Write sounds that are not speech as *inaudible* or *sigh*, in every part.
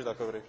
dacă vrei.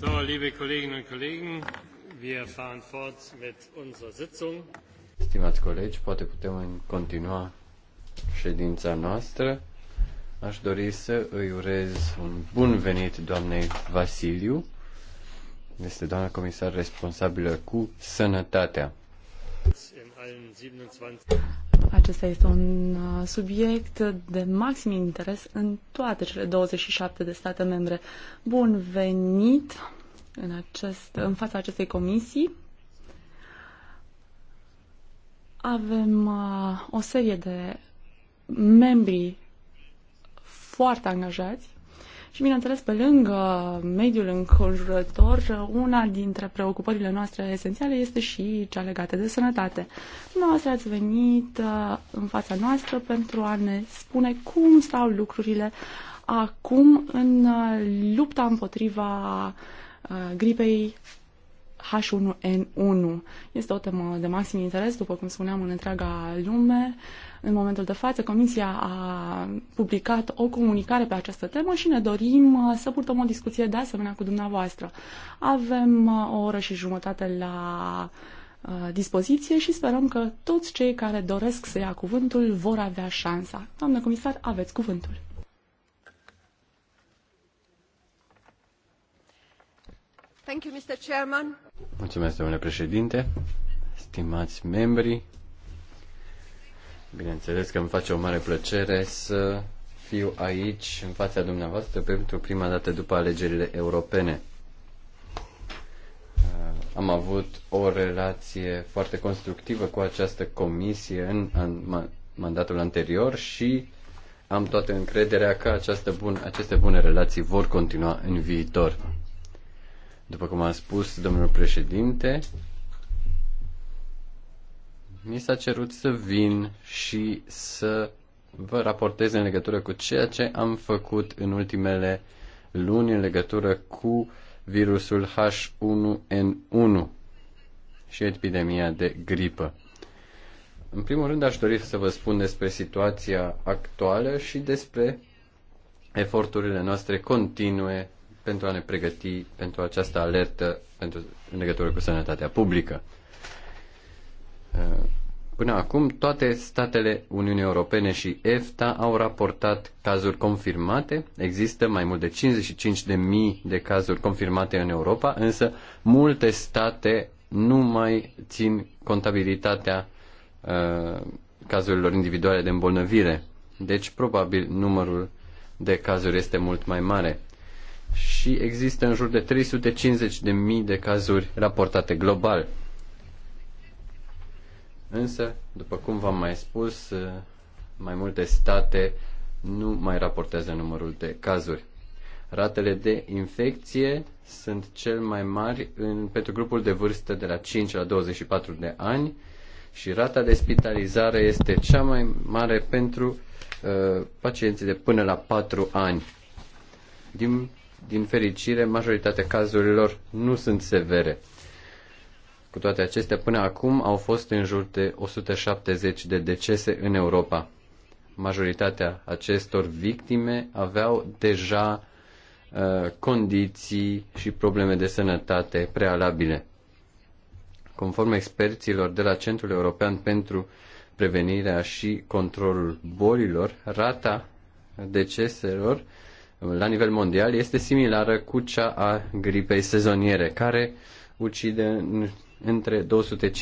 So, liebe Kolleginnen und Kollegen, wir fahren fort mit unserer Sitzung. Stimați colegi, poate putem continua ședința noastră. Aș dori să îi urez un bun venit doamnei Vasiliu. Este doamna comisar responsabilă cu sănătatea. Acesta este un uh, subiect de maxim interes în toate cele 27 de state membre. Bun venit în, acest, în fața acestei comisii. Avem uh, o serie de membri foarte angajați și, bineînțeles, pe lângă mediul înconjurător, una dintre preocupările noastre esențiale este și cea legată de sănătate. Dumneavoastră ați venit uh, în fața noastră pentru a ne spune cum stau lucrurile acum în uh, lupta împotriva uh, gripei H1N1. Este o temă de maxim interes, după cum spuneam, în întreaga lume. În momentul de față, Comisia a publicat o comunicare pe această temă și ne dorim uh, să purtăm o discuție de asemenea cu dumneavoastră. Avem uh, o oră și jumătate la uh, dispoziție și sperăm că toți cei care doresc să ia cuvântul vor avea șansa. Doamnă comisar, aveți cuvântul. Thank you, Mr. Chairman. Mulțumesc, domnule președinte, stimați membri, Bineînțeles că îmi face o mare plăcere să fiu aici, în fața dumneavoastră, pentru prima dată după alegerile europene. Uh, am avut o relație foarte constructivă cu această comisie în, mandatul anterior și am toată încrederea că această bun, aceste bune relații vor continua în viitor. După cum a spus domnul președinte, mi s-a cerut să vin și să vă raportez în legătură cu ceea ce am făcut în ultimele luni în legătură cu virusul H1N1 și epidemia de gripă. În primul rând aș dori să vă spun despre situația actuală și despre eforturile noastre continue pentru a ne pregăti pentru această alertă pentru, în legătură cu sănătatea publică. Uh, până acum, toate statele Uniunii Europene și EFTA au raportat cazuri confirmate. Există mai mult de 55.000 de cazuri confirmate în Europa, însă multe state nu mai țin contabilitatea uh, cazurilor individuale de îmbolnăvire. Deci, probabil, numărul de cazuri este mult mai mare. Și există în jur de 350.000 de cazuri raportate global. Însă, după cum v-am mai spus, eh, mai multe state nu mai raportează numărul de cazuri. Ratele de infecție sunt cel mai mari în, pentru grupul de vârstă de la 5 la 24 de ani și rata de spitalizare este cea mai mare pentru uh, pacienții de până la 4 ani. Din, din fericire, majoritatea cazurilor nu sunt severe. Cu toate acestea, până acum au fost în jur de 170 de decese în Europa. Majoritatea acestor victime aveau deja uh, condiții și probleme de sănătate prealabile. Conform experților de la Centrul European pentru Prevenirea și Controlul Bolilor, rata deceselor uh, la nivel mondial este similară cu cea a gripei sezoniere, care ucide în între 250.000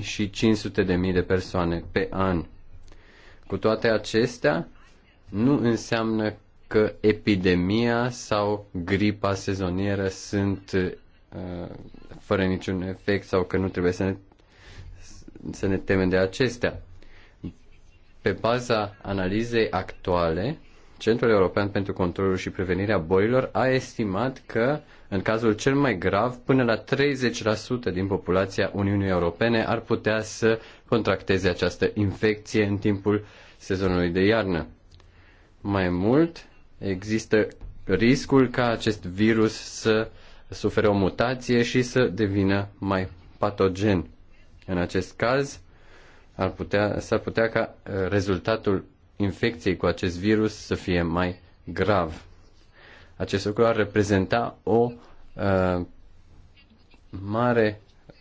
și 500.000 de persoane pe an. Cu toate acestea, nu înseamnă că epidemia sau gripa sezonieră sunt uh, fără niciun efect sau că nu trebuie să ne, să ne temem de acestea. Pe baza analizei actuale, Centrul European pentru Controlul și Prevenirea Bolilor a estimat că în cazul cel mai grav, până la 30% din populația Uniunii Europene ar putea să contracteze această infecție în timpul sezonului de iarnă. Mai mult, există riscul ca acest virus să sufere o mutație și să devină mai patogen. În acest caz, ar putea, s-ar putea ca eh, rezultatul infecției cu acest virus să fie mai grav. Acest lucru ar reprezenta o uh, mare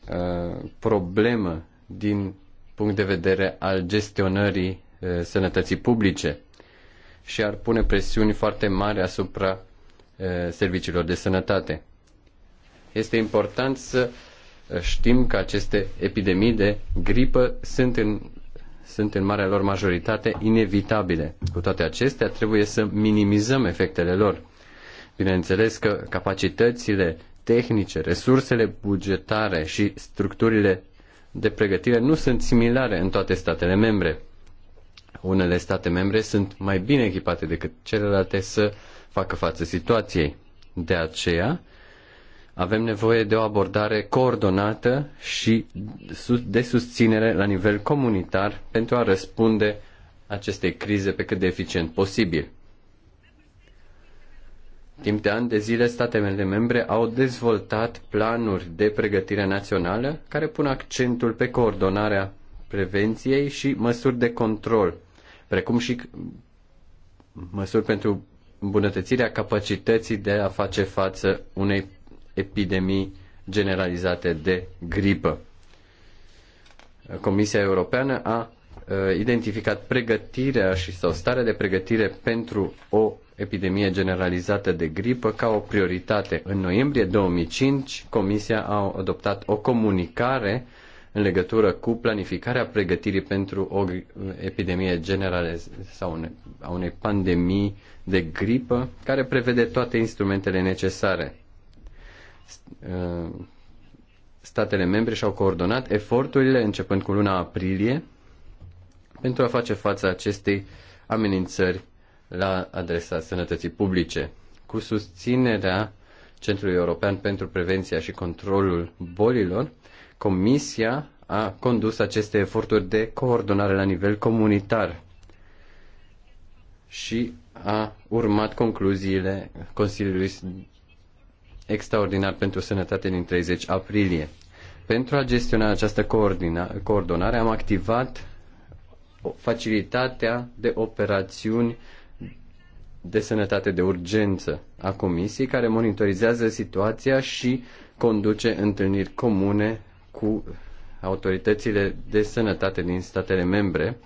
uh, problemă din punct de vedere al gestionării uh, sănătății publice și ar pune presiuni foarte mari asupra uh, serviciilor de sănătate. Este important să uh, știm că aceste epidemii de gripă sunt în, sunt în marea lor majoritate inevitabile. Cu toate acestea, trebuie să minimizăm efectele lor. Bineînțeles că capacitățile tehnice, resursele bugetare și structurile de pregătire nu sunt similare în toate statele membre. Unele state membre sunt mai bine echipate decât celelalte să facă față situației. De aceea, avem nevoie de o abordare coordonată și de susținere la nivel comunitar pentru a răspunde acestei crize pe cât de eficient posibil. Timp de ani de zile, statele membre au dezvoltat planuri de pregătire națională care pun accentul pe coordonarea prevenției și măsuri de control, precum și măsuri pentru îmbunătățirea capacității de a face față unei epidemii generalizate de gripă. Comisia Europeană a uh, identificat pregătirea și sau starea de pregătire pentru o epidemie generalizată de gripă ca o prioritate. În noiembrie 2005, Comisia a adoptat o comunicare în legătură cu planificarea pregătirii pentru o epidemie generală sau a unei pandemii de gripă, care prevede toate instrumentele necesare. Uh, statele membre și-au coordonat eforturile începând cu luna aprilie pentru a face față acestei amenințări la adresa sănătății publice, cu susținerea Centrului European pentru Prevenția și Controlul Bolilor, Comisia a condus aceste eforturi de coordonare la nivel comunitar și a urmat concluziile Consiliului Extraordinar pentru Sănătate din 30 aprilie. Pentru a gestiona această coordonare am activat facilitatea de operațiuni de sănătate de urgență a Comisiei, care monitorizează situația și conduce întâlniri comune cu autoritățile de sănătate din statele membre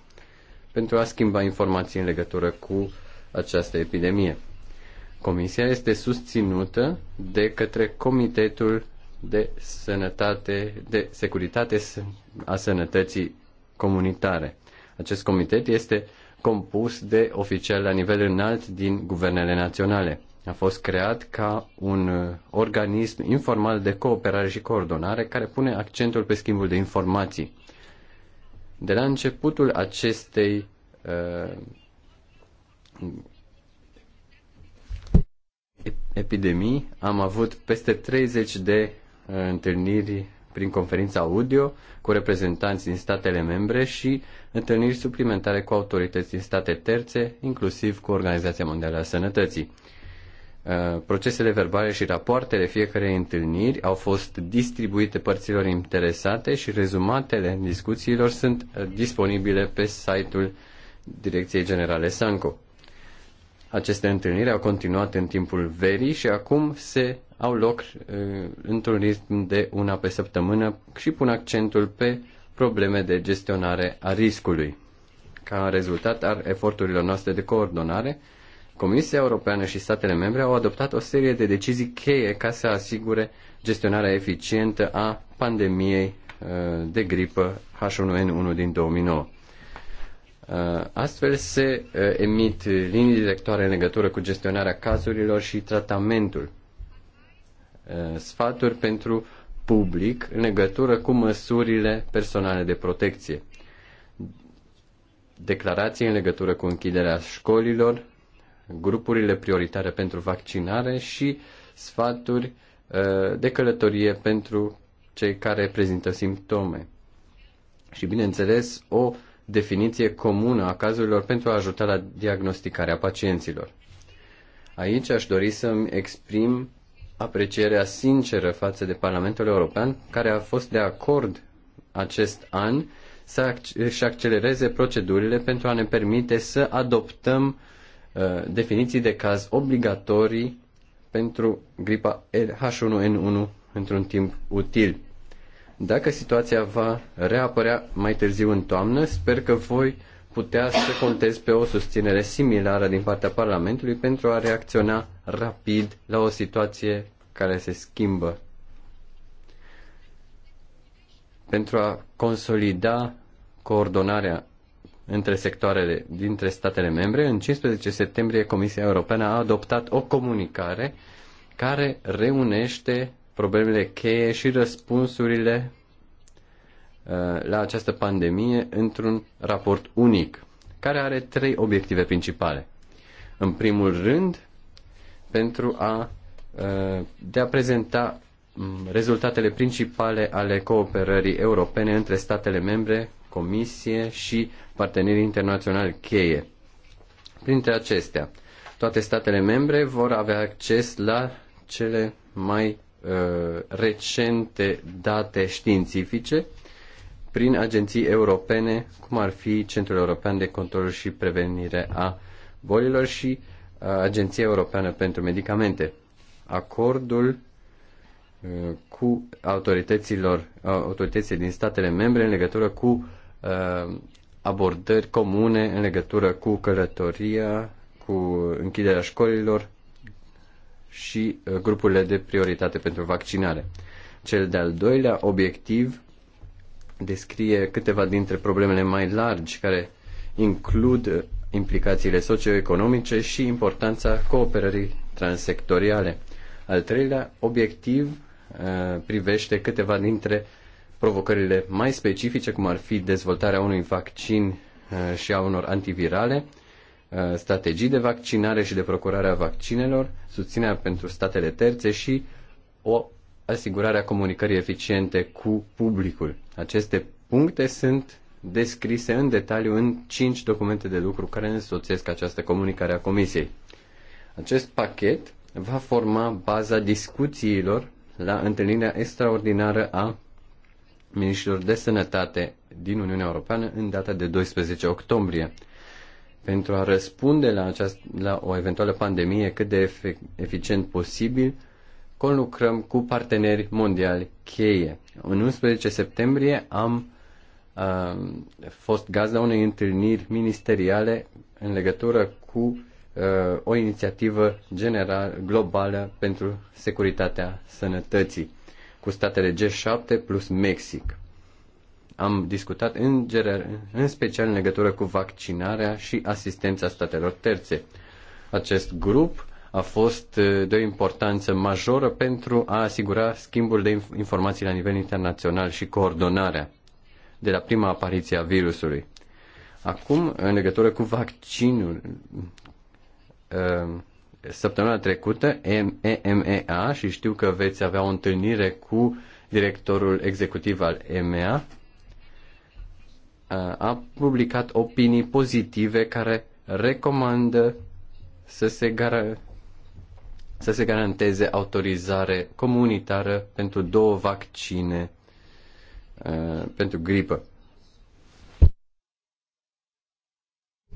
pentru a schimba informații în legătură cu această epidemie. Comisia este susținută de către Comitetul de Sănătate, de Securitate a Sănătății Comunitare. Acest comitet este uh, compus de oficiali la nivel înalt din guvernele naționale. A fost creat ca un uh, organism informal de cooperare și coordonare care pune accentul pe schimbul de informații. De la începutul acestei uh, epidemii am avut peste 30 de uh, întâlniri prin conferința audio cu reprezentanți din statele membre și întâlniri suplimentare cu autorități din state terțe, inclusiv cu Organizația Mondială a Sănătății. Uh, procesele verbale și rapoartele fiecarei întâlniri au fost distribuite părților interesate și rezumatele discuțiilor sunt uh, disponibile pe site-ul Direcției Generale Sanco. Aceste întâlniri au continuat în timpul verii și acum se au loc uh, într-un ritm de una pe săptămână și pun accentul pe probleme de gestionare a riscului. Ca rezultat al eforturilor noastre de coordonare, Comisia Europeană și statele membre au adoptat o serie de decizii cheie ca să asigure gestionarea eficientă a pandemiei uh, de gripă H1N1 din 2009. Uh, astfel se emit linii directoare în legătură cu gestionarea cazurilor și tratamentul Uh, sfaturi pentru public în legătură cu măsurile personale de protecție. Declarații în legătură cu închiderea școlilor, grupurile prioritare pentru vaccinare și sfaturi uh, de călătorie pentru cei care prezintă simptome. Și, bineînțeles, o definiție comună a cazurilor pentru a ajuta la diagnosticarea pacienților. Aici aș dori să-mi exprim aprecierea sinceră față de Parlamentul European, care a fost de acord acest an să își accelereze procedurile pentru a ne permite să adoptăm uh, definiții de caz obligatorii pentru gripa H1N1 într-un timp util. Dacă situația va reapărea mai târziu în toamnă, sper că voi putea să contezi pe o susținere similară din partea Parlamentului pentru a reacționa rapid la o situație care se schimbă. Pentru a consolida coordonarea între sectoarele dintre statele membre, în 15 septembrie Comisia Europeană a adoptat o comunicare care reunește problemele cheie și răspunsurile Uh, la această pandemie într-un raport unic, care are trei obiective principale. În primul rând, pentru a, uh, de a prezenta mm, rezultatele principale ale cooperării europene între statele membre, Comisie și partenerii internaționali cheie. Printre acestea, toate statele membre vor avea acces la cele mai uh, recente date științifice prin agenții europene, cum ar fi Centrul European de Control și Prevenire a Bolilor și uh, Agenția Europeană pentru Medicamente. Acordul uh, cu autorităților, uh, autoritățile din statele membre în legătură cu abordări comune în legătură cu călătoria, cu închiderea școlilor și grupurile de prioritate pentru vaccinare. Cel de-al doilea obiectiv descrie câteva dintre problemele mai largi care includ implicațiile socioeconomice și importanța cooperării transsectoriale. Al treilea obiectiv uh, privește câteva dintre provocările mai specifice, cum ar fi dezvoltarea unui vaccin uh, și a unor antivirale, uh, strategii de vaccinare și de procurare a vaccinelor, susținerea pentru statele terțe și o asigurare a comunicării eficiente cu publicul. Aceste puncte sunt descrise în detaliu în cinci documente de lucru care însoțesc această comunicare a Comisiei. Acest pachet va forma baza discuțiilor la întâlnirea extraordinară a ministrilor de sănătate din Uniunea Europeană în data de 12 octombrie. Pentru a răspunde la, această, la o eventuală pandemie cât de efic- eficient posibil, conlucrăm cu parteneri mondiali cheie. În 11 septembrie am uh, fost gazda unei întâlniri ministeriale în legătură cu uh, o inițiativă general, globală pentru securitatea sănătății cu statele G7 plus Mexic. Am discutat în, în special în legătură cu vaccinarea și asistența statelor terțe. Acest grup a fost de o importanță majoră pentru a asigura schimbul de informații la nivel internațional și coordonarea de la prima apariție a virusului. Acum, în legătură cu vaccinul, săptămâna trecută, EMEA, și știu că veți avea o întâlnire cu directorul executiv al EMEA, a publicat opinii pozitive care recomandă să se, gar- să se garanteze autorizare comunitară pentru două vaccine uh, pentru gripă.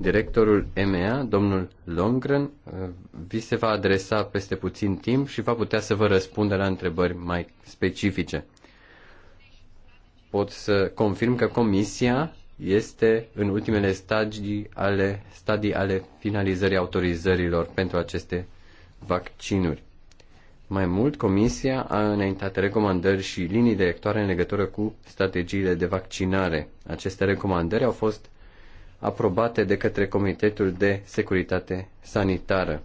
Directorul MEA, domnul Longren, uh, vi se va adresa peste puțin timp și va putea să vă răspundă la întrebări mai specifice. Pot să confirm că Comisia este în ultimele stadii ale, stadii ale finalizării autorizărilor pentru aceste vaccinuri. Mai mult, Comisia a înaintat recomandări și linii directoare în legătură cu strategiile de vaccinare. Aceste recomandări au fost aprobate de către Comitetul de Securitate Sanitară.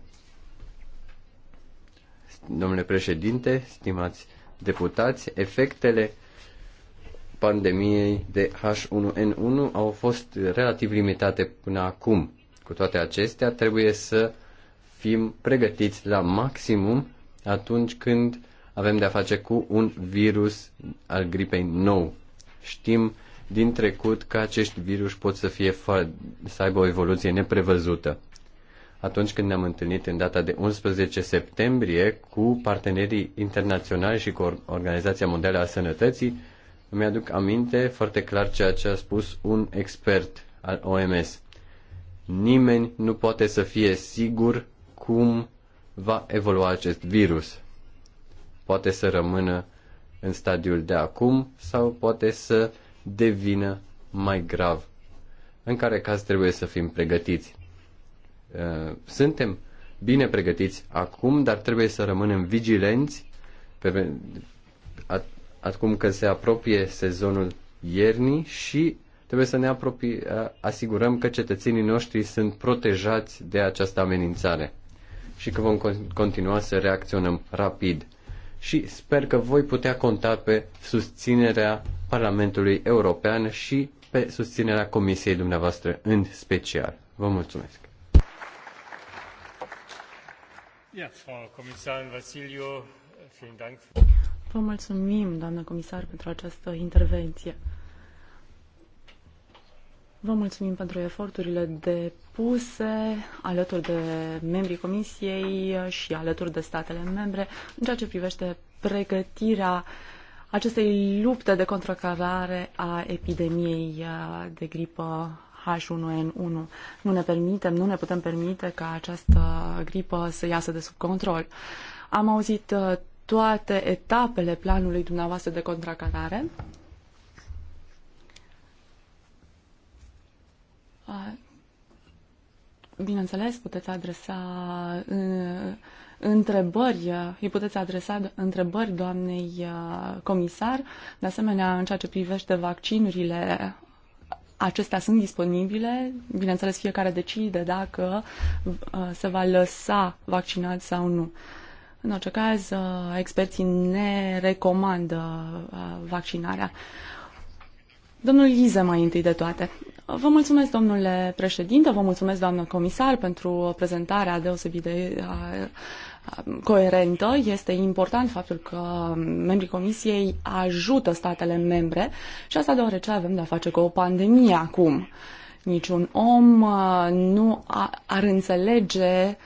Domnule președinte, stimați deputați, efectele pandemiei de H1N1 au fost relativ limitate până acum. Cu toate acestea, trebuie să fim pregătiți la maximum atunci când avem de-a face cu un virus al gripei nou. Știm din trecut că acești virus pot să, fie, să aibă o evoluție neprevăzută. Atunci când ne-am întâlnit în data de 11 septembrie cu partenerii internaționali și cu Organizația Mondială a Sănătății, îmi aduc aminte foarte clar ceea ce a spus un expert al OMS. Nimeni nu poate să fie sigur cum va evolua acest virus. Poate să rămână în stadiul de acum sau poate să devină mai grav, în care caz trebuie să fim pregătiți. Uh, suntem bine pregătiți acum, dar trebuie să rămânem vigilenți pe, acum că se apropie sezonul iernii și trebuie să ne apropie, uh, asigurăm că cetățenii noștri sunt protejați de această amenințare și că vom continua să reacționăm rapid. Și sper că voi putea conta pe susținerea Parlamentului European și pe susținerea Comisiei dumneavoastră în special. Vă mulțumesc! Vă mulțumim, doamnă comisar, pentru această intervenție. Vă mulțumim pentru eforturile de puse alături de membrii Comisiei uh, și alături de statele membre în ceea ce privește pregătirea acestei lupte de contracarare a epidemiei uh, de gripă H1N1. Nu ne permitem, nu ne putem permite ca această gripă să iasă de sub control. Am auzit uh, toate etapele planului dumneavoastră de contracarare bineînțeles, puteți adresa uh, întrebări, uh, îi puteți adresa întrebări doamnei uh, comisar. De asemenea, în ceea ce privește vaccinurile, acestea sunt disponibile. Bineînțeles, fiecare decide dacă se va lăsa vaccinat sau nu. În orice caz, experții ne recomandă vaccinarea. Domnul Lize mai întâi de toate. Vă mulțumesc, domnule președinte, vă mulțumesc, doamnă comisar, pentru prezentarea deosebit de coerentă. Este important faptul că membrii comisiei ajută statele membre și asta deoarece avem de-a face cu o pandemie acum. Niciun om uh, nu ar înțelege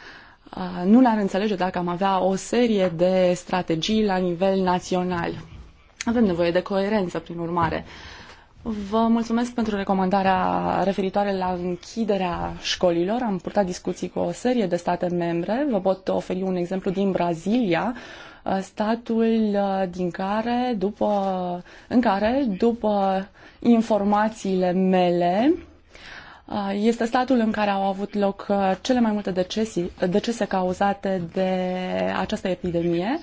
uh, nu ne-ar înțelege dacă am avea o serie de strategii la nivel național. Avem nevoie de coerență, prin urmare. Vă mulțumesc pentru recomandarea referitoare la închiderea școlilor. Am purtat discuții cu o serie de state membre. Vă pot oferi un exemplu din Brazilia, uh, statul uh, din care, după, în care, după informațiile mele, uh, este statul în care au avut loc cele mai multe decese, decese cauzate de această epidemie.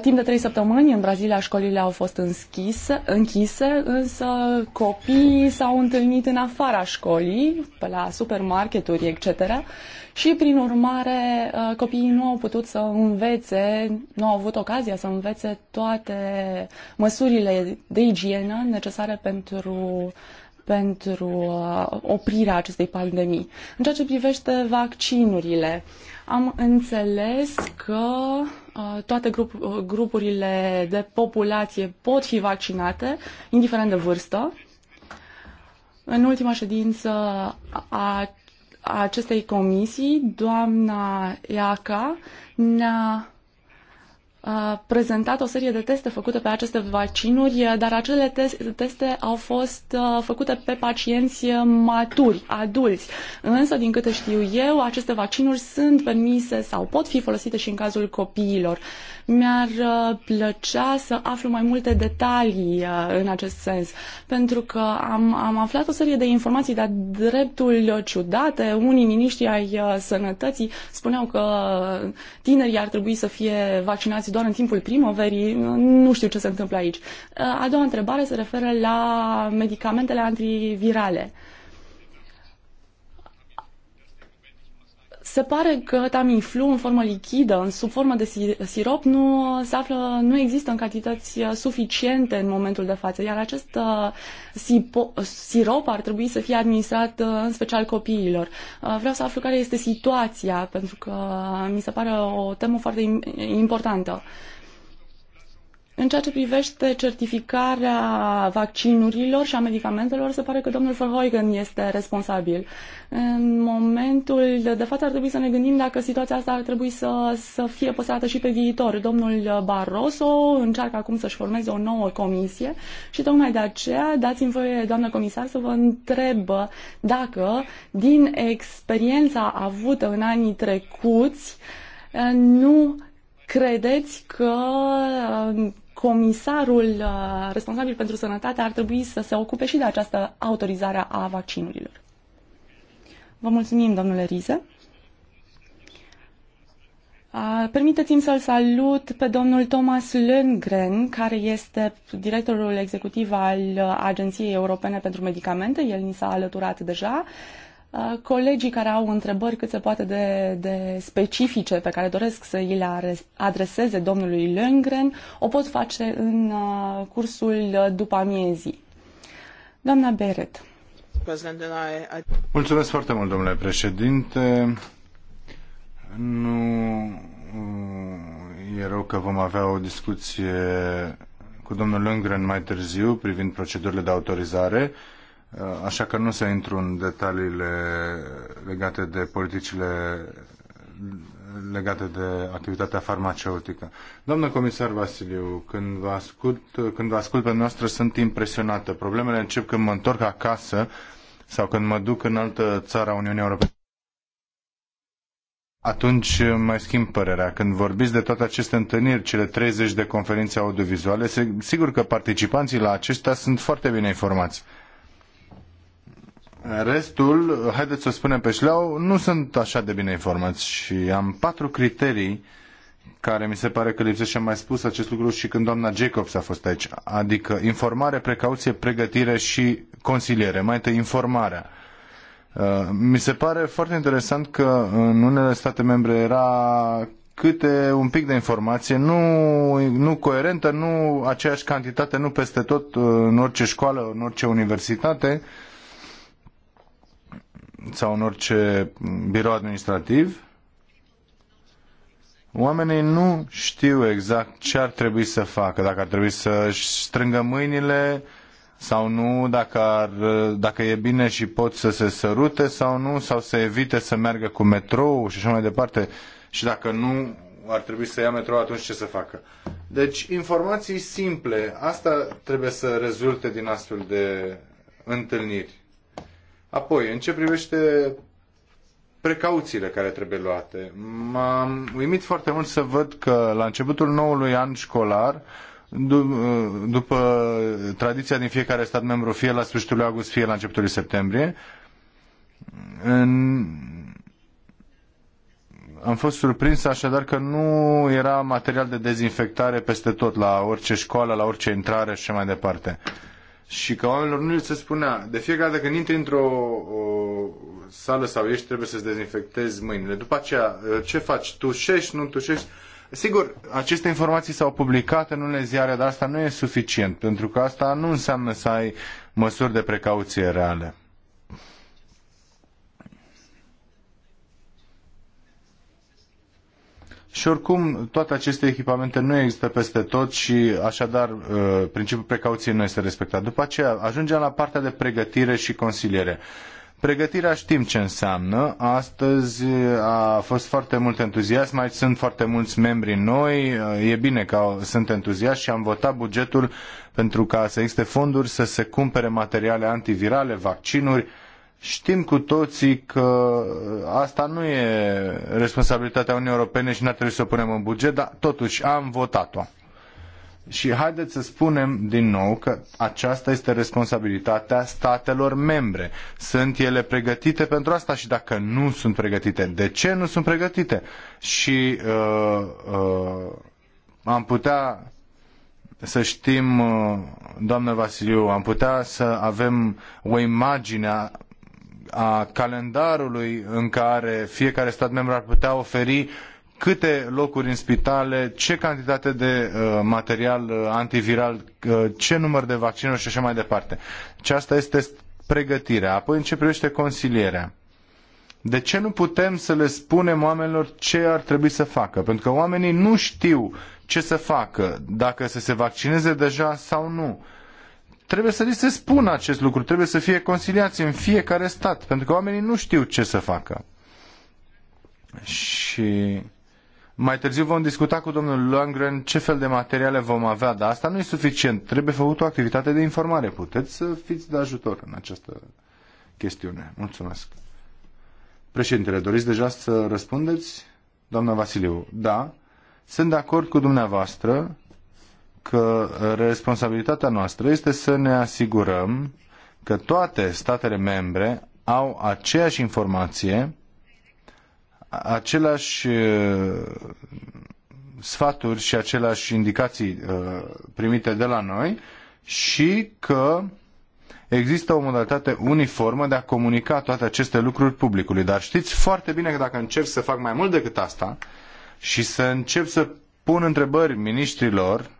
Timp de trei săptămâni în Brazilia școlile au fost înschise, închise, însă copiii s-au întâlnit în afara școlii, pe la supermarketuri, etc. Și, prin urmare, copiii nu au putut să învețe, nu au avut ocazia să învețe toate măsurile de igienă necesare pentru pentru oprirea acestei pandemii. În ceea ce privește vaccinurile, am înțeles că Uh, toate grup, uh, grupurile de populație pot fi vaccinate, indiferent de vârstă. În ultima ședință a, a acestei comisii, doamna Iaca ne-a prezentat o serie de teste făcute pe aceste vaccinuri, dar acele teste au fost făcute pe pacienți maturi, adulți. Însă, din câte știu eu, aceste vaccinuri sunt permise sau pot fi folosite și în cazul copiilor. Mi-ar plăcea să aflu mai multe detalii în acest sens, pentru că am, am aflat o serie de informații de dreptul ciudate. Unii miniștri ai sănătății spuneau că tinerii ar trebui să fie vaccinați doar în timpul primăverii, nu știu ce se întâmplă aici. A doua întrebare se referă la medicamentele antivirale. Se pare că Tamiflu în formă lichidă, în sub formă de sirop, nu se află, nu există în cantități uh, suficiente în momentul de față, iar acest uh, sipo- sirop ar trebui să fie administrat uh, în special copiilor. Vreau să aflu care este situația, pentru că mi se pare o temă foarte importantă. În ceea ce privește certificarea vaccinurilor și a medicamentelor, se pare că domnul Verhoeven este responsabil. În momentul de față ar trebui să ne gândim dacă situația asta ar trebui să, să fie păstrată și pe viitor. Domnul Barroso încearcă acum să-și formeze o nouă comisie și tocmai de aceea dați-mi voie, doamnă comisar, să vă întreb dacă din experiența avută în anii trecuți nu credeți că comisarul uh, responsabil pentru sănătate ar trebui să se ocupe și de această autorizare a vaccinurilor. Vă mulțumim, domnule Rize. Permiteți-mi să-l salut pe domnul Thomas Lundgren, care este directorul executiv al uh, Agenției Europene pentru Medicamente. El ni s-a alăturat deja. Uh, Uh, colegii care au întrebări cât se poate de, de specifice pe care doresc să îi le adreseze domnului Lengren o pot face în uh, cursul după amiezii. Doamna Beret. Mulțumesc foarte mult, domnule președinte. Nu uh, e rău că vom avea o discuție cu domnul Löngren mai târziu privind procedurile de autorizare. Uh, așa că nu o să intru în detaliile legate de politicile legate de activitatea farmaceutică. Doamnă comisar Vasiliu, când vă ascult, când vă ascult pe noastră, sunt impresionată. Problemele încep când mă întorc acasă sau când mă duc în altă țară a Uniunii Europene. Atunci mai schimb părerea. Când vorbiți de toate aceste întâlniri, cele 30 de conferințe audiovizuale, sigur că participanții la acestea sunt foarte bine informați Restul, haideți să spunem pe șleau, nu sunt așa de bine informați și am patru criterii care mi se pare că lipsește și am mai spus acest lucru și când doamna Jacobs a fost aici, adică informare, precauție, pregătire și consiliere. Mai întâi informarea. Uh, mi se pare foarte interesant că în unele state membre era câte un pic de informație, nu, nu coerentă, nu aceeași cantitate, nu peste tot, uh, în orice școală, în orice universitate. Uh, sau în orice birou administrativ, oamenii nu știu exact ce ar trebui să facă, dacă ar trebui să strângă mâinile sau nu, dacă, ar, dacă e bine și pot să se sărute sau nu, sau să evite să meargă cu metrou și așa mai departe. Și dacă nu ar trebui să ia metrou, atunci ce să facă? Deci, informații simple, asta trebuie să rezulte din astfel de întâlniri. Apoi, în ce privește precauțiile care trebuie luate. M-am uimit foarte mult să văd că la începutul noului an școlar, după tradiția din fiecare stat membru, fie la sfârșitul lui august, fie la începutul lui septembrie, în... am fost surprins așadar că nu era material de dezinfectare peste tot, la orice școală, la orice intrare și mai departe. Uh, și că oamenilor nu se spunea, de fiecare dată când intri într-o sală sau ești, trebuie să-ți dezinfectezi mâinile. După aceea, ce faci? Tușești, nu tușești? Sigur, aceste informații s-au publicat în unele ziare, dar asta nu e suficient, pentru că asta nu înseamnă să ai măsuri de precauție reale. Și oricum, toate aceste echipamente nu există peste tot și așadar uh, principiul precauției nu este respectat. După aceea, ajungem la partea de pregătire și consiliere. Pregătirea știm ce înseamnă. Astăzi uh, a fost foarte mult entuziasm, aici sunt foarte mulți membri noi, uh, e bine că sunt entuziasm și am votat bugetul pentru ca să existe fonduri să se cumpere materiale antivirale, vaccinuri, Știm cu toții că asta nu e responsabilitatea Uniunii Europene și n-ar trebui să o punem în buget, dar totuși am votat-o. Și haideți să spunem din nou că aceasta este responsabilitatea statelor membre. Sunt ele pregătite pentru asta și dacă nu sunt pregătite, de ce nu sunt pregătite? Și uh, uh, am putea să știm, uh, doamnă Vasiliu, am putea să avem o imagine a calendarului în care fiecare stat membru ar putea oferi câte locuri în spitale, ce cantitate de uh, material uh, antiviral, uh, ce număr de vaccinuri și așa mai departe. Și asta este pregătirea. Apoi în ce privește consilierea. De ce nu putem să le spunem oamenilor ce ar trebui să facă? Pentru că oamenii nu știu ce să facă, dacă să se vaccineze deja sau nu. Trebuie să li se spună acest lucru, trebuie să fie conciliați în fiecare stat, pentru că oamenii nu știu ce să facă. Și mai târziu vom discuta cu domnul Lundgren ce fel de materiale vom avea, dar asta nu e suficient. Trebuie făcut o activitate de informare. Puteți să fiți de ajutor în această chestiune. Mulțumesc. Președintele, doriți deja să răspundeți? Doamna Vasiliu, da. Sunt de acord cu dumneavoastră că responsabilitatea noastră este să ne asigurăm că toate statele membre au aceeași informație, aceleași uh, sfaturi și aceleași indicații uh, primite de la noi și că există o modalitate uniformă de a comunica toate aceste lucruri publicului. Dar știți foarte bine că dacă încerc să fac mai mult decât asta și să încep să pun întrebări ministrilor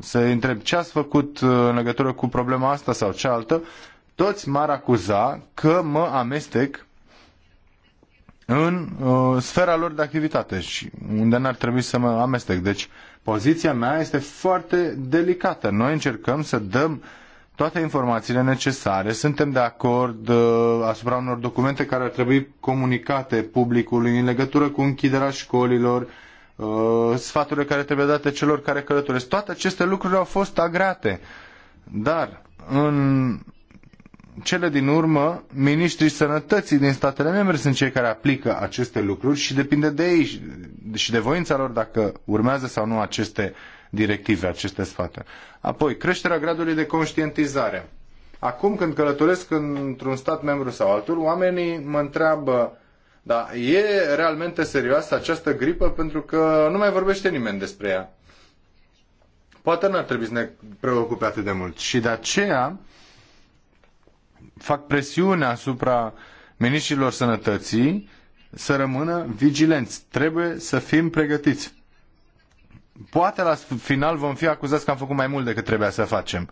să întreb ce ați făcut uh, în legătură cu problema asta sau cealaltă, toți m-ar acuza că mă amestec în uh, sfera lor de activitate și unde n-ar trebui să mă amestec. Deci poziția mea este foarte delicată. Noi încercăm să dăm toate informațiile necesare, suntem de acord uh, asupra unor documente care ar trebui comunicate publicului în legătură cu închiderea școlilor, Uh, sfaturile care trebuie date celor care călătoresc. Toate aceste lucruri au fost agrate. Dar în cele din urmă, ministrii sănătății din statele membre sunt cei care aplică aceste lucruri și depinde de ei și de voința lor dacă urmează sau nu aceste directive, aceste sfaturi. Apoi, creșterea gradului de conștientizare. Acum când călătoresc într-un stat membru sau altul, oamenii mă întreabă da, e realmente serioasă această gripă pentru că nu mai vorbește nimeni despre ea. Poate n-ar trebui să ne preocupe atât de mult. Și de aceea fac presiune asupra ministrilor sănătății să rămână vigilenți. Trebuie să fim pregătiți. Poate la final vom fi acuzați că am făcut mai mult decât trebuia să facem.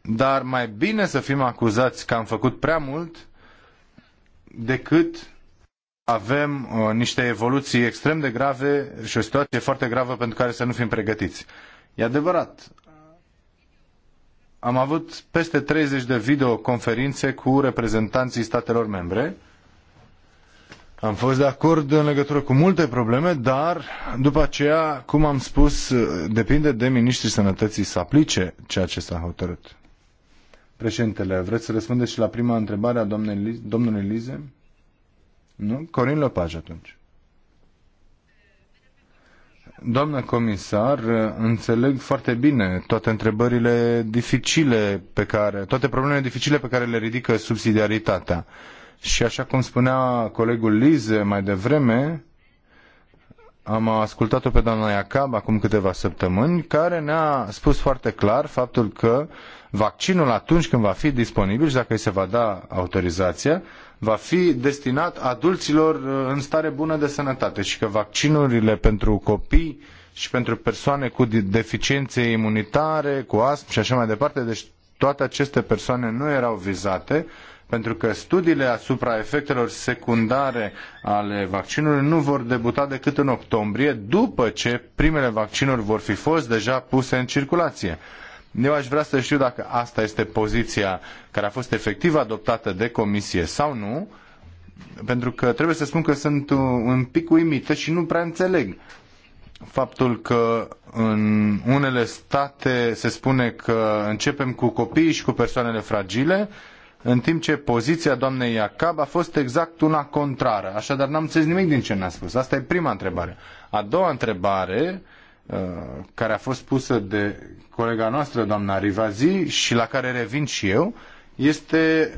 Dar mai bine să fim acuzați că am făcut prea mult decât avem uh, niște evoluții extrem de grave și o situație foarte gravă pentru care să nu fim pregătiți. E adevărat. Am avut peste 30 de videoconferințe cu reprezentanții statelor membre. Am fost de acord în legătură cu multe probleme, dar după aceea, cum am spus, depinde de ministrii sănătății să aplice ceea ce s-a hotărât. Președintele, vreți să răspundeți și la prima întrebare a domnului Lize? Nu? Corin Lopaj atunci. Doamna comisar, înțeleg foarte bine toate întrebările dificile pe care, toate problemele dificile pe care le ridică subsidiaritatea. Și așa cum spunea colegul Lize mai devreme, am ascultat-o pe doamna Iacab acum câteva săptămâni, care ne-a spus foarte clar faptul că vaccinul atunci când va fi disponibil și dacă îi se va da autorizația, va fi destinat adulților uh, în stare bună de sănătate și că vaccinurile pentru copii și pentru persoane cu deficiențe imunitare, cu astm și așa mai departe, deci toate aceste persoane nu erau vizate pentru că studiile asupra efectelor secundare ale vaccinului nu vor debuta decât în octombrie, după ce primele vaccinuri vor fi fost deja puse în circulație. Eu aș vrea să știu dacă asta este poziția care a fost efectiv adoptată de comisie sau nu, pentru că trebuie să spun că sunt un pic uimită și nu prea înțeleg faptul că în unele state se spune că începem cu copiii și cu persoanele fragile, în timp ce poziția doamnei Iacab a fost exact una contrară. Așadar, n-am înțeles nimic din ce ne-a spus. Asta e prima întrebare. A doua întrebare Uh, care a fost pusă de colega noastră, doamna Rivazi, și la care revin și eu, este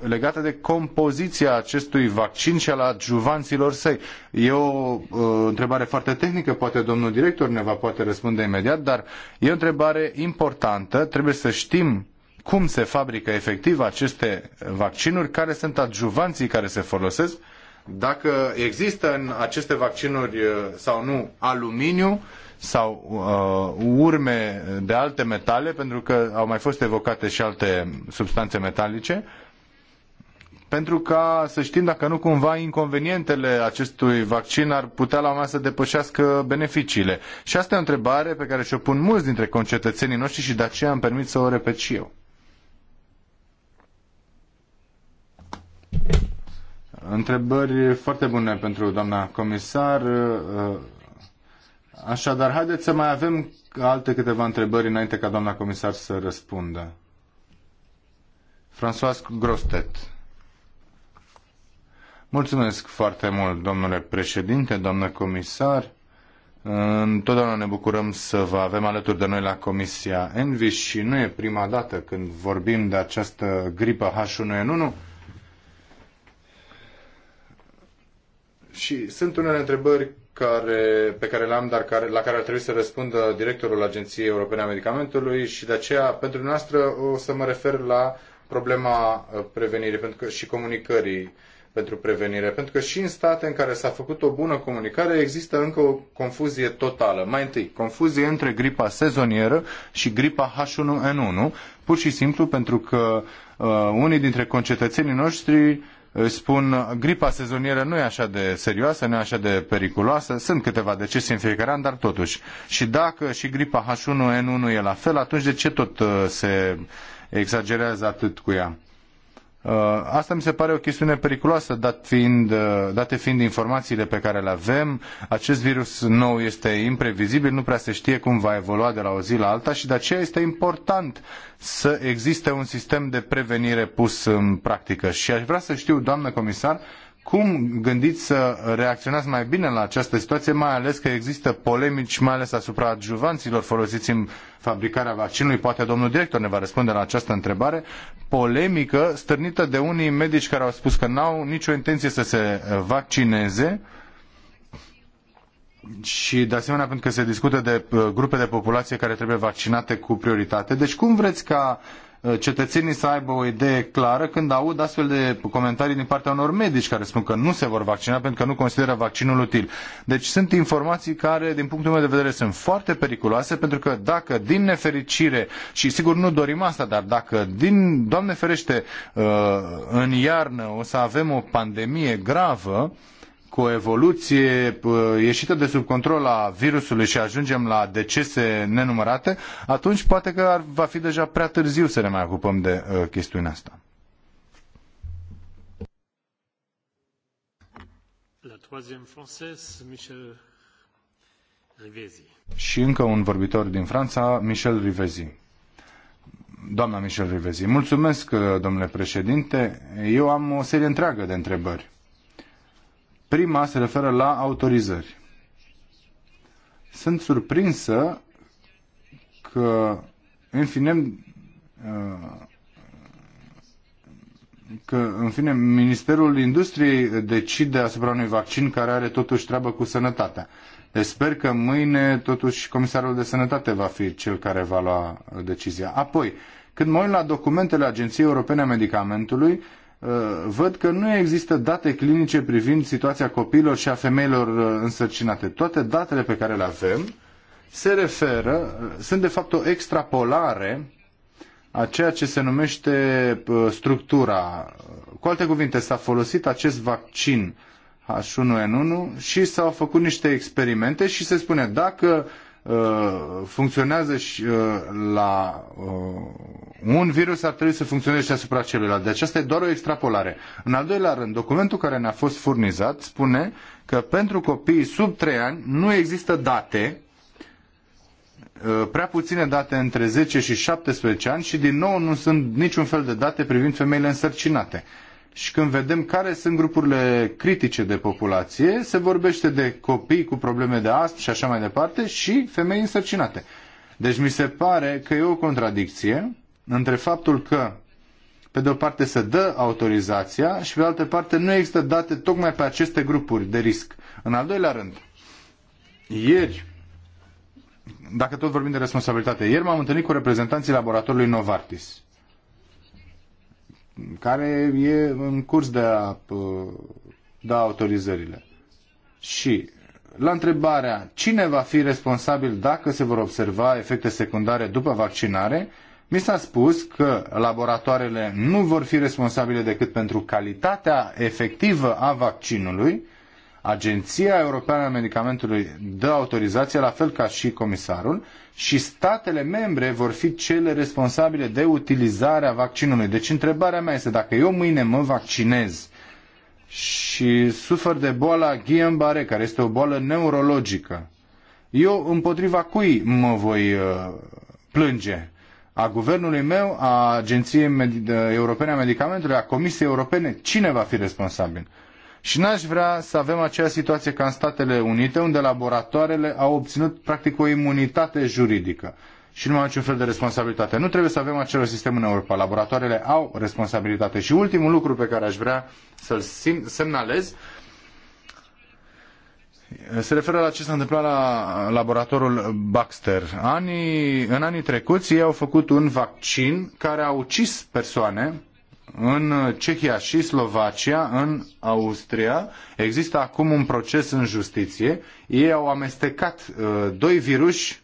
legată de compoziția acestui vaccin și al adjuvanților săi. E o uh, întrebare foarte tehnică, poate domnul director ne va poate răspunde imediat, dar e o întrebare importantă. Trebuie să știm cum se fabrică efectiv aceste vaccinuri, care sunt adjuvanții care se folosesc, dacă există în aceste vaccinuri uh, sau nu aluminiu, uh, sau uh, urme de alte metale, pentru că au mai fost evocate și alte substanțe metalice, pentru ca să știm dacă nu cumva inconvenientele acestui vaccin ar putea la un să depășească beneficiile. Și asta e o întrebare pe care și-o pun mulți dintre concetățenii noștri și de aceea am permit să o repet și eu. Întrebări foarte bune pentru doamna comisar. Uh, Așadar, haideți să mai avem alte câteva întrebări înainte ca doamna comisar să răspundă. François Grostet. Mulțumesc foarte mult, domnule președinte, doamnă comisar. Întotdeauna ne bucurăm să vă avem alături de noi la Comisia Envi și nu e prima dată când vorbim de această gripă H1N1. Și sunt unele întrebări care, pe care le-am, dar care, la care ar trebui să răspundă directorul Agenției Europene a Medicamentului și de aceea, pentru noastră, o să mă refer la problema uh, prevenirii pentru că, și comunicării pentru prevenire. Pentru că și în state în care s-a făcut o bună comunicare există încă o confuzie totală. Mai întâi, confuzie între gripa sezonieră și gripa H1N1, pur și simplu pentru că uh, unii dintre concetățenii noștri îi spun gripa sezonieră nu e așa de serioasă, nu e așa de periculoasă, sunt câteva decese în fiecare an, dar totuși. Și dacă și gripa H1N1 e la fel, atunci de ce tot uh, se exagerează atât cu ea? Uh, asta mi se pare o chestiune periculoasă, dat fiind, uh, date fiind informațiile pe care le avem. Acest virus nou este imprevizibil, nu prea se știe cum va evolua de la o zi la alta și de aceea este important să existe un sistem de prevenire pus în practică. Și aș vrea să știu, doamnă comisar, cum gândiți să reacționați mai bine la această situație, mai ales că există polemici, mai ales asupra adjuvanților folosiți în fabricarea vaccinului? Poate domnul director ne va răspunde la această întrebare. Polemică stârnită de unii medici care au spus că n-au nicio intenție să se vaccineze și de asemenea pentru că se discută de uh, grupe de populație care trebuie vaccinate cu prioritate. Deci cum vreți ca uh, Uh, cetățenii să aibă o idee clară când aud astfel de comentarii din partea unor medici care spun că nu se vor vaccina pentru că nu consideră vaccinul util. Deci sunt informații care, din punctul meu de vedere, sunt foarte periculoase pentru că dacă din nefericire, și sigur nu dorim asta, dar dacă din, Doamne ferește, uh, în iarnă o să avem o pandemie gravă, cu o evoluție ieșită de sub control a virusului și ajungem la decese nenumărate, atunci poate că ar, va fi deja prea târziu să ne mai ocupăm de uh, chestiunea asta. Frances, și încă un vorbitor din Franța, Michel Rivezi. Doamna Michel Rivezi, mulțumesc, ă, domnule președinte. Eu am o serie întreagă de întrebări. Prima se referă la autorizări. Sunt surprinsă că, în fine, uh, că, în fine, Ministerul Industriei decide asupra unui vaccin care are totuși treabă cu sănătatea. Deci sper că mâine, totuși, Comisarul de Sănătate va fi cel care va lua decizia. Apoi, când mă uit la documentele Agenției Europene a Medicamentului, Uh, văd că nu există date clinice privind situația copiilor și a femeilor uh, însărcinate. Toate datele pe care le avem se referă, uh, sunt de fapt o extrapolare a ceea ce se numește structura. Cu alte cuvinte, s-a folosit acest vaccin H1N1 și s-au făcut niște experimente și se spune dacă uh, Uh, funcționează și uh, la uh, un virus ar trebui să funcționeze și asupra celuilalt. Deci asta e doar o extrapolare. În al doilea rând, documentul care ne-a fost furnizat spune că pentru copiii sub 3 ani nu există date prea puține date între 10 și 17 ani și din nou nu sunt niciun fel de date privind femeile însărcinate și când vedem care sunt grupurile critice de populație, se vorbește de copii cu probleme de astm și așa mai departe și femei însărcinate. Deci mi se pare că e o contradicție între faptul că pe de o parte se dă autorizația și pe de altă parte nu există date tocmai pe aceste grupuri de risc. În al doilea rând, ieri, dacă tot vorbim de responsabilitate, ieri m-am întâlnit cu reprezentanții laboratorului Novartis care e în curs de a da autorizările. Și la întrebarea cine va fi responsabil dacă se vor observa efecte secundare după vaccinare, mi s-a spus că laboratoarele nu vor fi responsabile decât pentru calitatea efectivă a vaccinului Agenția Europeană a Medicamentului dă autorizație, la fel ca și comisarul, și statele membre vor fi cele responsabile de utilizarea vaccinului. Deci întrebarea mea este dacă eu mâine mă vaccinez și sufer de boala Guillain-Barré, care este o boală neurologică, eu împotriva cui mă voi uh, plânge? A guvernului meu, a Agenției Europene a Medicamentului, a Comisiei Europene? Cine va fi responsabil? Și n-aș vrea să avem aceeași situație ca în Statele Unite, unde laboratoarele au obținut practic o imunitate juridică și nu mai au niciun fel de responsabilitate. Nu trebuie să avem același sistem în Europa. Laboratoarele au responsabilitate. Și ultimul lucru pe care aș vrea să-l semnalez se referă la ce s-a întâmplat la laboratorul Baxter. Anii, în anii trecuți ei au făcut un vaccin care a ucis persoane în Cehia și Slovacia, în Austria, există acum un proces în justiție. Ei au amestecat uh, doi viruși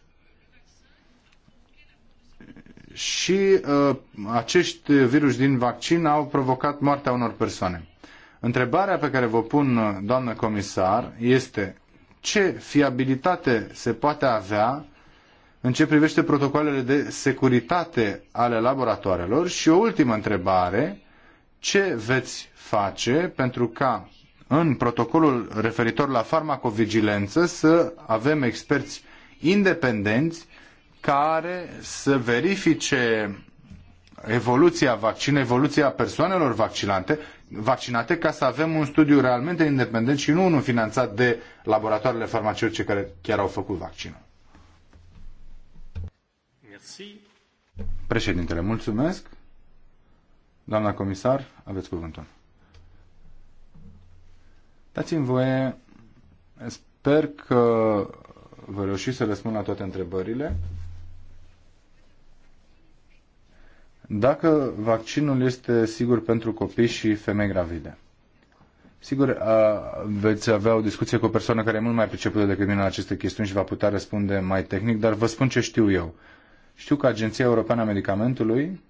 și uh, acești viruși din vaccin au provocat moartea unor persoane. Întrebarea pe care vă pun, uh, doamnă comisar, este ce fiabilitate se poate avea în ce privește protocoalele de securitate ale laboratoarelor? Și o ultimă întrebare, ce veți face pentru ca în protocolul referitor la farmacovigilență să avem experți independenți care să verifice evoluția vaccinului, evoluția persoanelor vaccinate, vaccinate ca să avem un studiu realmente independent și nu unul finanțat de laboratoarele farmaceutice care chiar au făcut vaccinul. Președintele, mulțumesc. Doamna comisar, aveți cuvântul. Dați-mi voie, sper că vă reuși să răspund la toate întrebările. Dacă vaccinul este sigur pentru copii și femei gravide. Sigur, veți avea o discuție cu o persoană care e mult mai pricepută decât mine la aceste chestiuni și va putea răspunde mai tehnic, dar vă spun ce știu eu. Știu că Agenția Europeană a Medicamentului,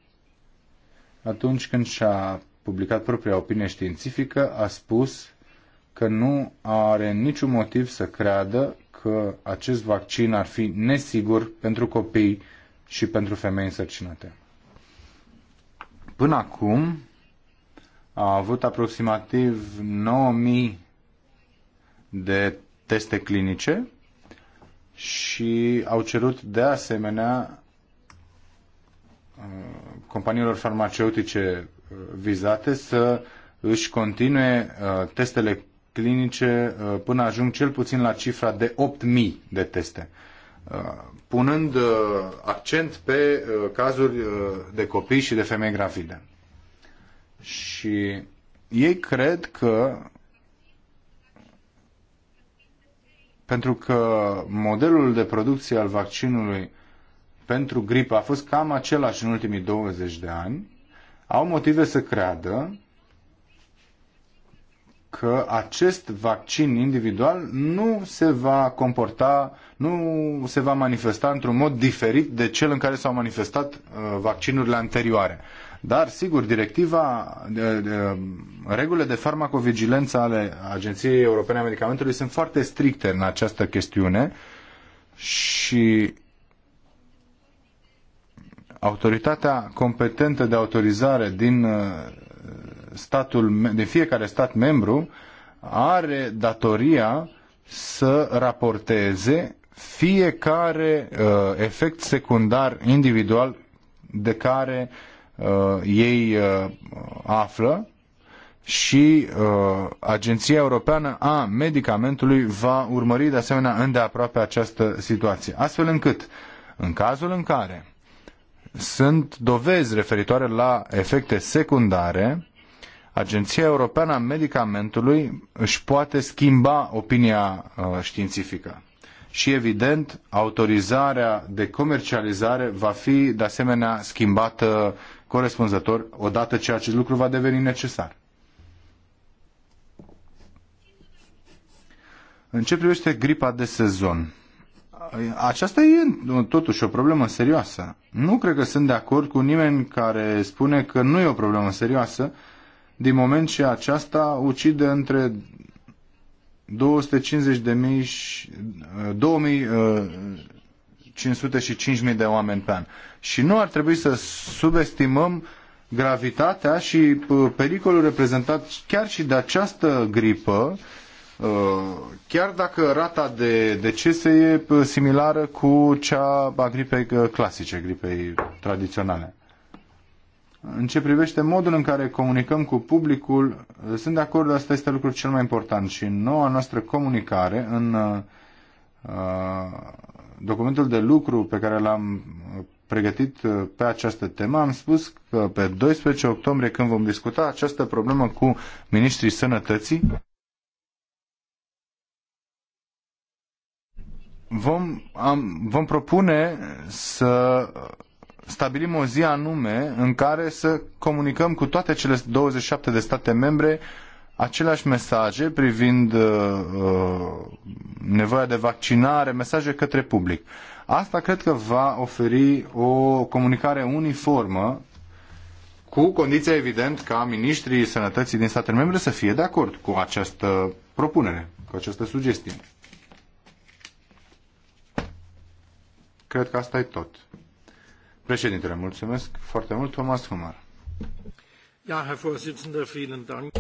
atunci când și-a publicat propria opinie științifică, a spus că nu are niciun motiv să creadă că acest vaccin ar fi nesigur pentru copii și pentru femei însărcinate. Până acum a avut aproximativ 9000 de teste clinice și au cerut de asemenea Uh, companiilor farmaceutice uh, vizate să își continue uh, testele clinice până ajung cel puțin la cifra de 8.000 de teste, punând accent pe cazuri de copii și de femei gravide. Și ei cred că pentru că modelul de producție al vaccinului pentru gripă a fost cam același în ultimii 20 de ani, au motive să creadă că acest vaccin individual nu se va comporta, nu se va manifesta într-un mod diferit de cel în care s-au manifestat uh, vaccinurile anterioare. Dar, sigur, directiva, de, uh, de, uh, regulile de farmacovigilență ale Agenției Europene a Medicamentului sunt foarte stricte în această chestiune și autoritatea competentă de autorizare din uh, statul, de fiecare stat membru are datoria să raporteze fiecare uh, efect secundar individual de care uh, ei uh, află și uh, Agenția Europeană a Medicamentului va urmări de asemenea îndeaproape această situație. Astfel încât, în cazul în care sunt dovezi referitoare la efecte secundare, Agenția Europeană a Medicamentului își poate schimba opinia uh, științifică. Și evident, autorizarea de comercializare va fi de asemenea schimbată corespunzător odată ce acest lucru va deveni necesar. În ce privește gripa de sezon, Păi, aceasta e totuși o problemă serioasă. Nu cred că sunt de acord cu nimeni care spune că nu e o problemă serioasă, din moment ce aceasta ucide între 250 de mii și 2500 uh, uh, și 5000 de oameni pe an. Și nu ar trebui să subestimăm gravitatea și uh, pericolul reprezentat chiar și de această gripă Uh, chiar dacă rata de decese e uh, similară cu cea a gripei uh, clasice, gripei tradiționale. În ce privește modul în care comunicăm cu publicul, sunt de acord, asta este lucrul cel mai important și în noua noastră comunicare, în documentul de lucru pe care l-am pregătit pe această temă, am spus că pe 12 octombrie, când vom discuta această problemă cu ministrii sănătății, vom, am, vom propune să stabilim o zi anume în care să comunicăm cu toate cele 27 de state membre aceleași mesaje privind uh, uh, nevoia de vaccinare, mesaje către public. Asta cred că va oferi o comunicare uniformă cu condiția evident ca ministrii sănătății din statele membre să fie de acord cu această propunere, cu această sugestie. Cred că asta e tot. Președintele, mulțumesc foarte mult, Thomas Humar. Ja, Herr Vorsitzender, vielen Dank.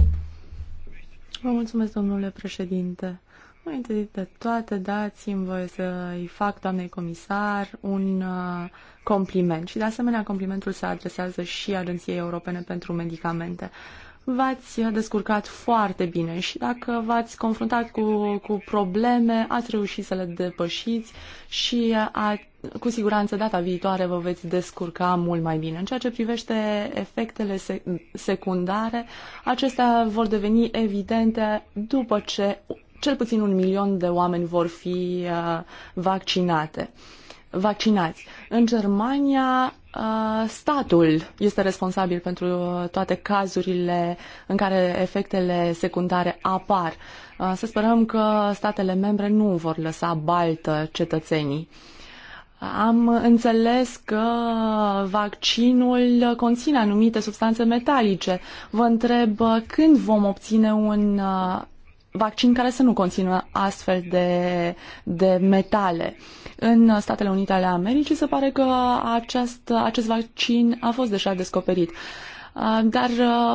Vă mulțumesc, domnule președinte. Înainte de toate, dați-mi voie să-i fac, doamnei comisar, un uh, compliment. Și, de asemenea, complimentul se adresează și Agenției Europene pentru Medicamente v-ați descurcat foarte bine și dacă v-ați confruntat cu, cu probleme, ați reușit să le depășiți și a, cu siguranță data viitoare vă veți descurca mult mai bine. În ceea ce privește efectele secundare, acestea vor deveni evidente după ce cel puțin un milion de oameni vor fi uh, vaccinate. Vaccinați. În Germania Uh, statul este responsabil pentru toate cazurile în care efectele secundare apar. Uh, să sperăm că statele membre nu vor lăsa baltă cetățenii. Am înțeles că vaccinul conține anumite substanțe metalice. Vă întreb uh, când vom obține un vaccin care să nu conțină astfel de, de metale. În Statele Unite ale Americii se pare că acest, acest vaccin a fost deja descoperit. Dar,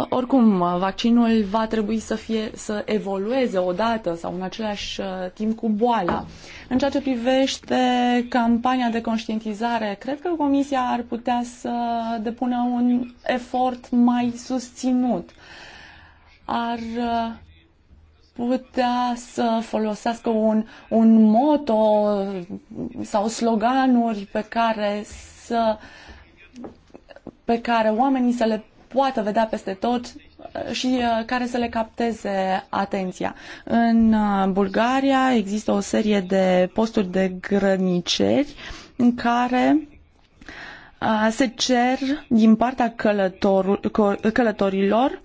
oricum, vaccinul va trebui să, fie, să evolueze odată sau în același timp cu boala. În ceea ce privește campania de conștientizare, cred că Comisia ar putea să depună un efort mai susținut. Ar putea să folosească un, un moto sau sloganuri pe care să pe care oamenii să le poată vedea peste tot uh, și uh, care să le capteze atenția. În uh, Bulgaria există o serie de posturi de grăniceri în care se cer din partea călătorilor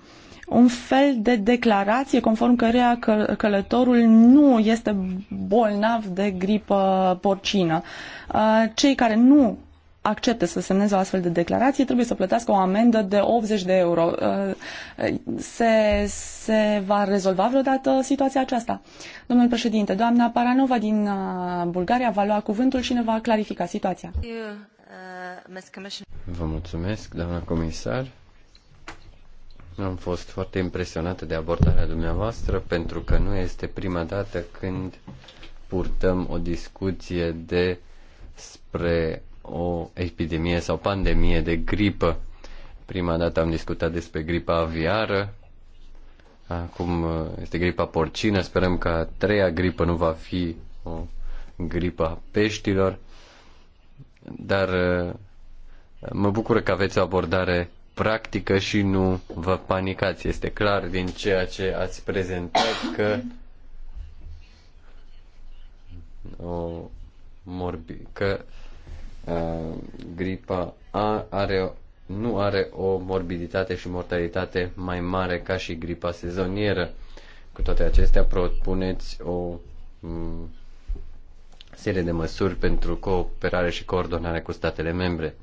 un fel de declarație conform căreia călătorul nu este bolnav de gripă porcină. Uh, cei care nu accepte să semneze o astfel de declarație, trebuie să plătească o amendă de 80 de euro. Uh, se, se va rezolva vreodată situația aceasta? Domnul președinte, doamna Paranova din uh, Bulgaria va lua cuvântul și ne va clarifica situația. Vă mulțumesc, doamna comisar. Am fost foarte impresionată de abordarea dumneavoastră pentru că nu este prima dată când purtăm o discuție de spre o epidemie sau pandemie de gripă. Prima dată am discutat despre gripa aviară, acum este gripa porcină, sperăm că a treia gripă nu va fi o gripă a peștilor, dar mă bucur că aveți o abordare practică și nu vă panicați. Este clar din ceea ce ați prezentat că o morbi, că a, uh, gripa A are, nu are o morbiditate și mortalitate mai mare ca și gripa sezonieră. Cu toate acestea, propuneți o mm, serie de măsuri pentru cooperare și coordonare cu statele membre.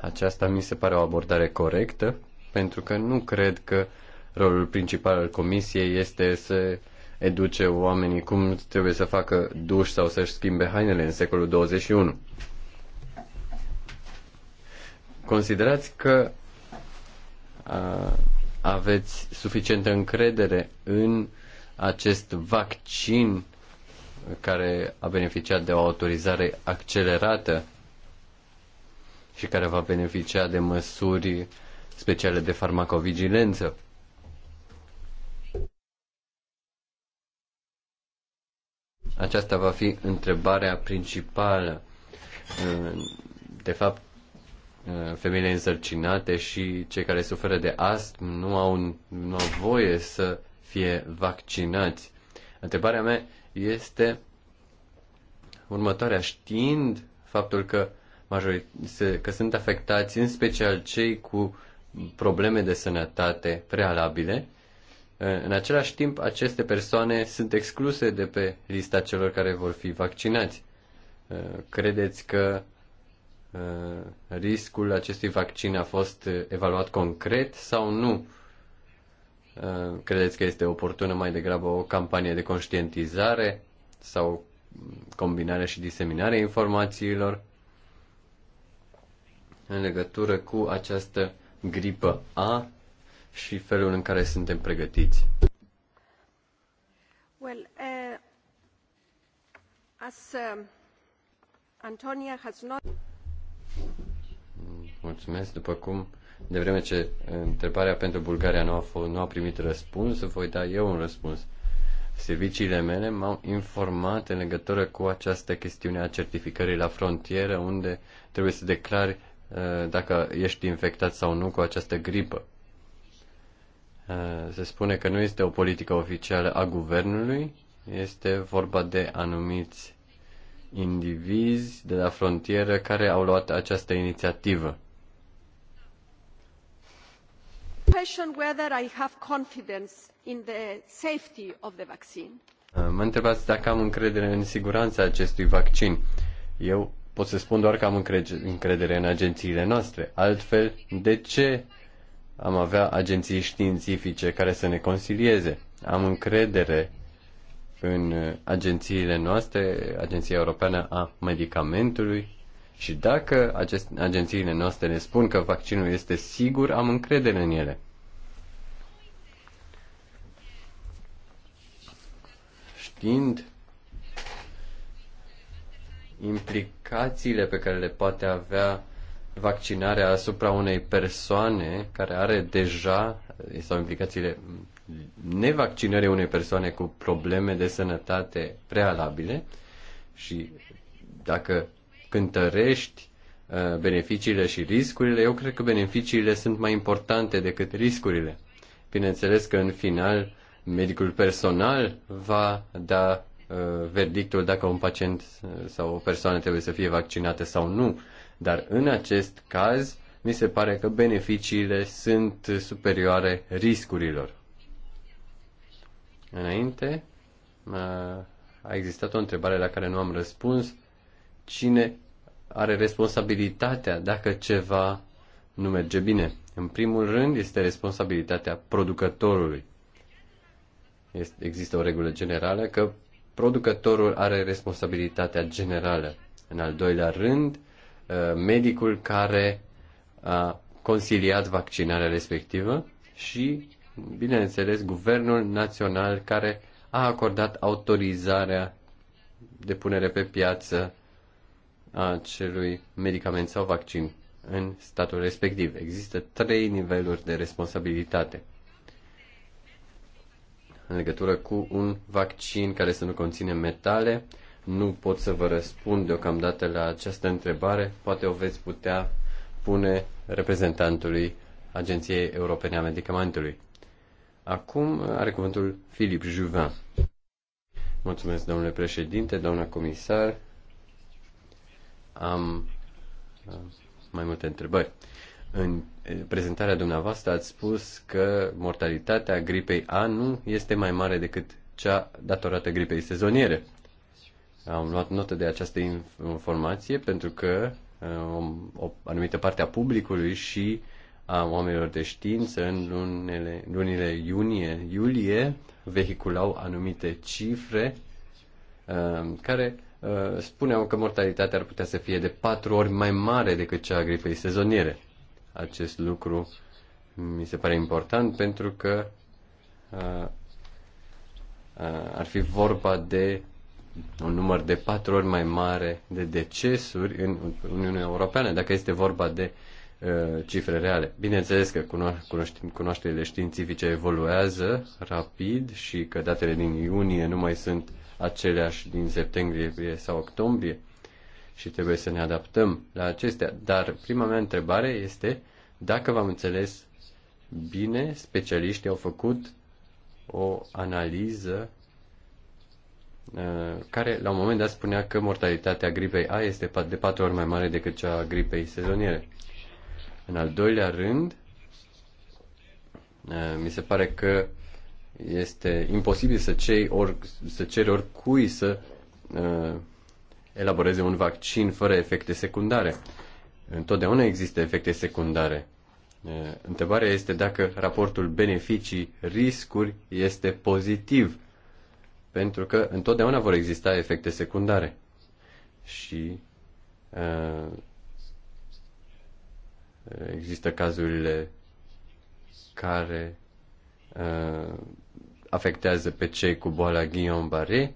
Aceasta mi se pare o abordare corectă, pentru că nu cred că rolul principal al comisiei este să educe oamenii cum trebuie să facă duș sau să-și schimbe hainele în secolul 21. Considerați că a, aveți suficientă încredere în acest vaccin care a beneficiat de o autorizare accelerată și care va beneficia de măsuri speciale de farmacovigilență. Aceasta va fi întrebarea principală. De fapt, femeile însărcinate și cei care suferă de astm nu au, nu au voie să fie vaccinați. Întrebarea mea este următoarea. Știind faptul că majorit- că sunt afectați în special cei cu probleme de sănătate prealabile. În același timp, aceste persoane sunt excluse de pe lista celor care vor fi vaccinați. Credeți că uh, riscul acestui vaccin a fost evaluat concret sau nu? Uh, credeți că este oportună mai degrabă o campanie de conștientizare sau combinare și diseminare informațiilor? în legătură cu această gripă A și felul în care suntem pregătiți? Well, uh, as, uh, Antonia has not... Mulțumesc. După cum, de vreme ce întrebarea pentru Bulgaria nu a, fost, nu a primit răspuns, voi da eu un răspuns. Serviciile mele m-au informat în legătură cu această chestiune a certificării la frontieră, unde trebuie să declari Eh, dacă ești infectat sau nu cu această gripă. Eh, se spune că nu este o politică oficială a guvernului, este vorba de anumiți indivizi de la frontieră care au luat această inițiativă. Eh, mă întrebați dacă am încredere în siguranța acestui vaccin. Eu Pot să spun doar că am încredere în agențiile noastre. Altfel, de ce am avea agenții științifice care să ne consilieze? Am încredere în agențiile noastre, Agenția Europeană a Medicamentului, și dacă acest, agențiile noastre ne spun că vaccinul este sigur, am încredere în ele. Știind implicațiile pe care le poate avea vaccinarea asupra unei persoane care are deja sau implicațiile nevaccinării unei persoane cu probleme de sănătate prealabile și dacă cântărești uh, beneficiile și riscurile, eu cred că beneficiile sunt mai importante decât riscurile. Bineînțeles că în final medicul personal va da Uh, verdictul dacă un pacient sau o persoană trebuie să fie vaccinată sau nu, dar în acest caz mi se pare că beneficiile sunt superioare riscurilor. Înainte uh, a existat o întrebare la care nu am răspuns. Cine are responsabilitatea dacă ceva nu merge bine? În primul rând este responsabilitatea producătorului. Este, există o regulă generală că producătorul are responsabilitatea generală. În al doilea rând, uh, medicul care a consiliat vaccinarea respectivă și, bineînțeles, guvernul național care a acordat autorizarea de punere pe piață a acelui medicament sau vaccin în statul respectiv. Există trei niveluri de responsabilitate în legătură cu un vaccin care să nu conține metale. Nu pot să vă răspund deocamdată la această întrebare. Poate o veți putea pune reprezentantului Agenției Europene a Medicamentului. Acum are cuvântul Filip Juvin. Mulțumesc, domnule președinte, doamna comisar. Am uh, mai multe întrebări. În prezentarea dumneavoastră ați spus că mortalitatea gripei A nu este mai mare decât cea datorată gripei sezoniere. Am luat notă de această informație pentru că uh, o anumită parte a publicului și a oamenilor de știință în lunile, lunile iunie-iulie vehiculau anumite cifre uh, care uh, spuneau că mortalitatea ar putea să fie de patru ori mai mare decât cea a gripei sezoniere. Acest lucru mi se pare important pentru că ar fi vorba de un număr de patru ori mai mare de decesuri în Uniunea Europeană, dacă este vorba de cifre reale. Bineînțeles că cunoașterile științifice evoluează rapid și că datele din iunie nu mai sunt aceleași din septembrie sau octombrie, și trebuie să ne adaptăm la acestea. Dar prima mea întrebare este dacă v-am înțeles bine, specialiștii au făcut o analiză uh, care la un moment dat spunea că mortalitatea gripei A este de patru ori mai mare decât cea a gripei sezoniere. În al doilea rând, uh, mi se pare că este imposibil să, cei or, să ceri oricui să uh, elaboreze un vaccin fără efecte secundare. Întotdeauna există efecte secundare. Întrebarea este dacă raportul beneficii-riscuri este pozitiv, pentru că întotdeauna vor exista efecte secundare. Și uh, există cazurile care uh, afectează pe cei cu boala Guillain-Barré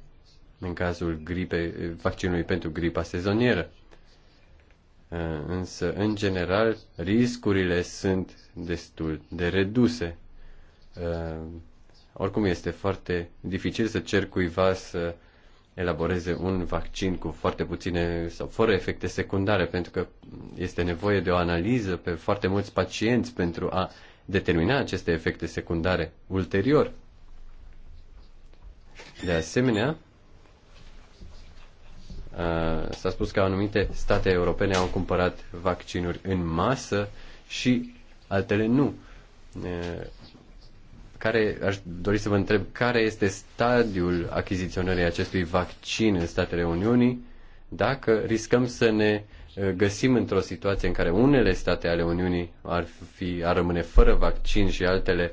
în cazul gripe, vaccinului pentru gripa sezonieră. Uh, însă, în general, riscurile sunt destul de reduse. Uh, oricum, este foarte dificil să cer cuiva să elaboreze un vaccin cu foarte puține sau fără efecte secundare, pentru că este nevoie de o analiză pe foarte mulți pacienți pentru a determina aceste efecte secundare ulterior. De asemenea, Uh, s-a spus că anumite state europene au cumpărat vaccinuri în masă și altele nu. Uh, care, aș dori să vă întreb care este stadiul achiziționării acestui vaccin în Statele Uniunii, dacă riscăm să ne uh, găsim într-o situație în care unele state ale Uniunii ar, fi, ar rămâne fără vaccin și altele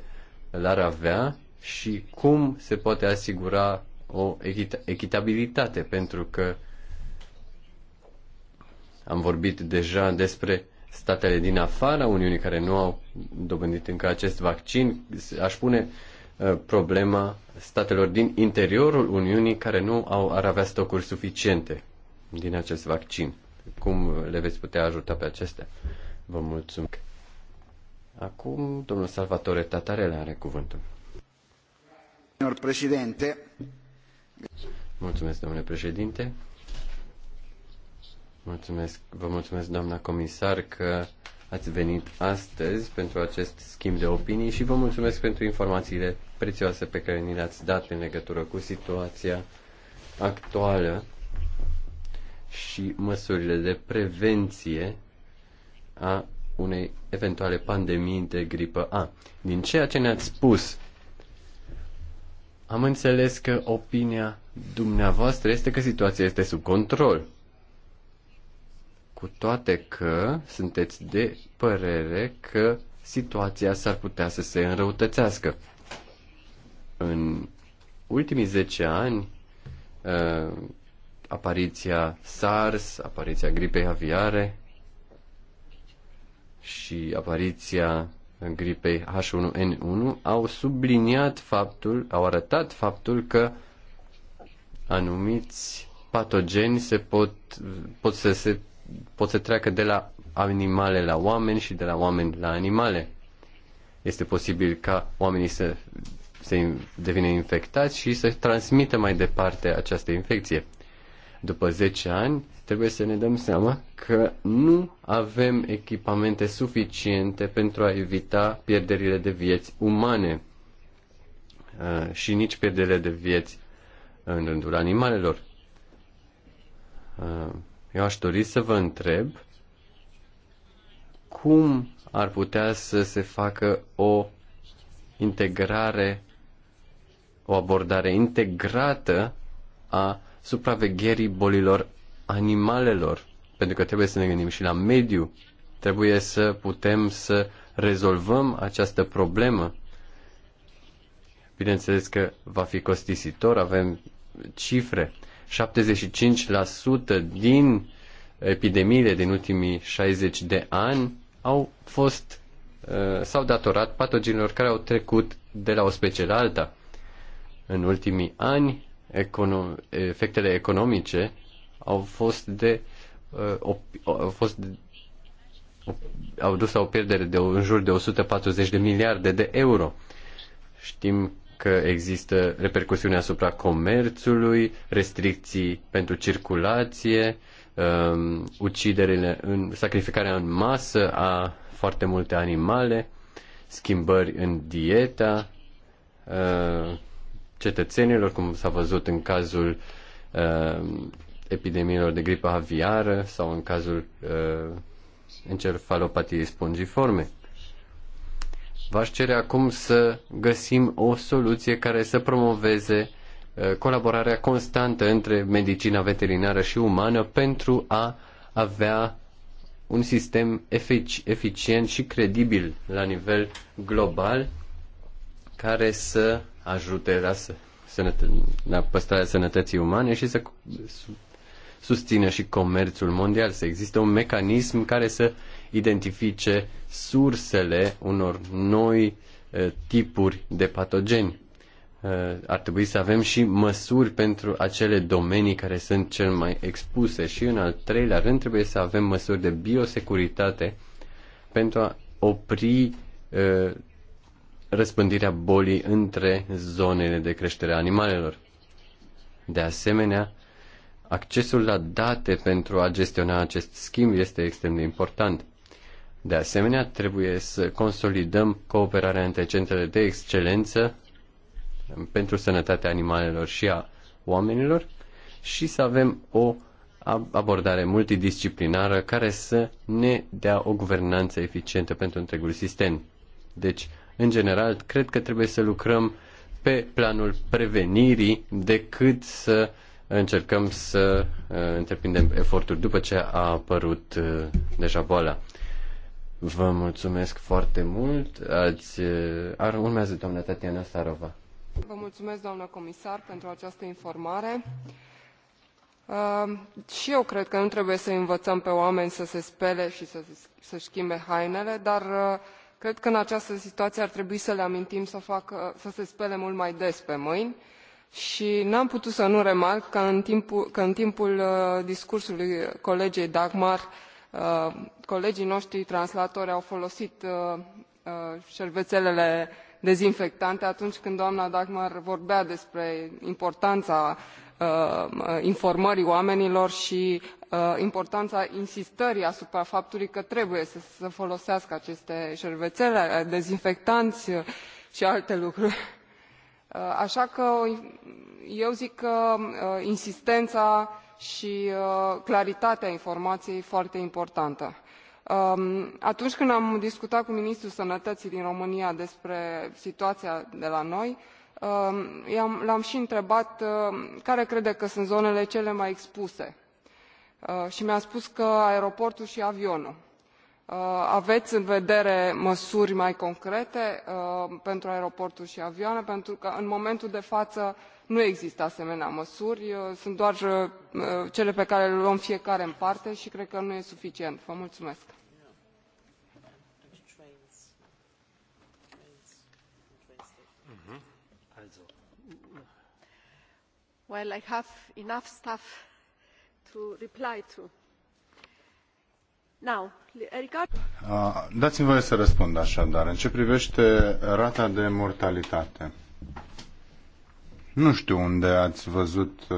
l-ar avea și cum se poate asigura o echitabilitate, pentru că uh, am vorbit deja despre statele din afara Uniunii care nu au dobândit încă acest vaccin. Aș pune uh, problema statelor din interiorul Uniunii care nu au, ar avea stocuri suficiente din acest vaccin. Cum le veți putea ajuta pe acestea? Vă mulțumesc. Acum, domnul Salvatore Tatarele are cuvântul. Domnul președinte. Mulțumesc, domnule președinte. Mulțumesc, vă mulțumesc, doamna comisar, că ați venit astăzi pentru acest schimb de opinii și vă mulțumesc pentru informațiile prețioase pe care ni le-ați dat în legătură cu situația actuală și măsurile de prevenție a unei eventuale pandemii de gripă A. Din ceea ce ne-ați spus, am înțeles că opinia dumneavoastră este că situația este sub control cu toate că sunteți de părere că situația s-ar putea să se înrăutățească. În ultimii 10 ani, uh, apariția SARS, apariția gripei aviare și apariția gripei H1N1 au subliniat faptul, au arătat faptul că anumiți patogeni se pot, pot să se pot să treacă de la animale la oameni și de la oameni la animale. Este posibil ca oamenii să se devină infectați și să transmită mai departe această infecție. După 10 ani, trebuie să ne dăm seama că nu avem echipamente suficiente pentru a evita pierderile de vieți umane uh, și nici pierderile de vieți în rândul animalelor. Uh, eu aș dori să vă întreb cum ar putea să se facă o integrare, o abordare integrată a supravegherii bolilor animalelor, pentru că trebuie să ne gândim și la mediu. Trebuie să putem să rezolvăm această problemă. Bineînțeles că va fi costisitor, avem cifre, 75% din epidemiile din ultimii 60 de ani au fost uh, s-au datorat patogenilor care au trecut de la o specie la alta. În ultimii ani, econo- efectele economice au fost de uh, au fost de, au dus la o pierdere de în jur de 140 de miliarde de euro. Știm că există repercusiuni asupra comerțului, restricții pentru circulație, um, uciderile, în, sacrificarea în masă a foarte multe animale, schimbări în dieta uh, cetățenilor, cum s-a văzut în cazul uh, epidemiilor de gripă aviară sau în cazul uh, encefalopatiei spongiforme. V-aș cere acum să găsim o soluție care să promoveze uh, colaborarea constantă între medicina veterinară și umană pentru a avea un sistem eficient și credibil la nivel global care să ajute la, sănătă- la păstrarea sănătății umane și să susțină și comerțul mondial, să existe un mecanism care să identifice sursele unor noi eh, tipuri de patogeni. Eh, ar trebui să avem și măsuri pentru acele domenii care sunt cel mai expuse și în al treilea rând trebuie să avem măsuri de biosecuritate pentru a opri eh, răspândirea bolii între zonele de creștere a animalelor. De asemenea, accesul la date pentru a gestiona acest schimb este extrem de important. De asemenea, trebuie să consolidăm cooperarea între centrele de excelență pentru sănătatea animalelor și a oamenilor și să avem o abordare multidisciplinară care să ne dea o guvernanță eficientă pentru întregul sistem. Deci, în general, cred că trebuie să lucrăm pe planul prevenirii decât să încercăm să uh, întreprindem eforturi după ce a apărut uh, deja boala. Vă mulțumesc foarte mult. Ați, uh, ar, urmează doamna Tatiana Sarova. Vă mulțumesc, doamna comisar, pentru această informare. Uh, și eu cred că nu trebuie să învățăm pe oameni să se spele și să, să schimbe hainele, dar uh, cred că în această situație ar trebui să le amintim să, facă, să se spele mult mai des pe mâini și n am putut să nu remarc că în timpul, că în timpul uh, discursului colegei Dagmar Uh, colegii notri translatori au folosit uh, uh, erveelele dezinfectante atunci când doamna dagmar vorbea despre importana informării oamenilor i importana insistării asupra faptului că trebuie să se folosească aceste erveele dezinfectani i alte lucruri. aa că eu zic că insistena și uh, claritatea informației foarte importantă. Um, atunci când am discutat cu Ministrul Sănătății din România despre situația de la noi, um, l-am și întrebat uh, care crede că sunt zonele cele mai expuse uh, și mi-a spus că aeroportul și avionul. Aveți în vedere măsuri mai concrete pentru aeroportul și avioane? Pentru că în momentul de față nu există asemenea măsuri sunt doar uh, cele pe care le luăm fiecare în parte și cred că nu e suficient. vă mulțumesc. Mhm. well i have enough stuff to reply to. Now, regard... Ah, dați-mi voie să răspund așadar. În ce privește rata de mortalitate, nu știu unde ați văzut uh,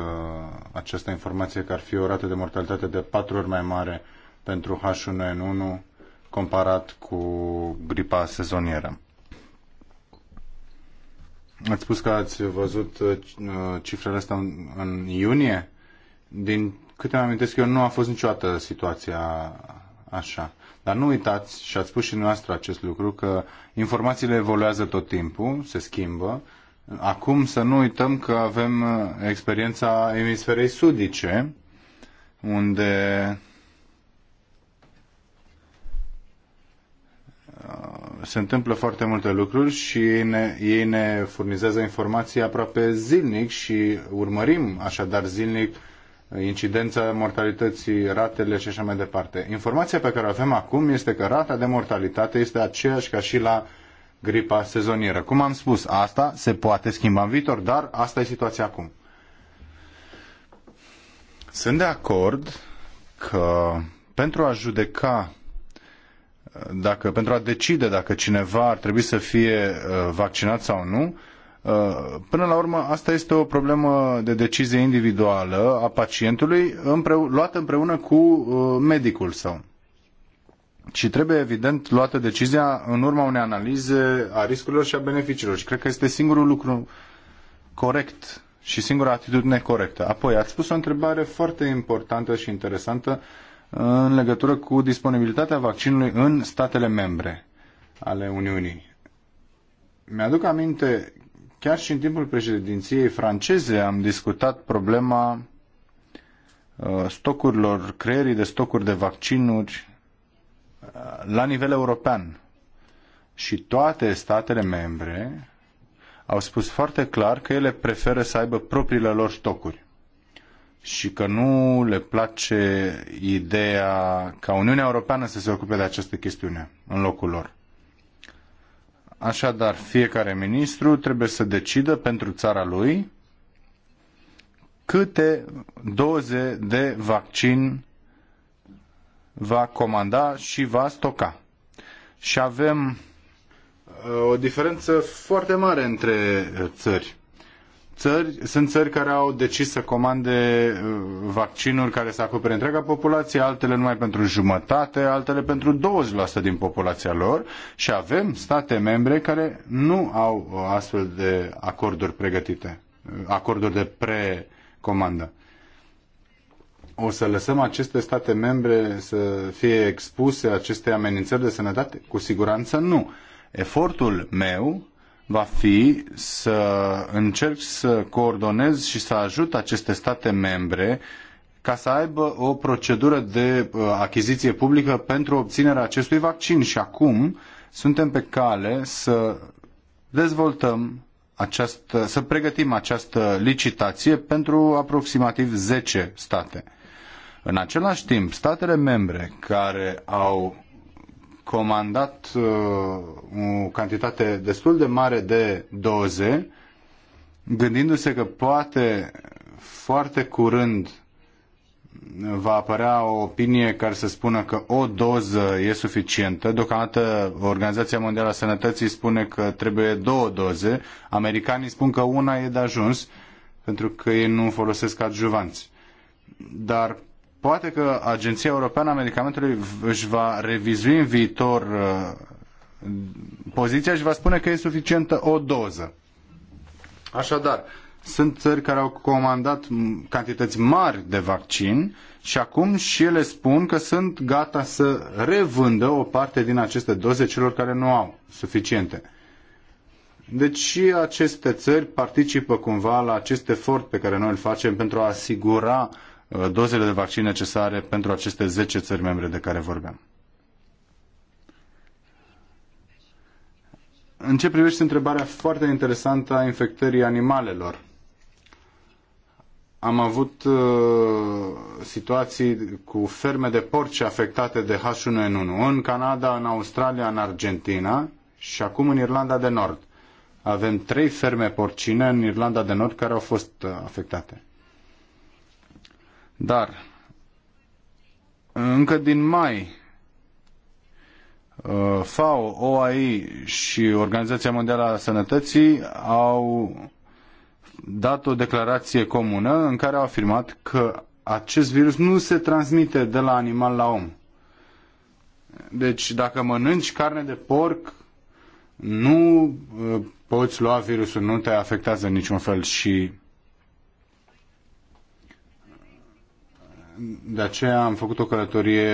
această informație că ar fi o rată de mortalitate de patru ori mai mare pentru H1N1 comparat cu gripa sezonieră. Ați spus că ați văzut uh, uh cifrele astea în, în iunie? Din câte mă amintesc eu, nu a fost niciodată situația așa. Dar nu uitați, și ați spus și noastră acest lucru, că informațiile evoluează tot timpul, se schimbă, Acum să nu uităm că avem uh, experiența emisferei sudice, unde uh, se întâmplă foarte multe lucruri și ei ne, ei ne furnizează informații aproape zilnic și urmărim așadar zilnic uh, incidența mortalității, ratele și așa mai departe. Informația pe care o avem acum este că rata de mortalitate este aceeași ca și la gripa sezonieră. Cum am spus, asta se poate schimba în viitor, dar asta e situația acum. Sunt de acord că pentru a judeca dacă, pentru a decide dacă cineva ar trebui să fie uh, vaccinat sau nu, uh, până la urmă asta este o problemă de decizie individuală a pacientului împreu- luată împreună cu uh, medicul său și trebuie, evident, luată decizia în urma unei analize a riscurilor și a beneficiilor. Și cred că este singurul lucru corect și singura atitudine corectă. Apoi, ați spus o întrebare foarte importantă și interesantă în legătură cu disponibilitatea vaccinului în statele membre ale Uniunii. Mi-aduc aminte, chiar și în timpul președinției franceze am discutat problema uh, stocurilor, creierii de stocuri de vaccinuri la nivel european. Și toate statele membre au spus foarte clar că ele preferă să aibă propriile lor stocuri și că nu le place ideea ca Uniunea Europeană să se ocupe de această chestiune în locul lor. Așadar, fiecare ministru trebuie să decidă pentru țara lui câte doze de vaccin va comanda și va stoca. Și avem uh, o diferență foarte mare între uh, țări. Țări, sunt țări care au decis să comande uh, vaccinuri care să acopere întreaga populație, altele numai pentru jumătate, altele pentru 20% din populația lor și avem state membre care nu au astfel de acorduri pregătite, acorduri de precomandă o să lăsăm aceste state membre să fie expuse aceste amenințări de sănătate? Cu siguranță nu. Efortul meu va fi să încerc să coordonez și să ajut aceste state membre ca să aibă o procedură de uh, achiziție publică pentru obținerea acestui vaccin. Și acum suntem pe cale să dezvoltăm această, să pregătim această licitație pentru aproximativ zece state. În același timp, statele membre care au comandat uh, o cantitate destul de mare de doze, gândindu-se că poate foarte curând va apărea o opinie care să spună că o doză e suficientă. Deocamdată Organizația Mondială a Sănătății spune că trebuie două doze. Americanii spun că una e de ajuns pentru că ei nu folosesc adjuvanți. Dar poate că Agenția Europeană a Medicamentului își va revizui în viitor uh, poziția și va spune că e suficientă o doză. Așadar, sunt țări care au comandat cantități mari de vaccin și acum și ele spun că sunt gata să revândă o parte din aceste doze celor care nu au suficiente. Deci și aceste țări participă cumva la acest efort pe care noi îl facem pentru a asigura uh, Uh, dozele de vaccin necesare pentru aceste 10 țări membre de care vorbeam. În ce privește întrebarea foarte interesantă a infectării animalelor, am avut uh, situații cu ferme de porci afectate de H1N1 în Canada, în Australia, în Argentina și acum în Irlanda de Nord. Avem trei ferme porcine în Irlanda de Nord care au fost uh, afectate. Dar încă din mai uh, FAO, OAI și Organizația Mondială a Sănătății au dat o declarație comună în care au afirmat că acest virus nu se transmite de la animal la om. Deci dacă mănânci carne de porc, nu uh, poți lua virusul, nu te afectează în niciun fel și de aceea am făcut o călătorie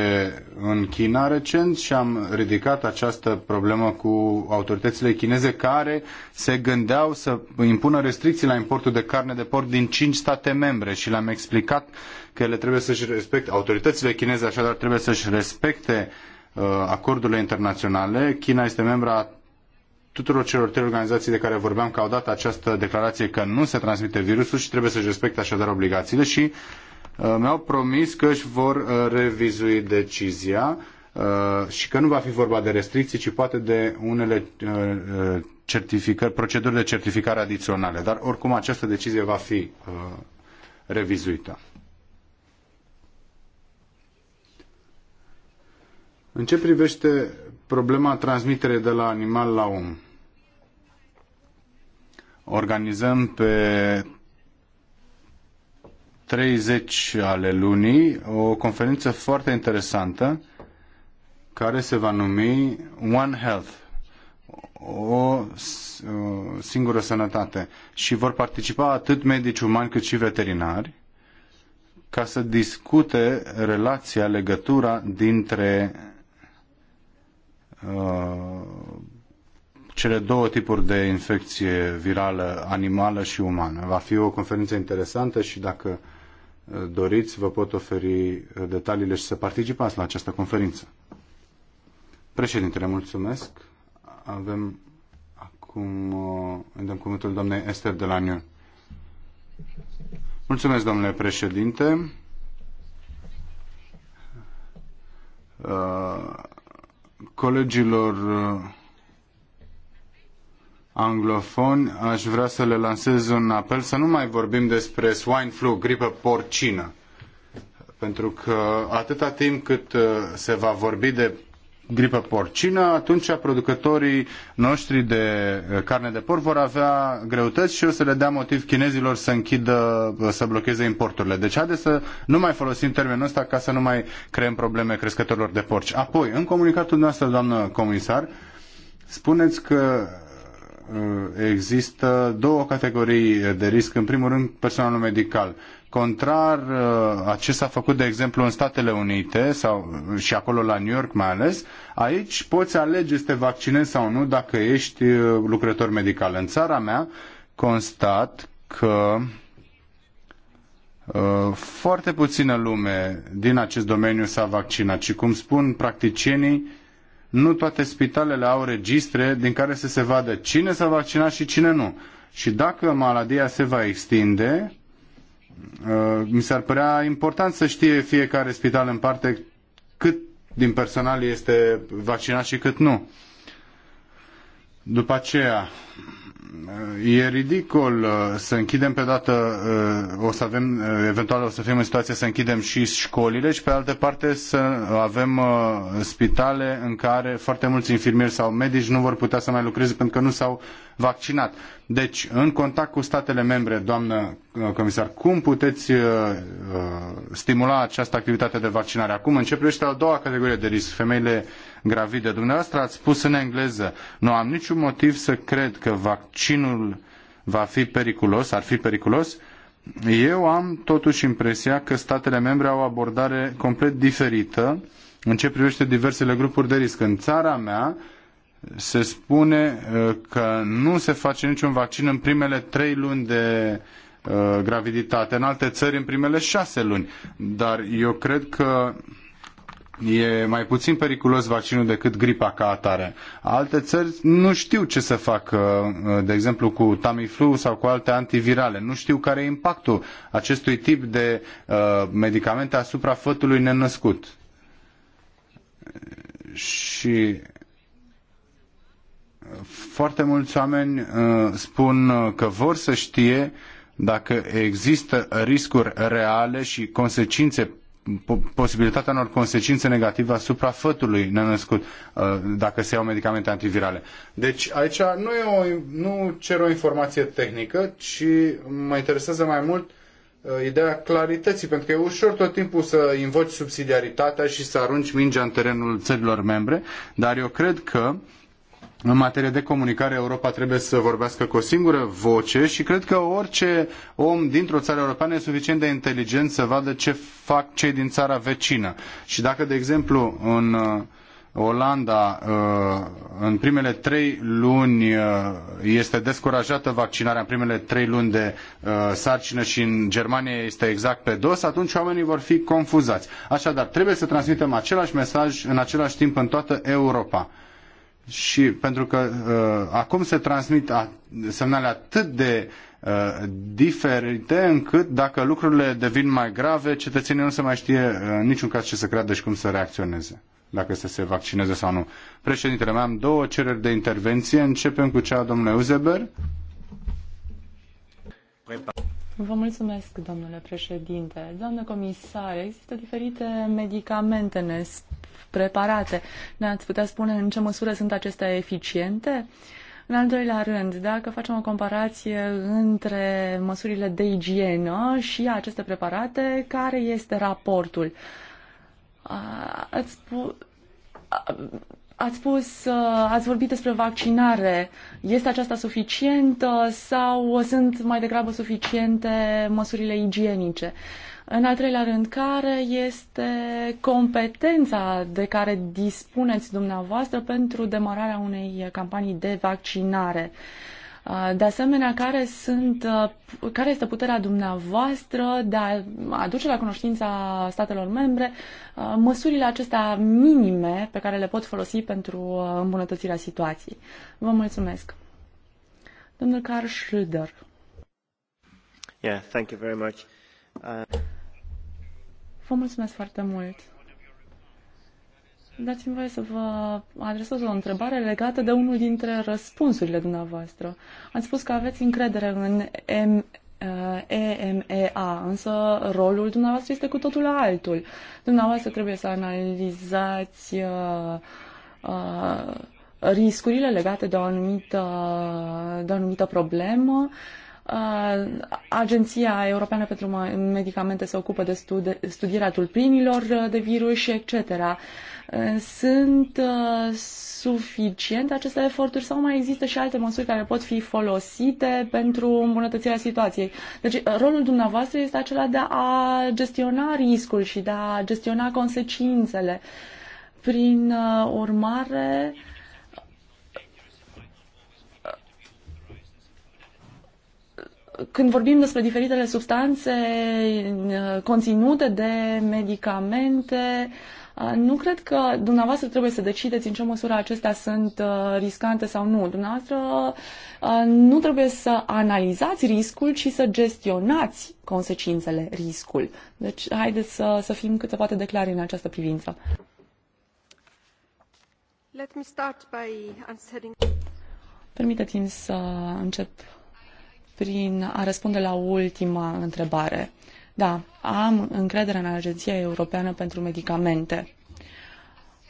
în China recent și am ridicat această problemă cu autoritățile chineze care se gândeau să impună restricții la importul de carne de porc din cinci state membre și le-am explicat că ele trebuie să-și respecte, autoritățile chineze așadar trebuie să-și respecte uh, acordurile internaționale. China este membra tuturor celor trei organizații de care vorbeam că au dat această declarație că nu se transmite virusul și trebuie să-și respecte așadar obligațiile și Uh, mi-au promis că își vor uh, revizui decizia uh, și că nu va fi vorba de restricții, ci poate de unele certificări, proceduri de certificare adiționale. Dar oricum această decizie va fi revizuită. În ce privește problema transmiterei de la animal la om? Organizăm pe 30 ale lunii o conferință foarte interesantă care se va numi One Health, o singură sănătate. Și vor participa atât medici umani cât și veterinari ca să discute relația, legătura dintre uh, cele două tipuri de infecție virală, animală și umană. Va fi o conferință interesantă și dacă doriți, vă pot oferi detaliile și să participați la această conferință. Președintele, mulțumesc. Avem acum, dăm cuvântul doamnei Esther de la New. Mulțumesc, domnule președinte. Uh, colegilor uh, anglofoni, aș vrea să le lansez un apel să nu mai vorbim despre swine flu, gripă porcină. Pentru că atâta timp cât uh, se va vorbi de gripă porcină, atunci producătorii noștri de uh, carne de porc vor avea greutăți și o să le dea motiv chinezilor să închidă, uh, să blocheze importurile. Deci haideți să nu mai folosim termenul ăsta ca să nu mai creăm probleme crescătorilor de porci. Apoi, în comunicatul noastră, doamnă comisar, spuneți că Uh, există două categorii de risc. În primul rând, personalul medical. Contrar uh, a ce s-a făcut, de exemplu, în Statele Unite sau, uh, și acolo la New York mai ales, aici poți alege să te vaccinezi sau nu dacă ești lucrător medical. În țara mea constat că foarte puțină lume din acest domeniu s-a vaccinat și, cum spun practicienii, nu toate spitalele au registre din care să se vadă cine s-a vaccinat și cine nu. Și dacă maladia se va extinde, uh, mi s-ar părea important să știe fiecare spital în parte cât din personal este vaccinat și cât nu. După aceea, E ridicol uh, să închidem pe dată, uh, o să avem, uh, eventual o să fim în situație să închidem și școlile și pe altă parte să avem spitale în care foarte mulți infirmieri sau medici nu vor putea să mai lucreze pentru că nu s-au vaccinat. Deci, în contact cu statele membre, doamnă comisar, cum puteți stimula această activitate de vaccinare? Acum începește a doua categorie de risc, femeile gravide. Dumneavoastră ați spus în engleză, nu am niciun motiv să cred că vaccinul va fi periculos, ar fi periculos. Eu am totuși impresia că statele membre au o abordare complet diferită în ce privește diversele grupuri de risc. În țara mea, se spune uh, că nu se face niciun vaccin în primele trei luni de uh, graviditate, în alte țări în primele șase luni. Dar eu cred că e mai puțin periculos vaccinul decât gripa ca atare. Alte țări nu știu ce să facă, uh, de exemplu cu Tamiflu sau cu alte antivirale. Nu știu care e impactul acestui tip de uh, medicamente asupra fătului nenăscut. Și foarte mulți oameni uh, spun uh, că vor să știe dacă există riscuri reale și consecințe posibilitatea unor consecințe negative asupra fătului nenăscut uh, dacă se iau medicamente antivirale. Deci aici nu, e o, nu cer o informație tehnică, ci mă interesează mai mult uh, ideea clarității, pentru că e ușor tot timpul să invoci subsidiaritatea și să arunci mingea în terenul țărilor membre, dar eu cred că uh, în materie de comunicare, Europa trebuie să vorbească cu o singură voce și cred că orice om dintr-o țară europeană e suficient de inteligent să vadă ce fac cei din țara vecină. Și dacă, de exemplu, în uh, Olanda, uh, în primele trei luni uh, este descurajată vaccinarea, în primele trei luni de sarcină și în Germania este exact pe dos, atunci oamenii vor fi confuzați. Așadar, trebuie să transmitem același mesaj în același timp în toată Europa și pentru că uh, acum se transmit a, semnale atât de uh, diferite încât dacă lucrurile devin mai grave, cetățenii nu se mai știe uh, în niciun caz ce să creadă și cum să reacționeze dacă să se vaccineze sau nu. Președintele, mai am două cereri de intervenție. Începem cu cea a domnului Uzeber. Vă mulțumesc, domnule președinte. Doamnă comisar, există diferite medicamente ne? preparate. Ne-ați putea spune în ce măsură sunt acestea eficiente? În al doilea rând, dacă facem o comparație între măsurile de igienă și aceste preparate, care este raportul? Ați spus, ați spus, ați vorbit despre vaccinare. Este aceasta suficientă sau sunt mai degrabă suficiente măsurile igienice? Uh, în al treilea rând, care este competența de care dispuneți dumneavoastră pentru demararea unei campanii de vaccinare? De asemenea, care, sunt, care este puterea dumneavoastră de a aduce la cunoștința statelor membre măsurile acestea minime pe care le pot folosi pentru îmbunătățirea situației? Vă mulțumesc. Domnul Karl Schröder. Yeah, thank you very much. Uh... Vă mulțumesc foarte mult. Dați-mi voie să vă adresez o întrebare legată de unul dintre răspunsurile dumneavoastră. Ați spus că aveți încredere în M- uh, EMEA, însă rolul dumneavoastră este cu totul altul. Dumneavoastră trebuie să analizați uh, uh, riscurile legate de o anumită, de o anumită problemă, uh, Uh, Agenția Europeană pentru Medicamente se ocupă de studi- studierea tulpinilor uh, de virus și etc. Uh, sunt suficiente aceste eforturi sau mai există și alte măsuri care pot fi folosite pentru îmbunătățirea situației? Deci rolul dumneavoastră este acela de a gestiona riscul și de a gestiona consecințele. Prin urmare, când vorbim despre diferitele substanțe uh, conținute de medicamente, uh, nu cred că dumneavoastră trebuie să decideți în ce măsură acestea sunt uh, riscante sau nu. Dumneavoastră nu trebuie să analizați riscul, ci să gestionați consecințele, riscul. Deci haideți să, să fim câte poate de clari în această privință. Let me start by answering... Permiteți-mi să încep prin a răspunde la ultima întrebare. Da, am încredere în Agenția Europeană pentru Medicamente.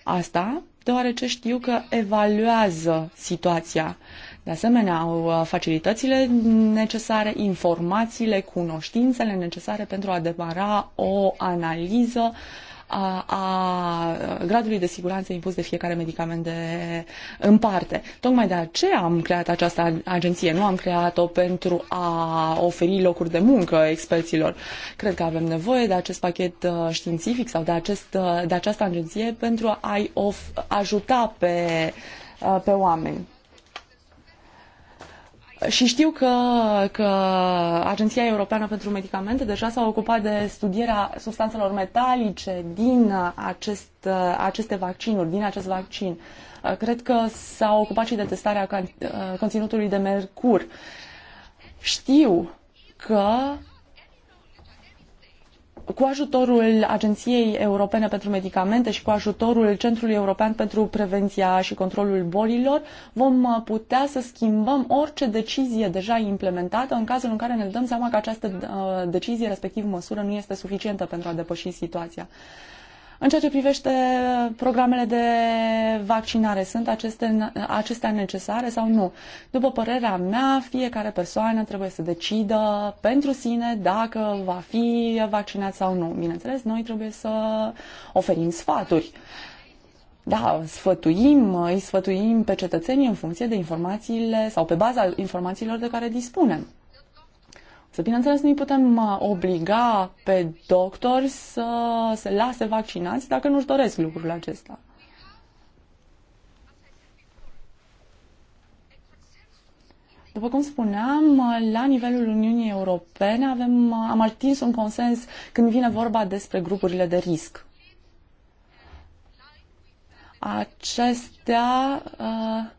Asta deoarece știu că evaluează situația. De asemenea, au uh, facilitățile necesare, informațiile, cunoștințele necesare pentru a demara o analiză uh, a, a gradului de siguranță impus de fiecare medicament de, în parte. Tocmai de aceea am creat această agenție. Nu am creat-o pentru a oferi locuri de muncă experților. Cred că avem nevoie de acest pachet uh, științific sau de, acest, uh, de această agenție pentru a-i ajuta pe, uh, pe oameni. Și știu că, că Agenția Europeană pentru Medicamente deja s-a ocupat de studierea substanțelor metalice din acest, aceste vaccinuri, din acest vaccin. Cred că s-a ocupat și de testarea conținutului de mercur. Știu că cu ajutorul Agenției Europene pentru Medicamente și cu ajutorul Centrului European pentru Prevenția și Controlul Bolilor, vom uh, putea să schimbăm orice decizie deja implementată în cazul în care ne dăm seama că această uh, decizie, respectiv măsură, nu este suficientă pentru a depăși situația. În ceea ce privește programele de vaccinare, sunt aceste, acestea necesare sau nu? După părerea mea, fiecare persoană trebuie să decidă pentru sine dacă va fi vaccinat sau nu. Bineînțeles, noi trebuie să oferim sfaturi. Da, sfătuim, îi sfătuim pe cetățenii în funcție de informațiile sau pe baza informațiilor de care dispunem. Să bineînțeles, nu-i putem uh, obliga pe doctori să se lase vaccinați dacă nu-și doresc lucrul acesta. După cum spuneam, uh, la nivelul Uniunii Europene avem, uh, am atins un consens când vine vorba despre grupurile de risc. Acestea uh,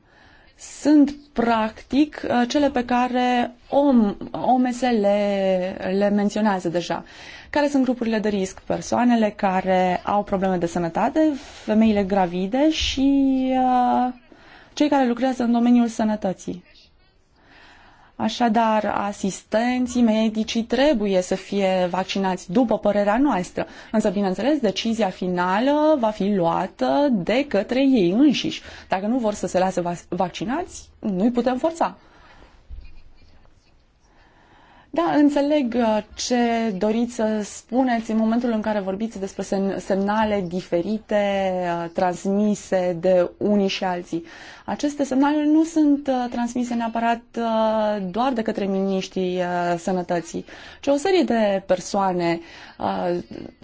sunt practic uh, cele pe care om, OMS le, le menționează deja. Care sunt grupurile de risc? Persoanele care au probleme de sănătate, femeile gravide și uh, cei care lucrează în domeniul sănătății. Așadar, asistenții medicii trebuie să fie vaccinați, după părerea noastră. Însă, bineînțeles, decizia finală va fi luată de către ei înșiși. Dacă nu vor să se lase vaccinați, nu-i putem forța. Da, înțeleg uh, ce doriți să spuneți în momentul în care vorbiți despre semnale diferite uh, transmise de unii și alții. Aceste semnale nu sunt uh, transmise neapărat doar de către miniștrii sănătății, ci o serie de persoane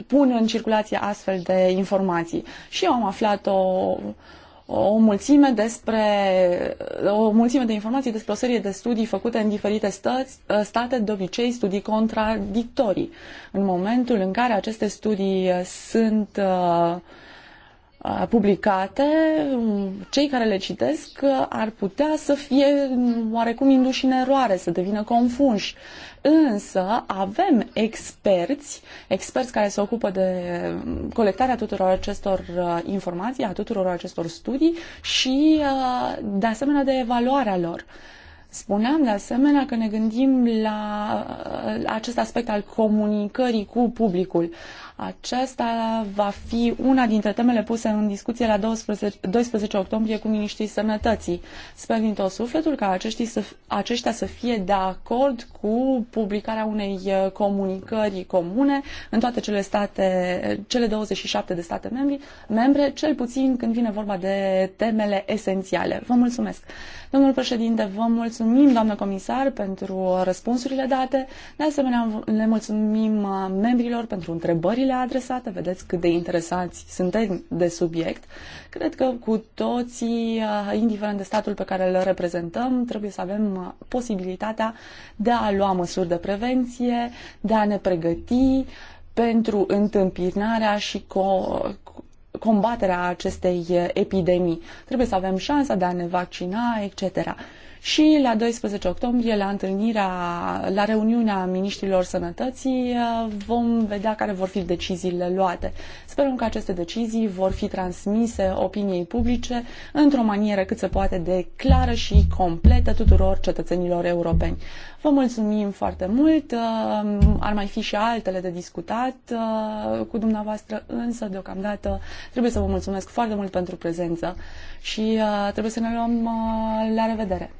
pun în circulație astfel de informații. Și eu am aflat o o mulțime, despre, o mulțime de informații despre o serie de studii făcute în diferite stăți, ă, state, de obicei studii contradictorii. În momentul în care aceste studii sunt uh, publicate, um, cei care le citesc ar putea să fie um, oarecum induși în eroare, să devină confunși. Însă avem experți, experți care se ocupă de um, colectarea tuturor acestor uh, informații, a tuturor acestor studii și uh, de asemenea de evaluarea lor. Spuneam de asemenea că ne gândim la uh, acest aspect al comunicării cu publicul. Acesta va fi una dintre temele puse în discuție la 12, 12 octombrie cu Ministrii Sănătății. Sper din tot sufletul ca aceștia să, aceștia să fie de acord cu publicarea unei uh, comunicări comune în toate cele, state, cele 27 de state membri, membre, cel puțin când vine vorba de temele esențiale. Vă mulțumesc! Domnul președinte, vă mulțumim, doamnă comisar, pentru răspunsurile date. De asemenea, le mulțumim uh, membrilor pentru întrebările întrebările adresate, vedeți cât de interesați suntem de subiect. Cred că cu toții, uh, indiferent de statul pe care îl reprezentăm, trebuie să avem uh, posibilitatea de a lua măsuri de prevenție, de a ne pregăti pentru întâmpinarea și co- combaterea acestei uh, epidemii. Trebuie să avem șansa de a ne vaccina, etc și la 12 octombrie, la întâlnirea, la reuniunea ministrilor sănătății, uh, vom vedea care vor fi deciziile luate. Sperăm că aceste decizii vor fi transmise opiniei publice într-o manieră cât se poate de clară și completă tuturor cetățenilor europeni. Vă mulțumim foarte mult, uh, ar mai fi și altele de discutat uh, cu dumneavoastră, însă deocamdată trebuie să vă mulțumesc foarte mult pentru prezență și trebuie să ne luăm la revedere!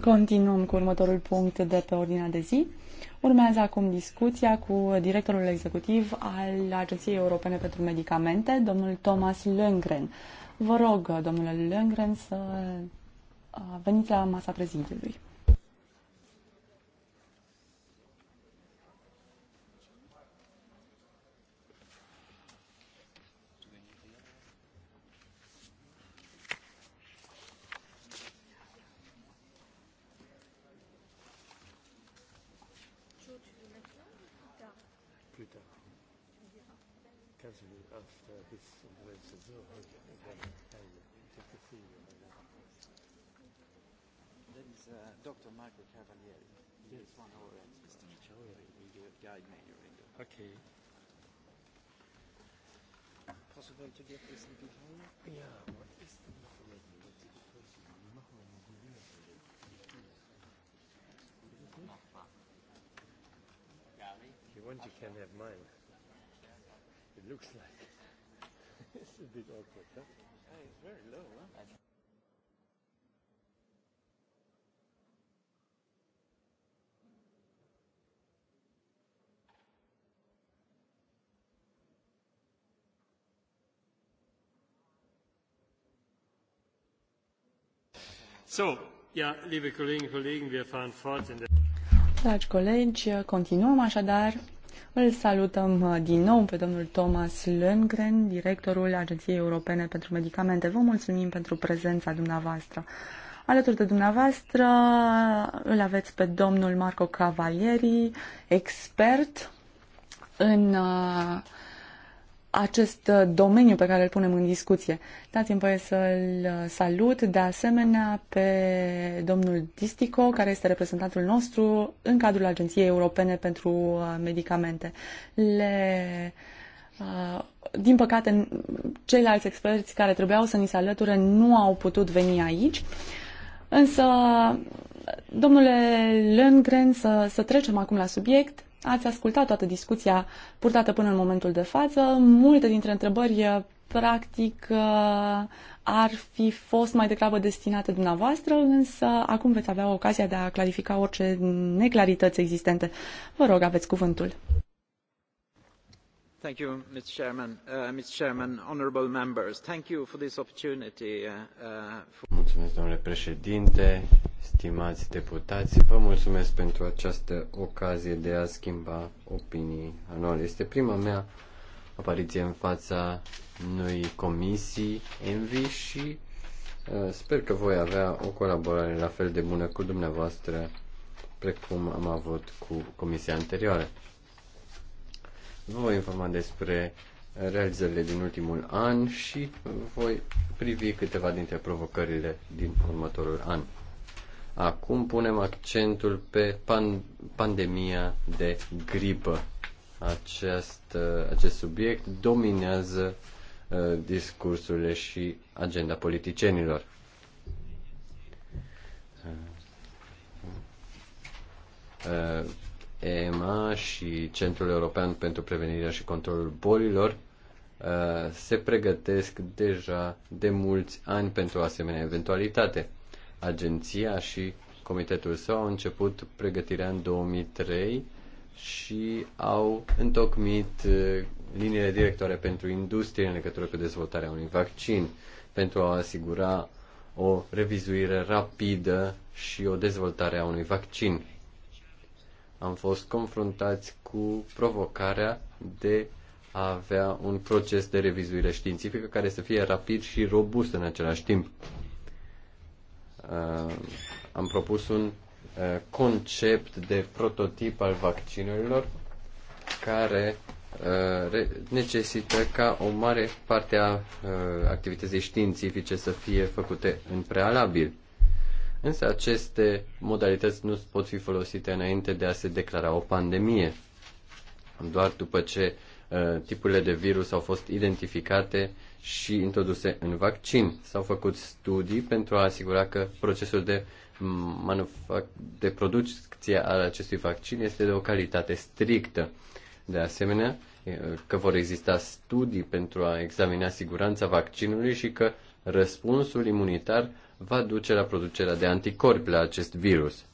Continuăm cu următorul punct de pe ordinea de zi. Urmează acum discuția cu directorul executiv al Agenției Europene pentru Medicamente, domnul Thomas Lengren. Vă rog, domnule Lengren, să veniți la masa prezidiului. can have mine. It looks like. *laughs* it's a bit awkward, huh? Yeah, it's very low, huh? So, yeah, liebe Kolleginnen und Kollegen, wir fahren fort in der Dragi colegi, continuăm așadar îl salutăm uh, din nou pe domnul Thomas Lundgren, directorul Agenției Europene pentru Medicamente. Vă mulțumim pentru prezența dumneavoastră. Alături de dumneavoastră uh, îl aveți pe domnul Marco Cavalieri, expert în uh, acest uh, domeniu pe care îl punem în discuție. Dați-mi voie să-l uh, salut de asemenea pe domnul Distico, care este reprezentantul nostru în cadrul Agenției Europene pentru uh, Medicamente. Le din păcate, ceilalți experți care trebuiau să ni se alăture nu au putut veni aici, însă, domnule Lengren să, să trecem acum la subiect. Ați ascultat toată discuția purtată până în momentul de față. Multe dintre întrebări, eh, practic, eh, ar fi fost mai degrabă destinate dumneavoastră, însă acum veți avea ocazia de a clarifica orice neclarități existente. Vă rog, aveți cuvântul. Mulțumesc, domnule președinte, stimați deputați, vă mulțumesc pentru această ocazie de a schimba opinii anuale. Este prima mea apariție în fața noii comisii ENVI și uh, sper că voi avea o colaborare la fel de bună cu dumneavoastră precum am avut cu comisia anterioară. Vă voi informa despre realizările din ultimul an și voi privi câteva dintre provocările din următorul an. Acum punem accentul pe pan- pandemia de gripă. Acest, acest subiect dominează uh, discursurile și agenda politicienilor. Uh, uh, EMA și Centrul European pentru Prevenirea și Controlul Bolilor uh, se pregătesc deja de mulți ani pentru o asemenea eventualitate. Agenția și comitetul său au început pregătirea în 2003 și au întocmit uh, liniile directoare pentru industrie în legătură cu dezvoltarea unui vaccin pentru a asigura o revizuire rapidă și o dezvoltare a unui vaccin am fost confruntați cu provocarea de a avea un proces de revizuire științifică care să fie rapid și robust în același timp. Uh, am propus un uh, concept de prototip al vaccinurilor care uh, necesită ca o mare parte a uh, activității științifice să fie făcute în prealabil. Uh, Însă aceste modalități nu pot fi folosite înainte de a se declara o pandemie. Doar după ce uh, tipurile de virus au fost identificate și introduse în vaccin. S-au făcut studii pentru a asigura că procesul de, de producție al acestui vaccin este de o calitate strictă. De asemenea, că vor exista studii pentru a examina siguranța vaccinului și că răspunsul imunitar va duce la producerea de anticorpi la acest virus.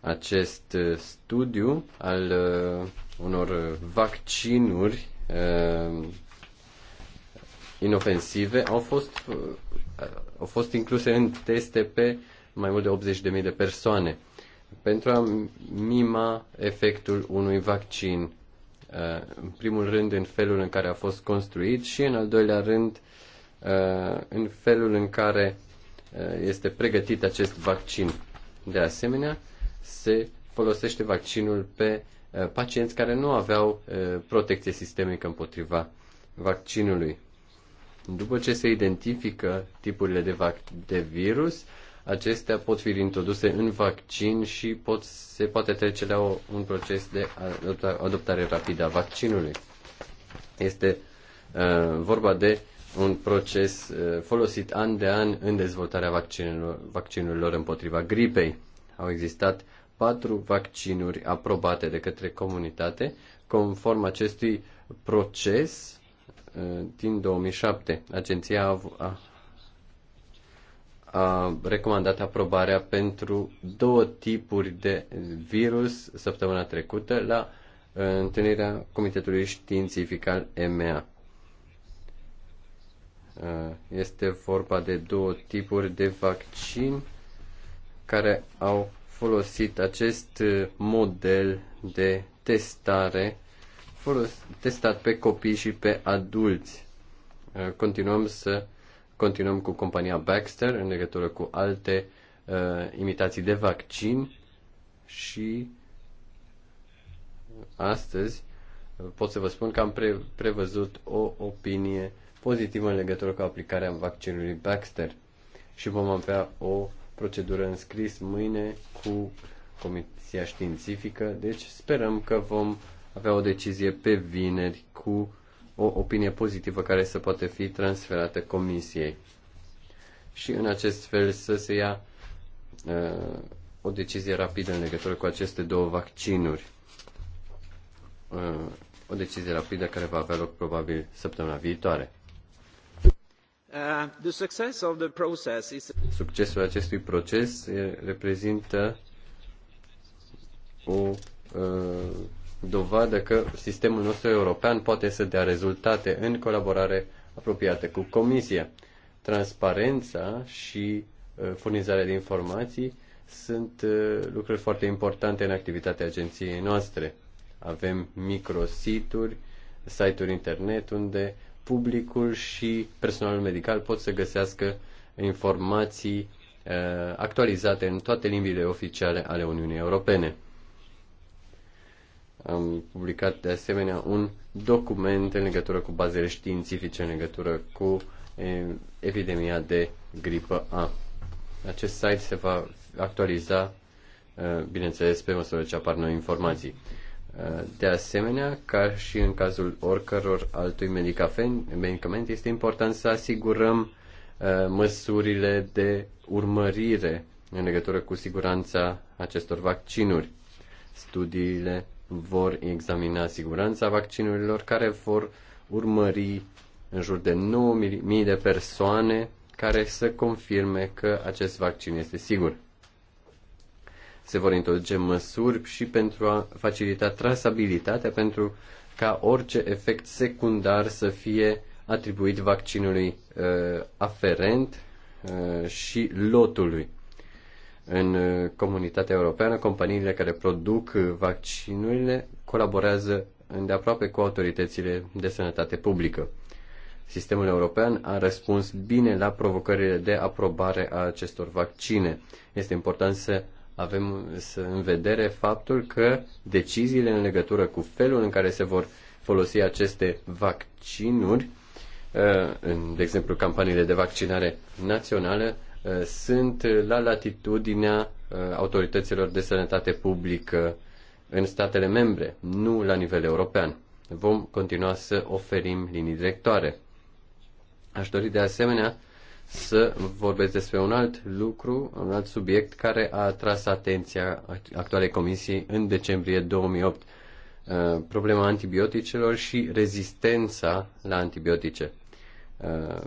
Acest uh, studiu al uh, unor vaccinuri uh, inofensive au fost, au fost incluse în teste pe mai mult de 80.000 de persoane pentru a mima efectul unui vaccin. În primul rând în felul în care a fost construit și în al doilea rând în felul în care Uh, este pregătit acest vaccin. De asemenea, se folosește vaccinul pe uh, pacienți care nu aveau uh, protecție sistemică împotriva vaccinului. După ce se identifică tipurile de, vac- de virus, acestea pot fi introduse în vaccin și pot, se poate trece la o, un proces de adoptare rapidă a vaccinului. Este uh, vorba de un proces uh, folosit an de an în dezvoltarea vaccinurilor, vaccinurilor împotriva gripei. Au existat patru vaccinuri aprobate de către comunitate conform acestui proces uh, din 2007. Agenția a, a recomandat aprobarea pentru două tipuri de virus săptămâna trecută la uh, întâlnirea Comitetului Științific al EMEA. Uh, este vorba de două tipuri de vaccin care au folosit acest uh, model de testare testat pe copii și pe adulți. Uh, continuăm să continuăm cu compania Baxter în legătură cu alte uh, imitații de vaccin și astăzi pot să vă spun că am pre- prevăzut o opinie pozitivă în legătură cu aplicarea vaccinului Baxter și vom avea o procedură înscris mâine cu Comisia Științifică, deci sperăm că vom avea o decizie pe vineri cu o opinie pozitivă care să poate fi transferată Comisiei. Și în acest fel să se ia uh, o decizie rapidă în legătură cu aceste două vaccinuri. Uh, o decizie rapidă care va avea loc probabil săptămâna viitoare. Uh, Succesul acestui proces reprezintă o uh, dovadă că sistemul nostru european poate să dea rezultate în colaborare apropiată cu Comisia. Transparența și uh, furnizarea de informații sunt lucruri foarte importante în activitatea agenției noastre. Avem microsituri, site-uri internet unde publicul și personalul medical pot să găsească informații uh, actualizate în toate limbile oficiale ale Uniunii Europene. Am publicat de asemenea un document în legătură cu bazele științifice, în legătură cu epidemia de gripă A. Acest site se va actualiza, uh, bineînțeles, pe măsură ce apar noi informații. De asemenea, ca și în cazul oricăror altui medicament, este important să asigurăm uh, măsurile de urmărire în legătură cu siguranța acestor vaccinuri. Studiile vor examina siguranța vaccinurilor care vor urmări în jur de 9.000 de persoane care să confirme că acest vaccin este sigur. Se vor introduce măsuri și pentru a facilita trasabilitatea pentru ca orice efect secundar să fie atribuit vaccinului uh, aferent uh, și lotului. În uh, comunitatea europeană, companiile care produc vaccinurile colaborează îndeaproape cu autoritățile de sănătate publică. Sistemul european a răspuns bine la provocările de aprobare a acestor vaccine. Este important să avem în vedere faptul că deciziile în legătură cu felul în care se vor folosi aceste vaccinuri, uh, de exemplu campaniile de vaccinare națională, uh, sunt la latitudinea uh, autorităților de sănătate publică în statele membre, nu la nivel european. Vom continua să oferim linii directoare. Aș dori de asemenea să vorbesc despre un alt lucru, un alt subiect care a atras atenția actualei comisii în decembrie 2008. Uh, problema antibioticelor și rezistența la antibiotice. Uh,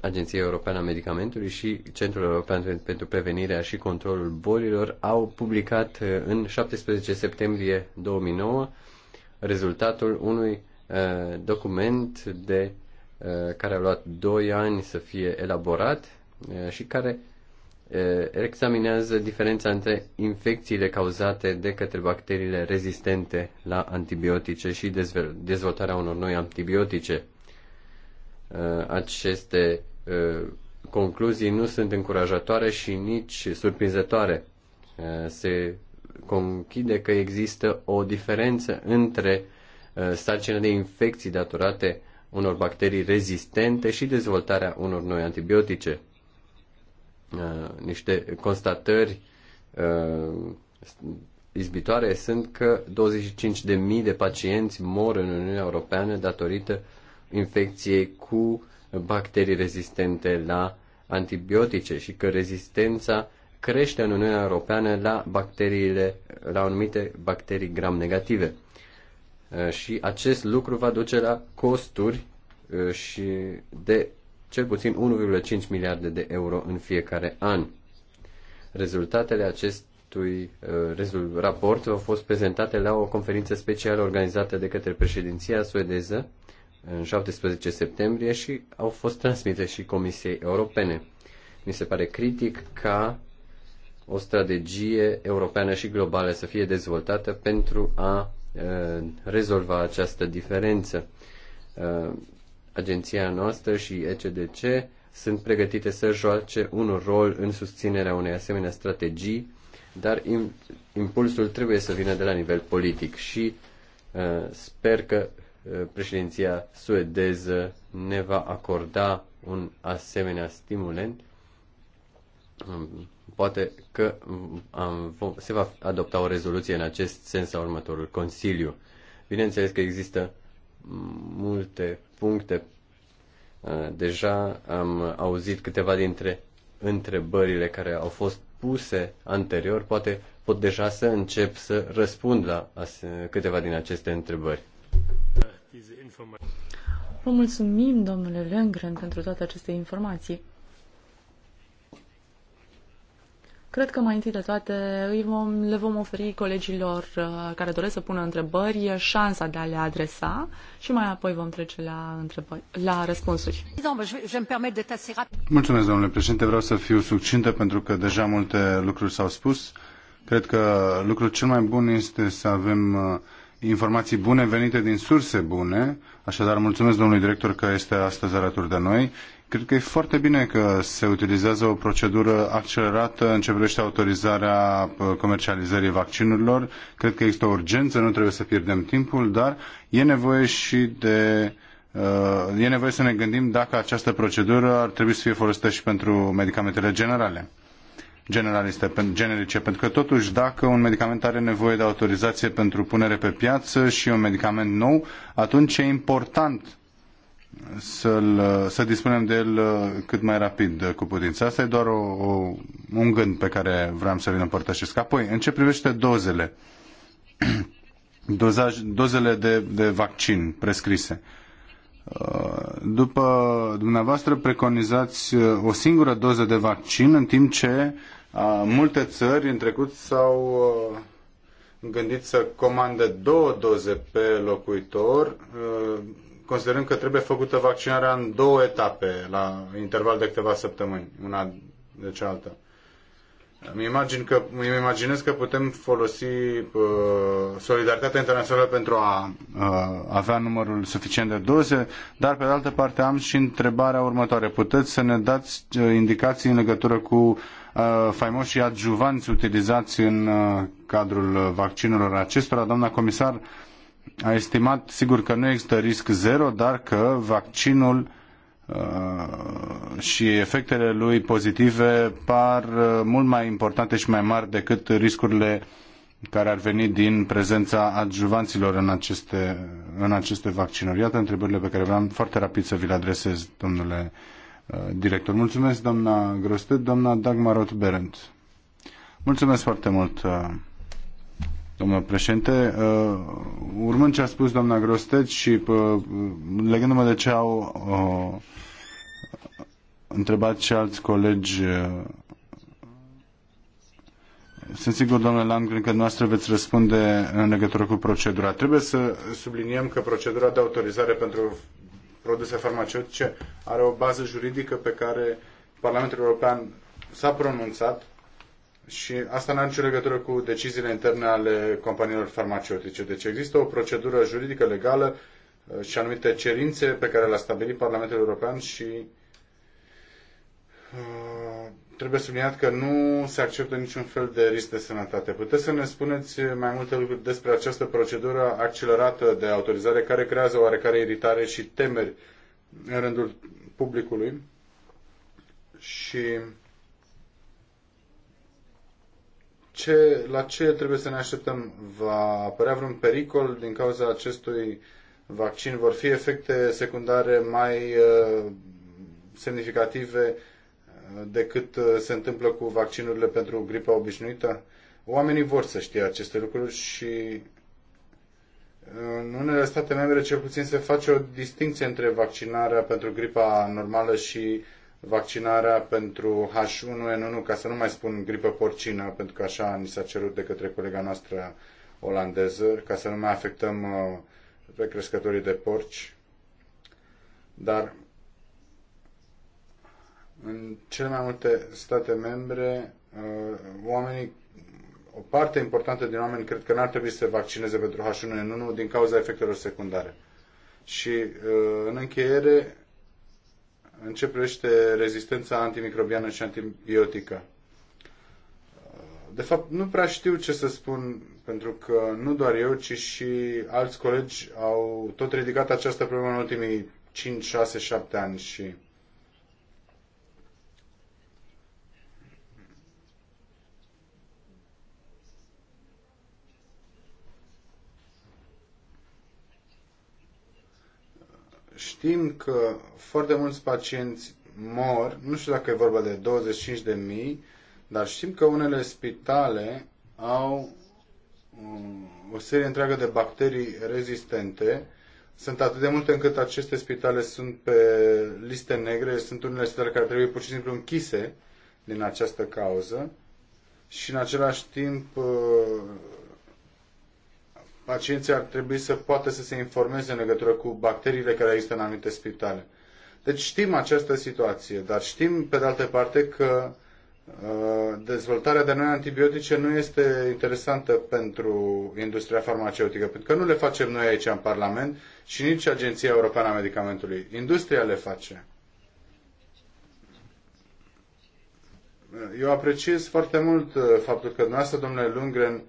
Agenția Europeană a Medicamentului și Centrul European pentru Prevenirea și Controlul Bolilor au publicat uh, în 17 septembrie 2009 rezultatul unui document de Uh, care a luat 2 ani să fie elaborat uh, și care uh, examinează diferența între infecțiile cauzate de către bacteriile rezistente la antibiotice și dezvoltarea unor noi antibiotice. Aceste concluzii nu sunt încurajatoare și nici surprinzătoare. Se conchide că există o diferență între sarcina de infecții datorate uh, unor bacterii rezistente și dezvoltarea unor noi antibiotice. Uh, niște constatări uh, izbitoare sunt că 25.000 de pacienți mor în Uniunea Europeană datorită infecției cu bacterii rezistente la antibiotice și că rezistența crește în Uniunea Europeană la bacteriile, la anumite bacterii gram negative și acest lucru va duce la costuri și de cel puțin 1,5 miliarde de euro în fiecare an. Rezultatele acestui raport au fost prezentate la o conferință specială organizată de către președinția suedeză în 17 septembrie și au fost transmise și Comisiei Europene. Mi se pare critic ca o strategie europeană și globală să fie dezvoltată pentru a Uh, rezolva această diferență. Uh, agenția noastră și ECDC sunt pregătite să joace un rol în susținerea unei asemenea strategii, dar impulsul trebuie să vină de la nivel politic și uh, sper că președinția suedeză ne va acorda un asemenea stimulent um, poate că se va adopta o rezoluție în acest sens la următorul Consiliu. Bineînțeles că există multe puncte. Deja am auzit câteva dintre întrebările care au fost puse anterior. Poate pot deja să încep să răspund la câteva din aceste întrebări. Vă mulțumim, domnule Lengren, pentru toate aceste informații. Cred că mai întâi de toate îi vom, le vom oferi colegilor uh, care doresc să pună întrebări șansa de a le adresa și mai apoi vom trece la, întrebări, la răspunsuri. Mulțumesc, domnule președinte. Vreau să fiu succintă pentru că deja multe lucruri s-au spus. Cred că lucrul cel mai bun este să avem uh, informații bune venite din surse bune. Așadar, mulțumesc domnului director că este astăzi alături de noi. Cred că e foarte bine că se utilizează o procedură accelerată în ce privește autorizarea uh, comercializării vaccinurilor. Cred că există o urgență, nu trebuie să pierdem timpul, dar e nevoie și de uh, e nevoie să ne gândim dacă această procedură ar trebui să fie folosită și pentru medicamentele generale generaliste, generice, pentru că totuși dacă un medicament are nevoie de autorizație pentru punere pe piață și un medicament nou, atunci e important să-l, să dispunem de el uh, cât mai rapid uh, cu putință. Asta e doar o, o, un gând pe care vreau să vi-l împărtășesc. Apoi, în ce privește dozele, *clears throat* dozaj, dozele de, de vaccin prescrise, uh, după dumneavoastră preconizați o singură doză de vaccin în timp ce multe țări în trecut s-au gândit să comande două doze pe locuitor considerăm că trebuie făcută vaccinarea în două etape, la interval de câteva săptămâni, una de cealaltă. Îmi, imagin că, îmi imaginez că putem folosi uh, solidaritatea internațională pentru a uh, avea numărul suficient de doze, dar pe de altă parte am și întrebarea următoare. Puteți să ne dați uh, indicații în legătură cu uh, faimoșii adjuvanți utilizați în uh, cadrul vaccinurilor acestora? Doamna comisar, uh, a estimat, sigur, că nu există risc zero, dar că vaccinul uh, și efectele lui pozitive par uh, mult mai importante și mai mari decât riscurile care ar veni din prezența adjuvanților în aceste, în aceste vaccinuri. Iată întrebările pe care vreau foarte rapid să vi le adresez, domnule uh, director. Mulțumesc, doamna Grostet, doamna Dagmar Berend. Mulțumesc foarte mult, domnule președinte. Uh, urmând ce a spus doamna Grostet și uh, legându-mă de ce au uh, întrebat și alți colegi sunt sigur, domnule Landgren, că noastră veți răspunde în legătură cu procedura. Trebuie să subliniem că procedura de autorizare pentru produse farmaceutice are o bază juridică pe care Parlamentul European s-a pronunțat și asta nu are nicio legătură cu deciziile interne ale companiilor farmaceutice. Deci există o procedură juridică legală uh, și anumite cerințe pe care le-a stabilit Parlamentul European și uh, trebuie subliniat că nu se acceptă niciun fel de risc de sănătate. Puteți să ne spuneți mai multe lucruri despre această procedură accelerată de autorizare care creează oarecare iritare și temeri în rândul publicului și ce, la ce trebuie să ne așteptăm? Va apărea vreun pericol din cauza acestui vaccin? Vor fi efecte secundare mai uh, semnificative uh, decât uh, se întâmplă cu vaccinurile pentru gripa obișnuită? Oamenii vor să știe aceste lucruri și uh, în unele state membre cel puțin se face o distinție între vaccinarea pentru gripa normală și vaccinarea pentru H1N1, ca să nu mai spun gripă porcină, pentru că așa ni s-a cerut de către colega noastră olandeză, ca să nu mai afectăm uh, pe crescătorii de porci. Dar în cele mai multe state membre, uh, oamenii, o parte importantă din oameni cred că n-ar trebui să se vaccineze pentru H1N1 din cauza efectelor secundare. Și uh, în încheiere, începește rezistența antimicrobiană și antibiotică. De fapt, nu prea știu ce să spun, pentru că nu doar eu, ci și alți colegi au tot ridicat această problemă în ultimii 5, 6, 7 ani și Știm că foarte mulți pacienți mor, nu știu dacă e vorba de 25 de mii, dar știm că unele spitale au um, o serie întreagă de bacterii rezistente. Sunt atât de multe încât aceste spitale sunt pe liste negre, sunt unele spitale care trebuie pur și simplu închise din această cauză și în același timp uh, pacienții ar trebui să poată să se informeze în legătură cu bacteriile care există în anumite spitale. Deci știm această situație, dar știm pe de altă parte că uh, dezvoltarea de noi antibiotice nu este interesantă pentru industria farmaceutică, pentru că nu le facem noi aici în Parlament și nici Agenția Europeană a Medicamentului. Industria le face. Eu apreciez foarte mult uh, faptul că dumneavoastră, domnule Lundgren,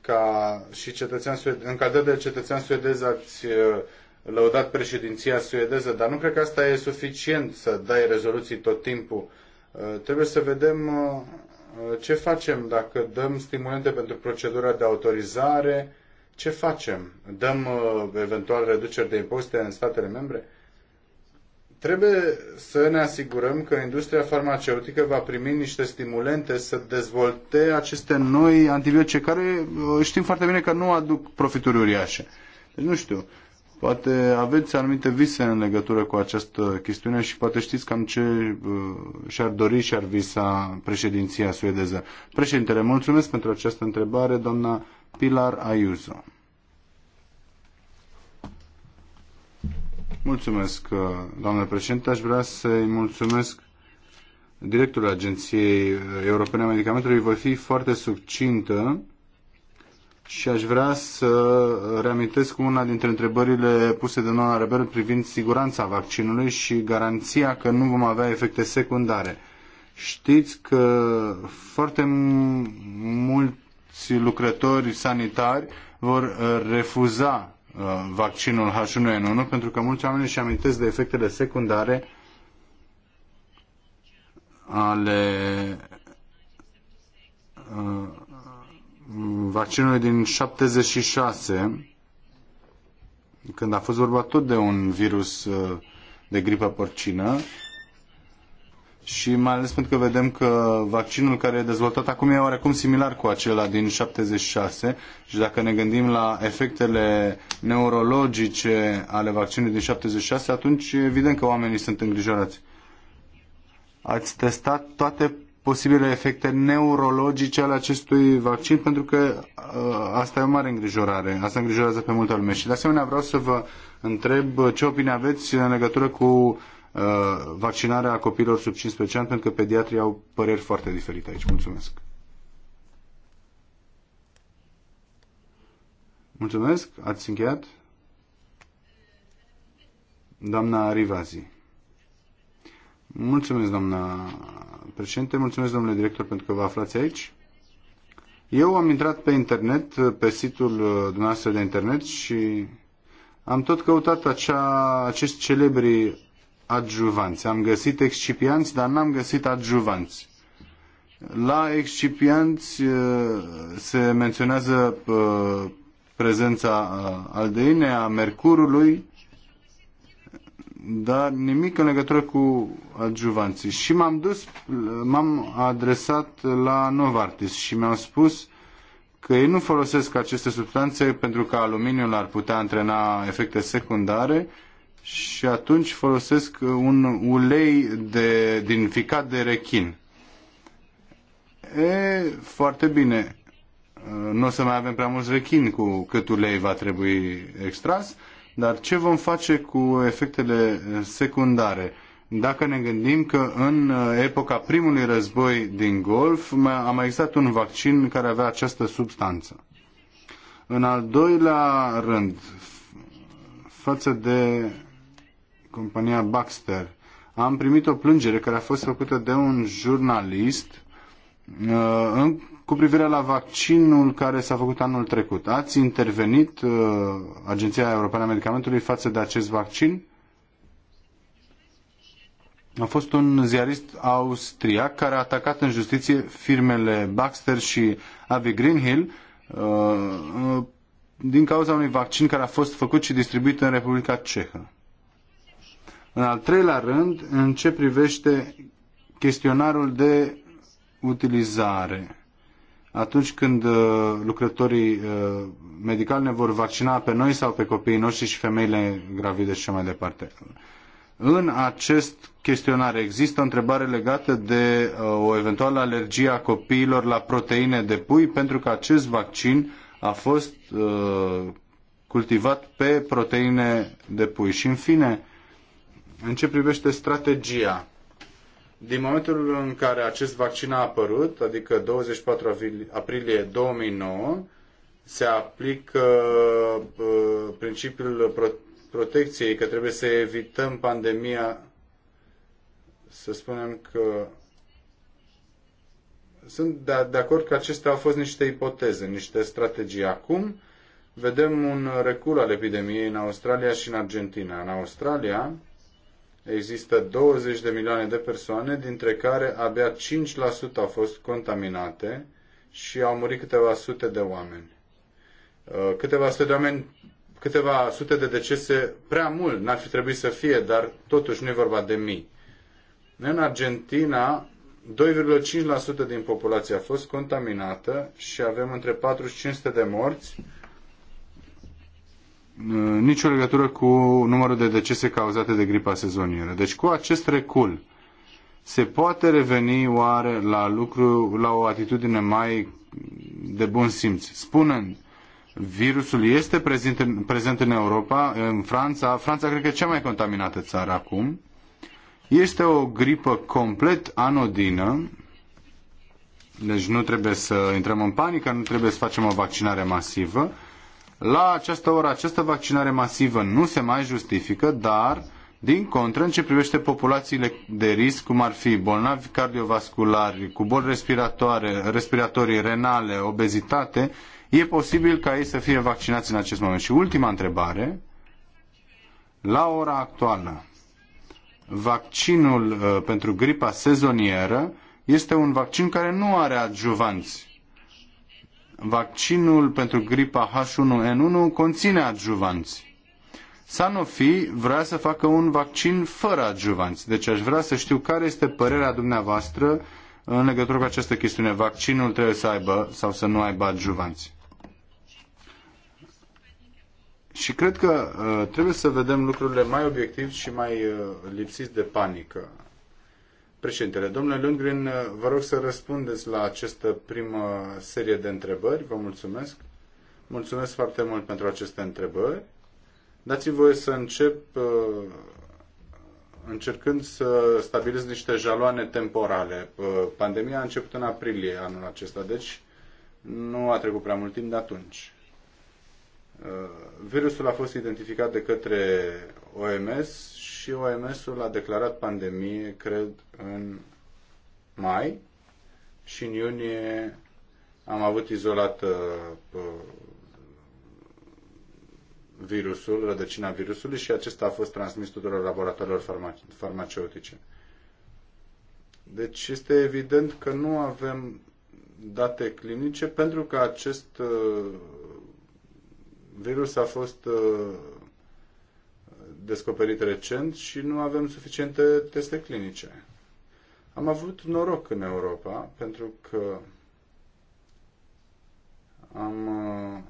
ca și cetățean suedez, în calitate de cetățean suedez ați uh, lăudat președinția suedeză, dar nu cred că asta e suficient să dai rezoluții tot timpul. Uh, trebuie să vedem uh, ce facem dacă dăm stimulente pentru procedura de autorizare, ce facem? Dăm eventual reduceri de impozite în statele membre? Trebuie să ne asigurăm că industria farmaceutică va primi niște stimulente să dezvolte aceste noi antibiotice, care uh, știm foarte bine că nu aduc profituri uriașe. Deci nu știu, poate aveți anumite vise în legătură cu această chestiune și poate știți cam ce uh, și-ar dori și-ar visa președinția suedeză. Președintele, mulțumesc pentru această întrebare, doamna Pilar Ayuso. Mulțumesc, uh, doamnă președinte. Aș vrea să-i mulțumesc directorul Agenției uh, Europene a Medicamentului. Voi fi foarte succintă și aș vrea să reamintesc una dintre întrebările puse de doamna Rebel privind siguranța vaccinului și garanția că nu vom avea efecte secundare. Știți că foarte mulți lucrători sanitari vor uh, refuza Uh, vaccinul H1N1 pentru că mulți oameni își amintesc de efectele secundare ale uh, vaccinului din 76 când a fost vorba tot de un virus uh, de gripă porcină și mai ales pentru că vedem că vaccinul care e dezvoltat acum e oarecum similar cu acela din 76 și dacă ne gândim la efectele neurologice ale vaccinului din 76, atunci evident că oamenii sunt îngrijorați. Ați testat toate posibile efecte neurologice ale acestui vaccin pentru că uh, asta e o mare îngrijorare. Asta îngrijorează pe multă lume. Și de asemenea vreau să vă întreb uh, ce opinie aveți în legătură cu Uh, vaccinarea copiilor sub 15 ani, pentru că pediatrii au păreri foarte diferite aici. Mulțumesc! Mulțumesc, ați încheiat? Doamna Rivazi. Mulțumesc, doamna președinte, mulțumesc, domnule director, pentru că vă aflați aici. Eu am intrat pe internet, pe site-ul uh, dumneavoastră de internet și am tot căutat acea, acești celebri adjuvanți. Am găsit excipianți, dar n-am găsit adjuvanți. La excipianți uh, se menționează uh, prezența uh, aldeinei, a mercurului, dar nimic în legătură cu adjuvanții. Și m-am dus, m-am adresat la Novartis și mi-au spus că ei nu folosesc aceste substanțe pentru că aluminiul ar putea antrena efecte secundare și atunci folosesc un ulei de, din ficat de rechin. E, foarte bine. Nu o să mai avem prea mulți rechin cu cât ulei va trebui extras, dar ce vom face cu efectele secundare? Dacă ne gândim că în epoca primului război din Golf a mai existat un vaccin care avea această substanță. În al doilea rând, față de compania Baxter. Am primit o plângere care a fost făcută de un jurnalist uh, cu privire la vaccinul care s-a făcut anul trecut. Ați intervenit uh, Agenția Europeană a Medicamentului față de acest vaccin? A fost un ziarist austriac care a atacat în justiție firmele Baxter și Avi Greenhill uh, din cauza unui vaccin care a fost făcut și distribuit în Republica Cehă. În al treilea rând, în ce privește chestionarul de utilizare. Atunci când uh, lucrătorii uh, medicali ne vor vaccina pe noi sau pe copiii noștri și femeile gravide și mai departe. În acest chestionar există o întrebare legată de uh, o eventuală alergie a copiilor la proteine de pui, pentru că acest vaccin a fost cultivat pe proteine de pui. Și în fine, în ce privește strategia, din momentul în care acest vaccin a apărut, adică 24 aprilie 2009, se aplică uh, principiul protecției, că trebuie să evităm pandemia, să spunem că sunt de, acord că acestea au fost niște ipoteze, niște strategii. Acum vedem un recul al epidemiei în Australia și în Argentina. În Australia, există 20 de milioane de persoane, dintre care abia 5% au fost contaminate și au murit câteva sute de oameni. Uh, câteva sute de oameni, câteva sute de decese, prea mult, n-ar fi trebuit să fie, dar totuși nu e vorba de mii. În Argentina, 2,5% din populație a fost contaminată și avem între 4 și 500 de morți nicio legătură cu numărul de decese cauzate de gripa sezonieră. Deci cu acest recul se poate reveni oare la lucru, la o atitudine mai de bun simț, spunând virusul este prezent în, prezent în Europa, în Franța, Franța cred că e cea mai contaminată țară acum, este o gripă complet anodină, deci nu trebuie să intrăm în panică, nu trebuie să facem o vaccinare masivă, la această oră, această vaccinare masivă nu se mai justifică, dar, din contră, în ce privește populațiile de risc, cum ar fi bolnavi cardiovasculari, cu boli respiratoare, respiratorii renale, obezitate, e posibil ca ei să fie vaccinați în acest moment. Și ultima întrebare, la ora actuală, vaccinul uh, pentru gripa sezonieră este un vaccin care nu are adjuvanți vaccinul pentru gripa H1N1 conține adjuvanți. Sanofi vrea să facă un vaccin fără adjuvanți. Deci aș vrea să știu care este părerea dumneavoastră în legătură cu această chestiune. Vaccinul trebuie să aibă sau să nu aibă adjuvanți. Și cred că uh, trebuie să vedem lucrurile mai obiectiv și mai uh, lipsiți de panică. Președintele, domnule Lundgren, vă rog să răspundeți la această primă serie de întrebări. Vă mulțumesc. Mulțumesc foarte mult pentru aceste întrebări. Dați-mi voie să încep uh, încercând să stabilez niște jaloane temporale. Uh, pandemia a început în aprilie anul acesta, deci nu a trecut prea mult timp de atunci. Uh, virusul a fost identificat de către OMS și OMS-ul a declarat pandemie, cred, în mai și în iunie am avut izolat uh, virusul, rădăcina virusului și acesta a fost transmis tuturor laboratorilor farmace- farmaceutice. Deci este evident că nu avem date clinice pentru că acest uh, virus a fost uh, descoperit recent și nu avem suficiente teste clinice. Am avut noroc în Europa pentru că uh, am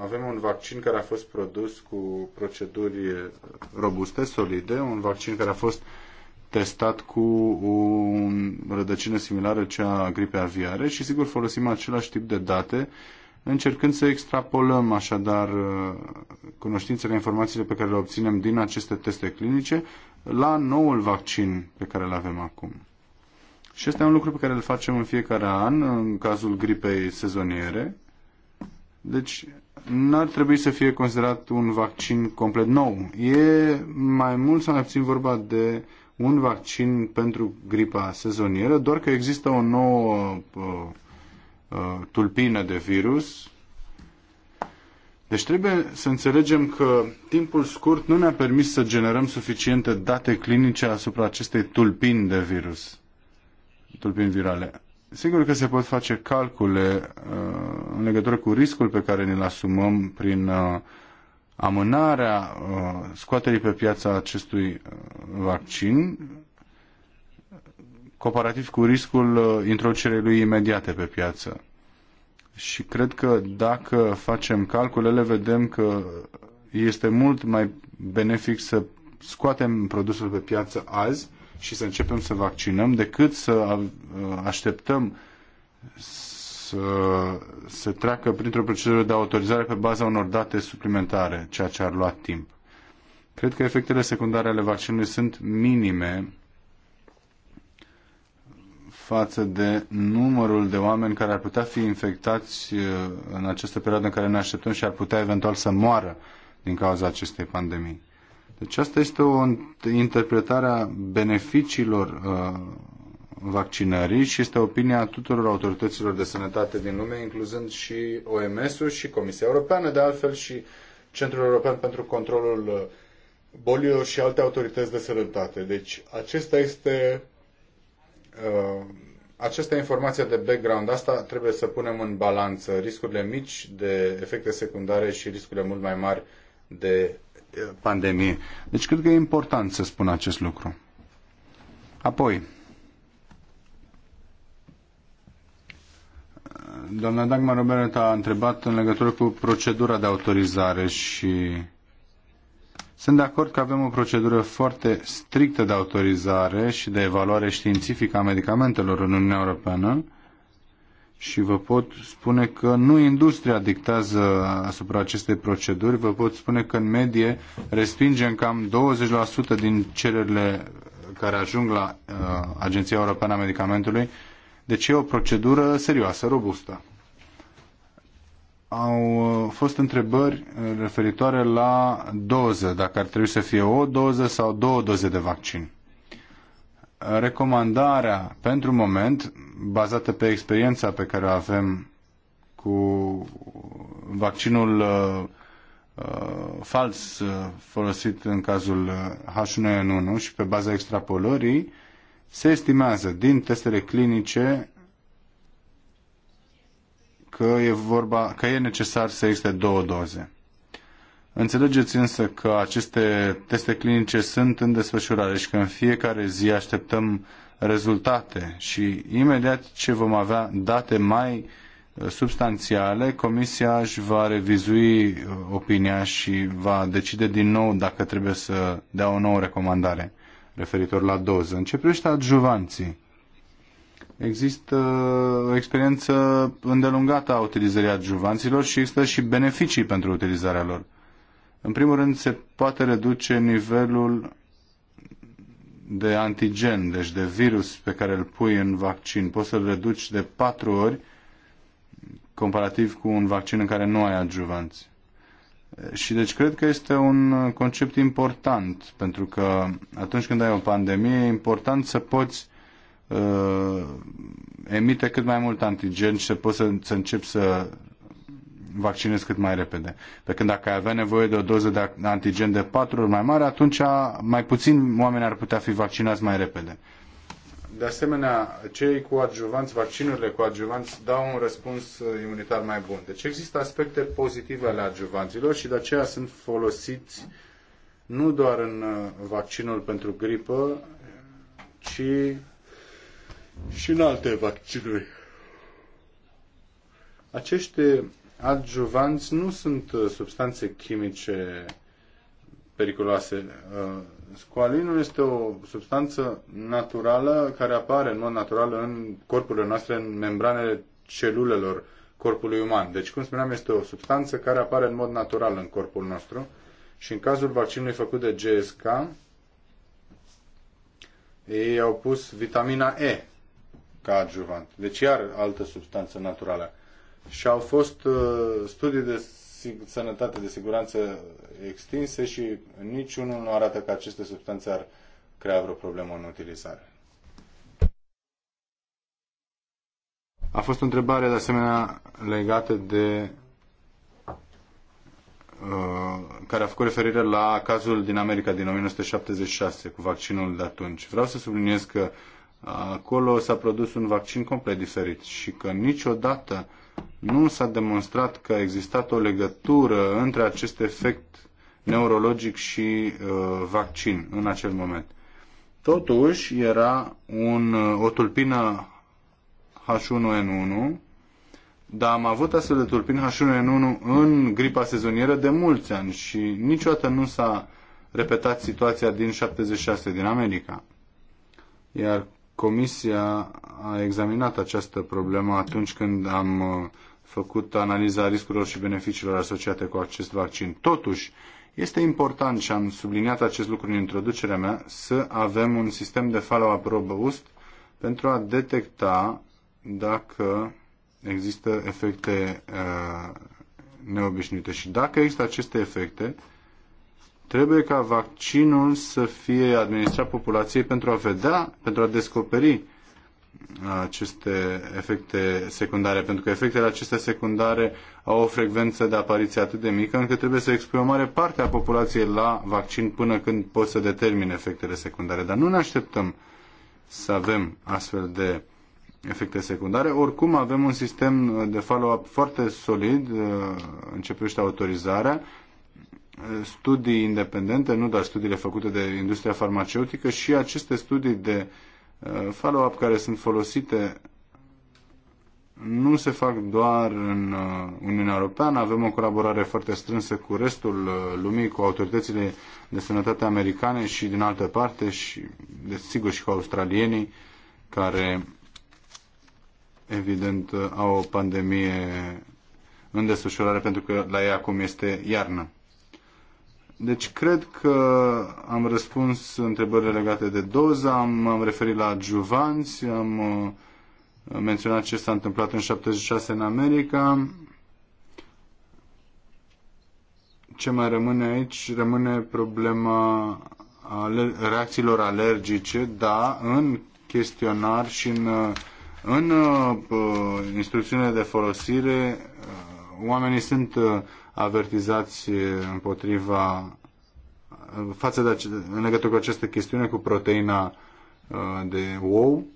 avem un vaccin care a fost produs cu proceduri robuste, solide, un vaccin care a fost testat cu o rădăcină similară cea a gripei aviare și sigur folosim același tip de date încercând să extrapolăm așadar uh, cunoștințele, informațiile pe care le obținem din aceste teste clinice la noul vaccin pe care îl avem acum. Și este un lucru pe care îl facem în fiecare an, în cazul gripei sezoniere. Deci, n-ar trebui să fie considerat un vaccin complet nou. E mai mult sau mai puțin vorba de un vaccin pentru gripa sezonieră, doar că există o nouă uh, uh, tulpină de virus. Deci trebuie să înțelegem că timpul scurt nu ne-a permis să generăm suficiente date clinice asupra acestei tulpini de virus, tulpini virale. Sigur că se pot face calcule uh, în legătură cu riscul pe care ne-l asumăm prin uh, amânarea uh, scoaterii pe piața acestui uh, vaccin comparativ cu riscul uh, introducerii lui imediate pe piață. Și cred că dacă facem calculele, vedem că este mult mai benefic să scoatem produsul pe piață azi și să începem să vaccinăm decât să așteptăm să se treacă printr-o procedură de autorizare pe baza unor date suplimentare, ceea ce ar lua timp. Cred că efectele secundare ale vaccinului sunt minime față de numărul de oameni care ar putea fi infectați uh, în această perioadă în care ne așteptăm și ar putea eventual să moară din cauza acestei pandemii. Deci asta este o interpretare a beneficiilor uh, vaccinării și este opinia tuturor autorităților de sănătate din lume, incluzând și OMS-ul și Comisia Europeană, de altfel și Centrul European pentru Controlul uh, Bolilor și alte autorități de sănătate. Deci acesta este uh, această informație de background, asta trebuie să punem în balanță riscurile mici de efecte secundare și riscurile mult mai mari de uh, pandemie. Deci cred că e important să spun acest lucru. Apoi, Doamna Dagmar Robert a întrebat în legătură cu procedura de autorizare și sunt de acord că avem o procedură foarte strictă de autorizare și de evaluare științifică a medicamentelor în Uniunea Europeană și vă pot spune că nu industria dictează asupra acestei proceduri, vă pot spune că în medie respingem cam 20% din cererile care ajung la uh, Agenția Europeană a Medicamentului deci e o procedură serioasă, robustă. Au uh, fost întrebări uh, referitoare la doză, dacă ar trebui să fie o doză sau două doze de vaccin. Recomandarea pentru moment, bazată pe experiența pe care o avem cu vaccinul uh, fals folosit în cazul H1N1 și pe baza extrapolării, se estimează din testele clinice că e, vorba, că e necesar să existe două doze. Înțelegeți însă că aceste teste clinice sunt în desfășurare și că în fiecare zi așteptăm rezultate și imediat ce vom avea date mai uh, substanțiale, Comisia își va revizui uh, opinia și va decide din nou dacă trebuie să dea o nouă recomandare referitor la doză. În ce privește adjuvanții, există o experiență îndelungată a utilizării adjuvanților și există și beneficii pentru utilizarea lor. În primul rând, se poate reduce nivelul de antigen, deci de virus pe care îl pui în vaccin. Poți să-l reduci de patru ori comparativ cu un vaccin în care nu ai adjuvanți. Și deci cred că este un concept important, pentru că atunci când ai o pandemie, e important să poți uh, emite cât mai mult antigen și să poți să, să începi să vaccinezi cât mai repede. Pe când dacă ai avea nevoie de o doză de antigen de patru ori mai mare, atunci mai puțin oameni ar putea fi vaccinați mai repede. De asemenea, cei cu adjuvanți, vaccinurile cu adjuvanți dau un răspuns uh, imunitar mai bun. Deci există aspecte pozitive ale adjuvanților și de aceea sunt folosiți nu doar în uh, vaccinul pentru gripă, ci și în alte vaccinuri. Acești adjuvanți nu sunt uh, substanțe chimice periculoase. Scoalinul este o substanță naturală care apare în mod natural în corpurile noastre, în membranele celulelor corpului uman. Deci, cum spuneam, este o substanță care apare în mod natural în corpul nostru și în cazul vaccinului făcut de GSK, ei au pus vitamina E ca adjuvant. Deci iar altă substanță naturală. Și au fost uh, studii de sănătate, de siguranță extinse și niciunul nu arată că aceste substanțe ar crea vreo problemă în utilizare. A fost o întrebare de asemenea legată de uh, care a făcut referire la cazul din America din 1976 cu vaccinul de atunci. Vreau să subliniez că acolo s-a produs un vaccin complet diferit și că niciodată uh, nu s-a demonstrat că a existat o legătură între acest efect neurologic și uh, vaccin în acel moment. Totuși, era un, uh, o tulpină H1N1, dar am avut astfel de tulpini H1N1 în gripa sezonieră de mulți ani și niciodată nu s-a repetat situația din 76 din America. Iar Comisia a examinat această problemă atunci când am uh, făcut analiza riscurilor și beneficiilor asociate cu acest vaccin. Totuși, este important, și am subliniat acest lucru în introducerea mea, să avem un sistem de follow-up robust pentru a detecta dacă există efecte uh, neobișnuite. Și dacă există aceste efecte, uh, Trebuie ca vaccinul să fie administrat populației pentru a vedea, pentru a descoperi uh, aceste efecte secundare, pentru că efectele acestea secundare au o frecvență de apariție atât de mică încât trebuie să expui o mare parte a populației la vaccin până când pot să determine efectele secundare. Dar nu ne așteptăm să avem astfel de efecte secundare. Oricum avem un sistem de follow-up foarte solid, uh, începește autorizarea studii independente, nu doar studiile făcute de industria farmaceutică, și aceste studii de uh, follow-up care sunt folosite nu se fac doar în uh, Uniunea Europeană, avem o colaborare foarte strânsă cu restul uh, lumii, cu autoritățile de sănătate americane și din altă parte și desigur și cu australienii care evident au o pandemie în desfășurare pentru că la ei acum este iarnă. Deci cred că am răspuns întrebările legate de doza, am, am referit la adjuvanți, am uh, menționat ce s-a întâmplat în 76 în America. Ce mai rămâne aici? Rămâne problema aler- reacțiilor alergice, da, în chestionar și în, uh, în uh, instrucțiunile de folosire uh, oamenii sunt uh, avertizați împotriva față de, în legătură cu această chestiune cu proteina uh, de ou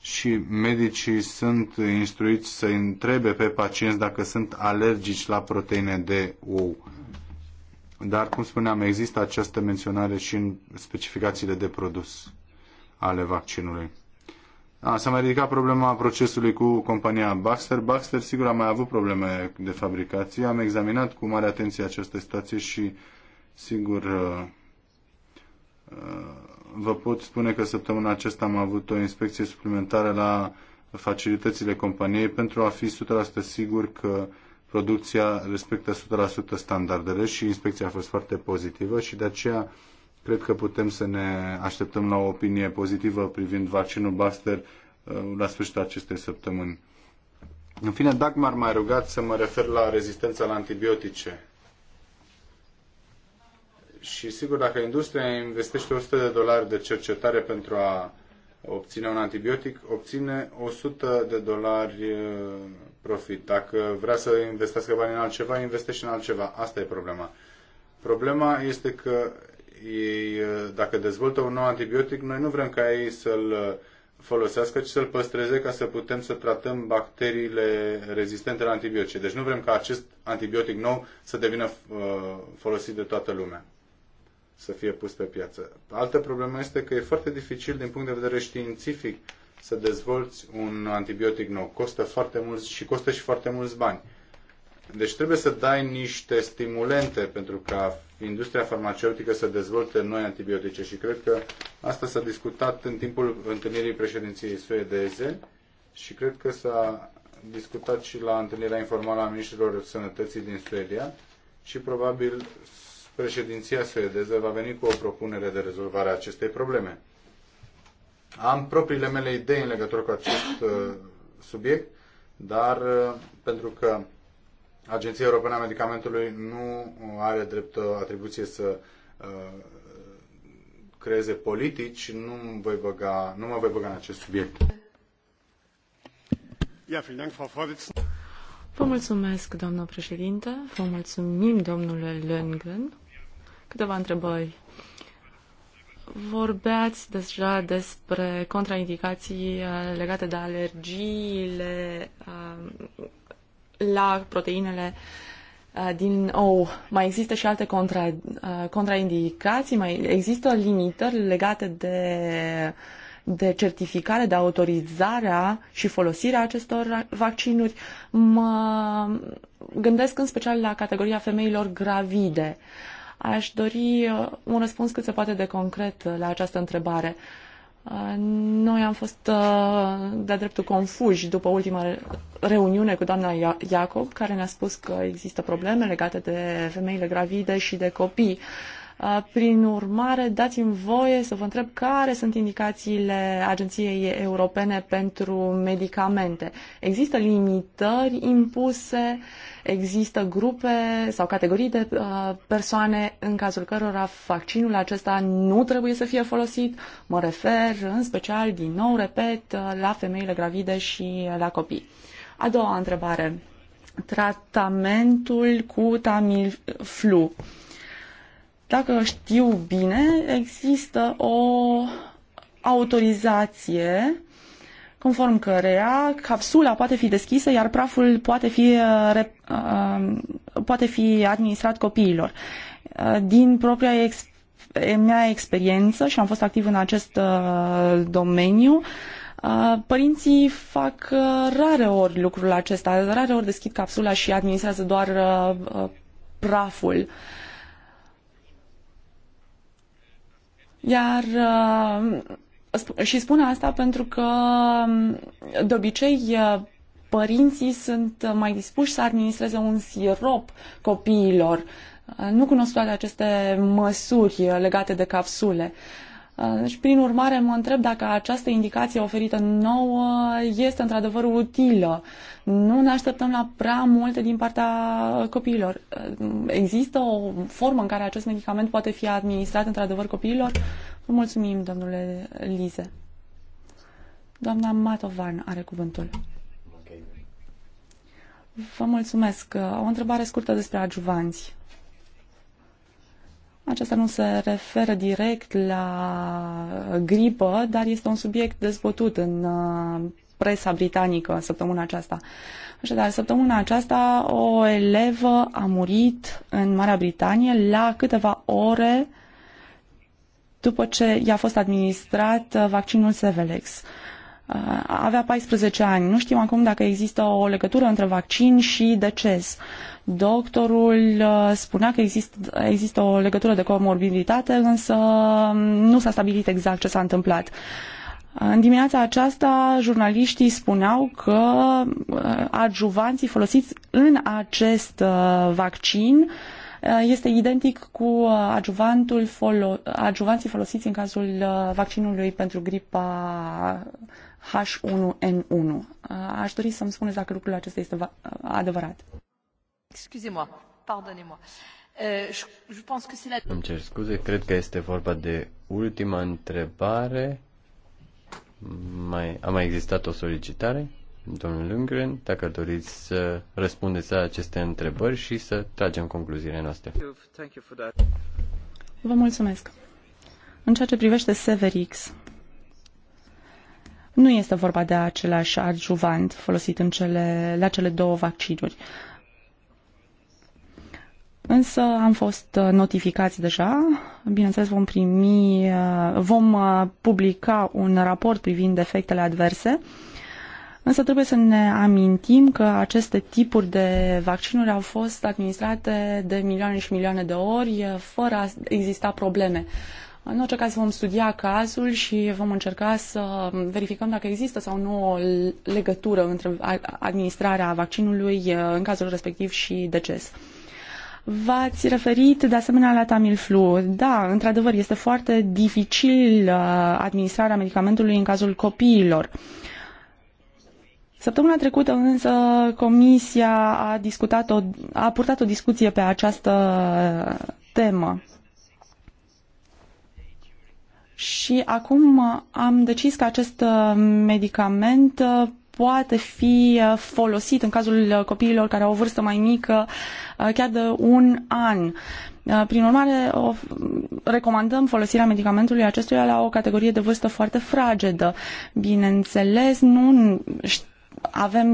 și medicii sunt instruiți să întrebe pe pacienți dacă sunt alergici la proteine de ou. Dar, cum spuneam, există această menționare și în specificațiile de produs ale vaccinului. A, s-a mai ridicat problema procesului cu compania Baxter. Baxter, sigur, a mai avut probleme de fabricație. Am examinat cu mare atenție această situație și, sigur, uh, uh, vă pot spune că săptămâna aceasta am avut o inspecție suplimentară la facilitățile companiei pentru a fi 100% sigur că producția respectă 100% standardele și inspecția a fost foarte pozitivă și de aceea Cred că putem să ne așteptăm la o opinie pozitivă privind vaccinul Buster uh, la sfârșitul acestei săptămâni. În fine, dacă m mai rugat să mă refer la rezistența la antibiotice. Și sigur, dacă industria investește 100 de dolari de cercetare pentru a obține un antibiotic, obține 100 de dolari uh, profit. Dacă vrea să investească bani în altceva, investește în altceva. Asta e problema. Problema este că ei, uh, dacă dezvoltă un nou antibiotic, noi nu vrem ca ei să-l uh, folosească, ci să-l păstreze ca să putem să tratăm bacteriile rezistente la antibiotice. Deci nu vrem ca acest antibiotic nou să devină uh, folosit de toată lumea, să fie pus pe piață. Altă problemă este că e foarte dificil din punct de vedere științific să dezvolți un antibiotic nou. Costă foarte mult și costă și foarte mulți bani. Deci trebuie să dai niște stimulente pentru ca industria farmaceutică să dezvolte noi antibiotice și cred că asta s-a discutat în timpul întâlnirii președinției suedeze și cred că s-a discutat și la întâlnirea informală a ministrilor sănătății din Suedia și probabil președinția suedeză va veni cu o propunere de rezolvare a acestei probleme. Am propriile mele idei în legătură cu acest uh, subiect, dar uh, pentru că Agenția Europeană a Medicamentului nu are drept uh, atribuție să uh, creeze politici, nu, voi băga, nu mă voi băga în acest subiect. Vă mulțumesc, doamnă președinte. Vă mulțumim, domnule Lundgren. Câteva întrebări. Vorbeați deja despre contraindicații uh, legate de alergiile la proteinele uh, din ou. Mai există și alte contra, uh, contraindicații, mai există limitări legate de, de certificare, de autorizarea și folosirea acestor vaccinuri. Mă gândesc în special la categoria femeilor gravide. Aș dori uh, un răspuns cât se poate de concret la această întrebare. Uh, Uh, noi am fost uh, de-a dreptul confuși după ultima reuniune cu doamna Iacob, care ne-a spus că există probleme legate de femeile gravide și de copii. Uh, prin urmare, dați-mi voie să vă întreb care sunt indicațiile Agenției Europene pentru Medicamente. Există limitări impuse uh, Există grupe sau categorii de uh, persoane în cazul cărora vaccinul acesta nu trebuie să fie folosit. Mă refer în special, din nou repet, uh, la femeile gravide și la copii. A doua întrebare. Tratamentul cu Tamiflu. Dacă știu bine, există o autorizație conform căreia capsula poate fi deschisă, iar praful poate fi, uh, uh, um, poate fi administrat copiilor. Uh, din propria ex, mea experiență și am fost activ în acest domeniu, părinții fac rare ori lucrul acesta, rare ori deschid capsula și administrează doar praful. Iar uh, și spun asta pentru că um, de obicei uh, părinții sunt mai dispuși să administreze un sirop copiilor. Uh, nu cunosc toate aceste măsuri legate de capsule. Uh, deci, prin urmare, mă întreb dacă această indicație oferită nouă este într-adevăr utilă. Nu ne așteptăm la prea multe din partea copiilor. Uh, există o formă în care acest medicament poate fi administrat într-adevăr copiilor? Vă mulțumim, domnule Lize. Doamna Matovan are cuvântul. Vă mulțumesc. Uh, o întrebare scurtă despre adjuvanți. Aceasta nu se referă direct la gripă, dar este un subiect dezbătut în uh, presa britanică săptămâna aceasta. Așadar, săptămâna aceasta o elevă a murit în Marea Britanie la câteva ore după ce i-a fost administrat uh, vaccinul Sevelex. Uh, avea 14 ani. Nu știm acum dacă există o legătură între vaccin și deces. Doctorul uh, spunea că există, există o legătură de comorbiditate, însă um, nu s-a stabilit exact ce s-a întâmplat. În dimineața aceasta, jurnaliștii spuneau că uh, adjuvanții folosiți în acest uh, vaccin este identic cu adjuvantul folo- adjuvanții folosiți în cazul vaccinului pentru gripa H1N1. Aș dori să-mi spuneți dacă lucrul acesta este adevărat. Euh, Îmi cer scuze, cred că este vorba de ultima întrebare. Mai, a mai existat o solicitare, domnul Lundgren, dacă doriți să răspundeți la aceste întrebări și să tragem concluziile noastre. Vă mulțumesc. În ceea ce privește Severix, nu este vorba de același adjuvant folosit în cele, la cele două vaccinuri. Însă am fost uh, notificați deja, bineînțeles vom primi, uh, vom uh, publica un raport privind efectele adverse, însă trebuie să ne amintim că aceste tipuri de vaccinuri au fost administrate de milioane și milioane de ori fără a exista probleme. În orice caz vom studia cazul și vom încerca să verificăm dacă există sau nu o legătură între administrarea vaccinului în cazul respectiv și deces. V-ați referit de asemenea la Tamilflu. Da, într-adevăr, este foarte dificil uh, administrarea medicamentului în cazul copiilor. Săptămâna trecută însă Comisia a, discutat o, a purtat o discuție pe această temă. Și acum am decis că acest medicament uh, poate fi uh, folosit în cazul uh, copiilor care au o vârstă mai mică, uh, chiar de un an. Prin urmare, recomandăm folosirea medicamentului acestuia la o categorie de vârstă foarte fragedă. Bineînțeles, nu avem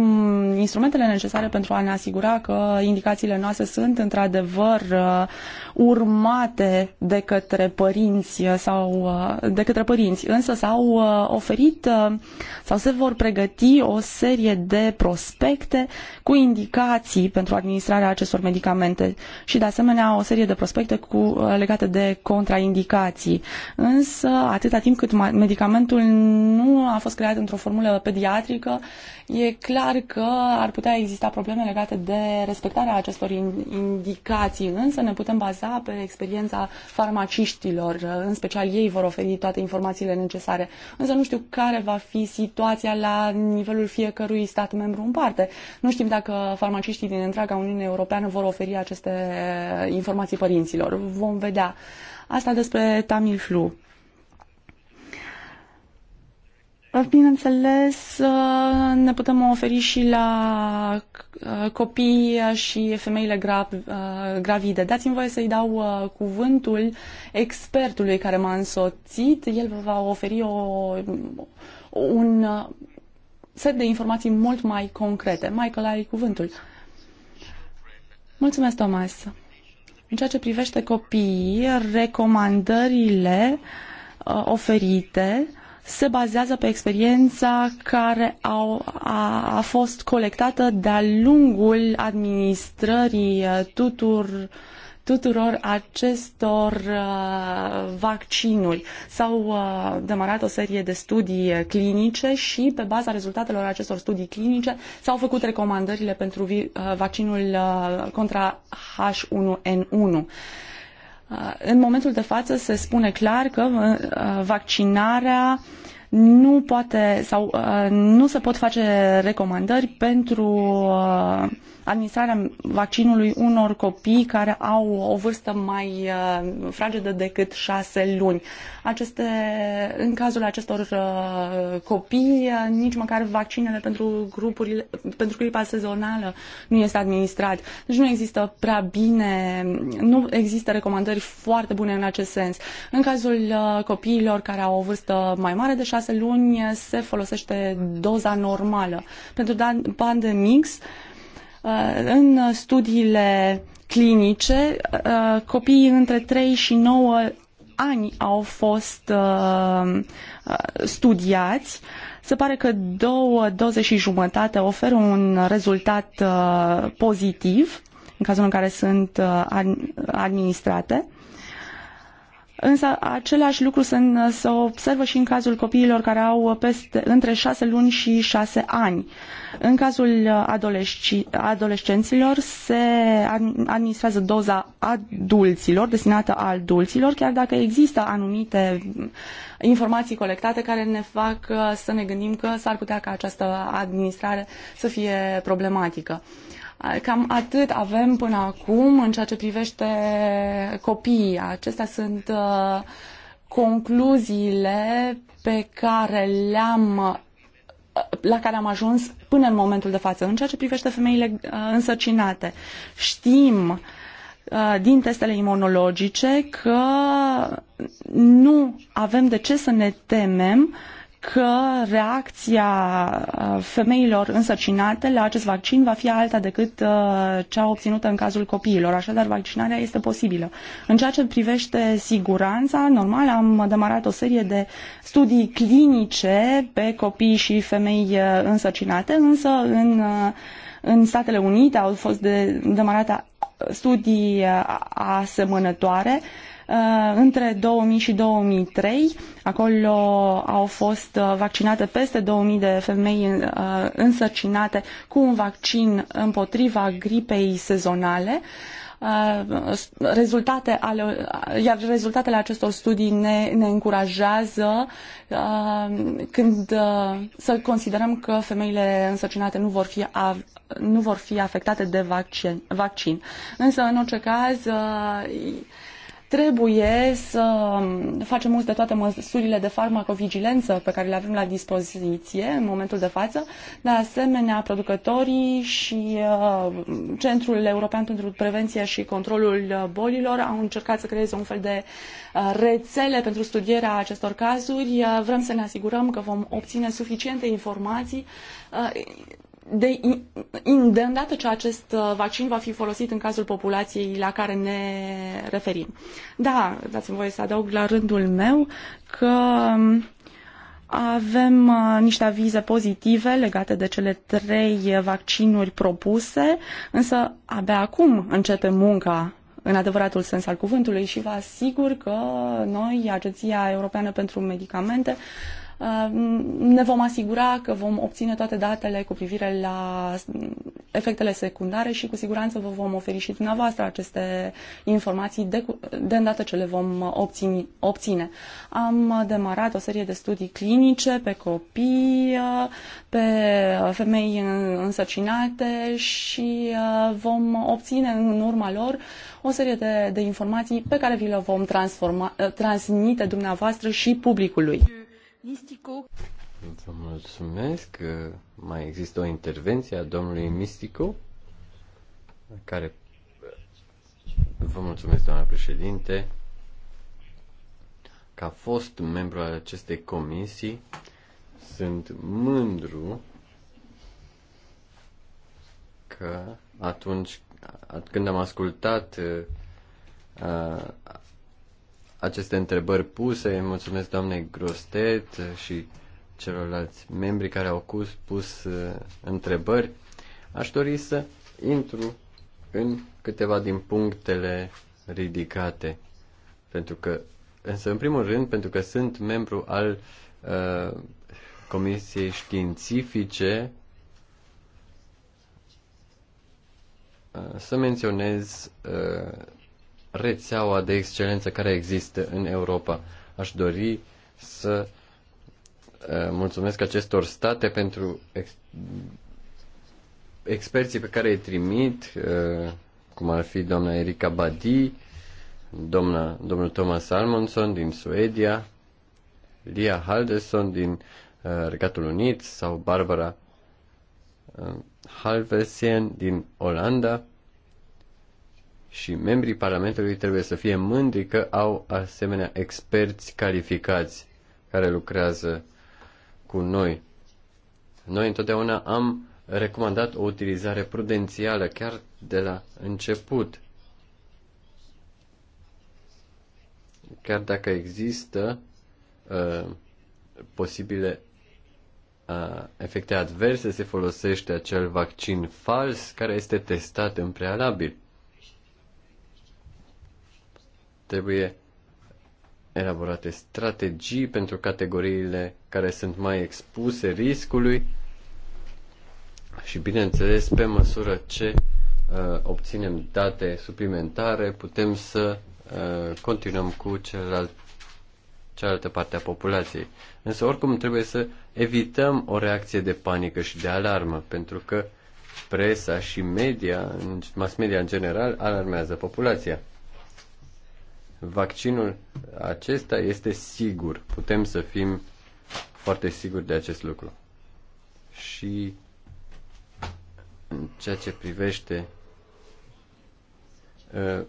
instrumentele necesare pentru a ne asigura că indicațiile noastre sunt într-adevăr uh, urmate de către părinți uh, sau uh, de către părinți, însă s-au oferit sau se vor pregăti o serie de prospecte cu indicații pentru administrarea acestor medicamente și de asemenea o serie de prospecte cu, legate de contraindicații. Însă, atâta timp cât medicamentul nu a fost creat într-o formulă pediatrică, E clar că ar putea exista probleme legate de respectarea acestor indicații, însă ne putem baza pe experiența farmaciștilor. În special ei vor oferi toate informațiile necesare. Însă nu știu care va fi situația la nivelul fiecărui stat membru în parte. Nu știm dacă farmaciștii din întreaga Uniune Europeană vor oferi aceste informații părinților. Vom vedea. Asta despre Tamiflu. Ah, bineînțeles, uh, ne putem oferi și la uh, copii și femeile grav, uh, gravide. Dați-mi voie să-i dau cuvântul expertului care m-a însoțit. El vă va oferi o, un set de informații mult mai concrete. Michael, ai cuvântul. Mulțumesc, Thomas. În ceea ce privește copiii, recomandările oferite se bazează pe experiența care au, a, a fost colectată de-a lungul administrării uh, tutur, tuturor acestor uh, vaccinuri. S-au uh, demarat o serie de studii clinice și pe baza rezultatelor acestor studii clinice s-au făcut recomandările pentru vi- uh, vaccinul uh, contra H1N1. În momentul de față se spune clar că uh, vaccinarea nu poate sau uh, nu se pot face recomandări pentru uh, administrarea vaccinului unor copii care au o vârstă mai uh, fragedă decât șase luni. Aceste, în cazul acestor uh, copii, uh, nici măcar vaccinele pentru, grupurile, pentru clipa sezonală nu este administrat. Deci nu există prea bine, nu există recomandări foarte bune în acest sens. În cazul copiilor care au o vârstă mai mare de șase luni, se folosește doza normală. Pentru pandemix, Uh, în studiile clinice, uh, copiii între 3 și 9 ani au fost uh, studiați. Se pare că două doze și jumătate oferă un rezultat pozitiv în cazul în care sunt administrate Însă același lucru se, se observă și în cazul copiilor care au peste, între 6 luni și 6 ani. În cazul adolesci, adolescenților se administrează doza adulților, destinată adulților, chiar dacă există anumite informații colectate care ne fac uh, să ne gândim că s-ar putea ca această administrare să fie problematică. Uh, Cam atât avem până acum în ceea ce privește copiii. Acestea sunt uh, concluziile pe care le-am uh, la care am ajuns până în momentul de față. În ceea ce privește femeile uh, însărcinate, știm din testele imunologice că nu avem de ce să ne temem uh, că reacția femeilor însărcinate la acest vaccin va fi alta decât cea obținută în cazul copiilor, așadar vaccinarea este posibilă. În ceea ce privește siguranța, normal am demarat o serie de studii clinice pe copii și femei însărcinate, însă în, în Statele Unite au fost demarate studii asemănătoare Uh, între 2000 și 2003. Acolo au fost uh, vaccinate peste 2000 de femei uh, însărcinate cu un vaccin împotriva gripei sezonale rezultate ale, iar rezultatele acestor studii ne, ne încurajează uh, când uh, să considerăm că femeile însărcinate nu vor fi, av, nu vor fi afectate de vaccin, vaccin. Însă, în orice caz, uh, Trebuie să facem mult de toate măsurile de farmacovigilență pe care le avem la dispoziție în momentul de față. De asemenea, producătorii și uh, Centrul European pentru Prevenție și Controlul uh, Bolilor au încercat să creeze un fel de uh, rețele pentru studierea acestor cazuri. Vrem să ne asigurăm că vom obține suficiente informații de, de îndată ce acest uh, vaccin va fi folosit în cazul populației la care ne referim. Da, dați-mi voie să adaug la rândul meu că um, avem uh, niște avize pozitive legate de cele trei vaccinuri propuse, însă abia acum începe munca în adevăratul sens al cuvântului și vă asigur că noi, Agenția Europeană pentru Medicamente, ne vom asigura că vom obține toate datele cu privire la efectele secundare și cu siguranță vă vom oferi și dumneavoastră aceste informații de, de îndată ce le vom obține, obține. Am demarat o serie de studii clinice pe copii, pe femei însărcinate și uh, vom obține în urma lor o serie de, de informații pe care vi le vom transforma, uh, transmite dumneavoastră și publicului. Mistico. Vă mulțumesc. Mai există o intervenție a domnului Mistico, care... Vă mulțumesc, doamna președinte. Ca fost membru al acestei comisii, sunt mândru că atunci când am ascultat uh, aceste întrebări puse. mulțumesc doamnei Grostet și celorlalți membri care au pus, pus uh, întrebări. Aș dori să intru în câteva din punctele ridicate. Pentru că, însă, în primul rând, pentru că sunt membru al uh, Comisiei Științifice, uh, să menționez uh, rețeaua de excelență care există în Europa. Aș dori să eh, mulțumesc acestor state pentru ex- experții pe care îi trimit, eh, cum ar fi doamna Erika Badi, doamna, domnul Thomas Almonson din Suedia, Lia Haldeson din eh, Regatul Unit sau Barbara Halvesien din Olanda, și membrii Parlamentului trebuie să fie mândri că au asemenea experți calificați care lucrează cu noi. Noi întotdeauna am recomandat o utilizare prudențială chiar de la început. Chiar dacă există uh, posibile uh, efecte adverse, se folosește acel vaccin fals care este testat în prealabil. Trebuie elaborate strategii pentru categoriile care sunt mai expuse riscului și, bineînțeles, pe măsură ce uh, obținem date suplimentare, putem să uh, continuăm cu celălalt, cealaltă parte a populației. Însă, oricum, trebuie să evităm o reacție de panică și de alarmă, pentru că presa și media, mass media în general, alarmează populația vaccinul acesta este sigur. Putem să fim foarte siguri de acest lucru. Și în ceea ce privește ă,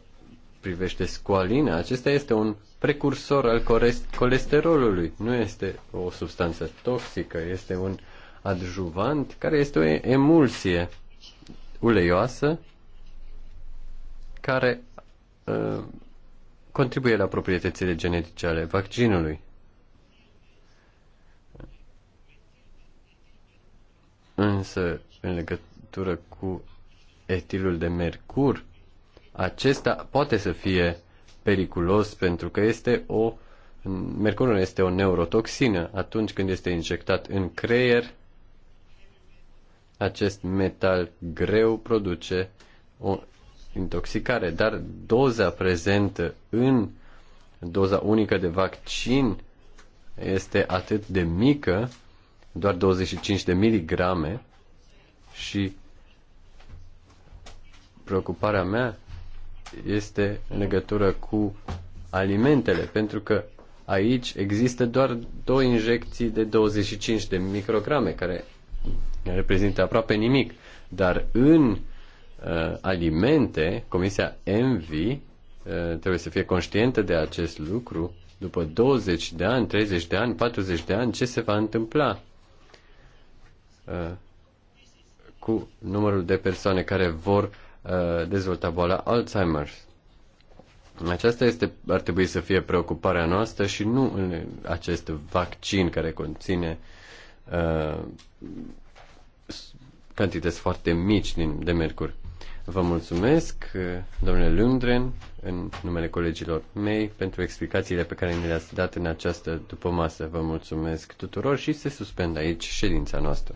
privește scoalina, acesta este un precursor al colesterolului. Nu este o substanță toxică, este un adjuvant care este o emulsie uleioasă care ă, contribuie la proprietățile genetice ale vaccinului. Însă, în legătură cu etilul de mercur, acesta poate să fie periculos pentru că este o mercurul este o neurotoxină. Atunci când este injectat în creier, acest metal greu produce o intoxicare, dar doza prezentă în doza unică de vaccin este atât de mică, doar 25 de miligrame și preocuparea mea este în legătură cu alimentele, pentru că aici există doar două injecții de 25 de micrograme, care reprezintă aproape nimic, dar în uh, alimente, Comisia Envy uh, trebuie să fie conștientă de acest lucru. După 20 de ani, 30 de ani, 40 de ani, ce se va întâmpla uh, cu numărul de persoane care vor uh, dezvolta boala Alzheimer? Aceasta este, ar trebui să fie preocuparea noastră și nu în acest vaccin care conține uh, cantități foarte mici din, de mercur. Vă mulțumesc, domnule Lundren, în numele colegilor mei, pentru explicațiile pe care ne le-ați dat în această dupămasă. Vă mulțumesc tuturor și se suspendă aici ședința noastră.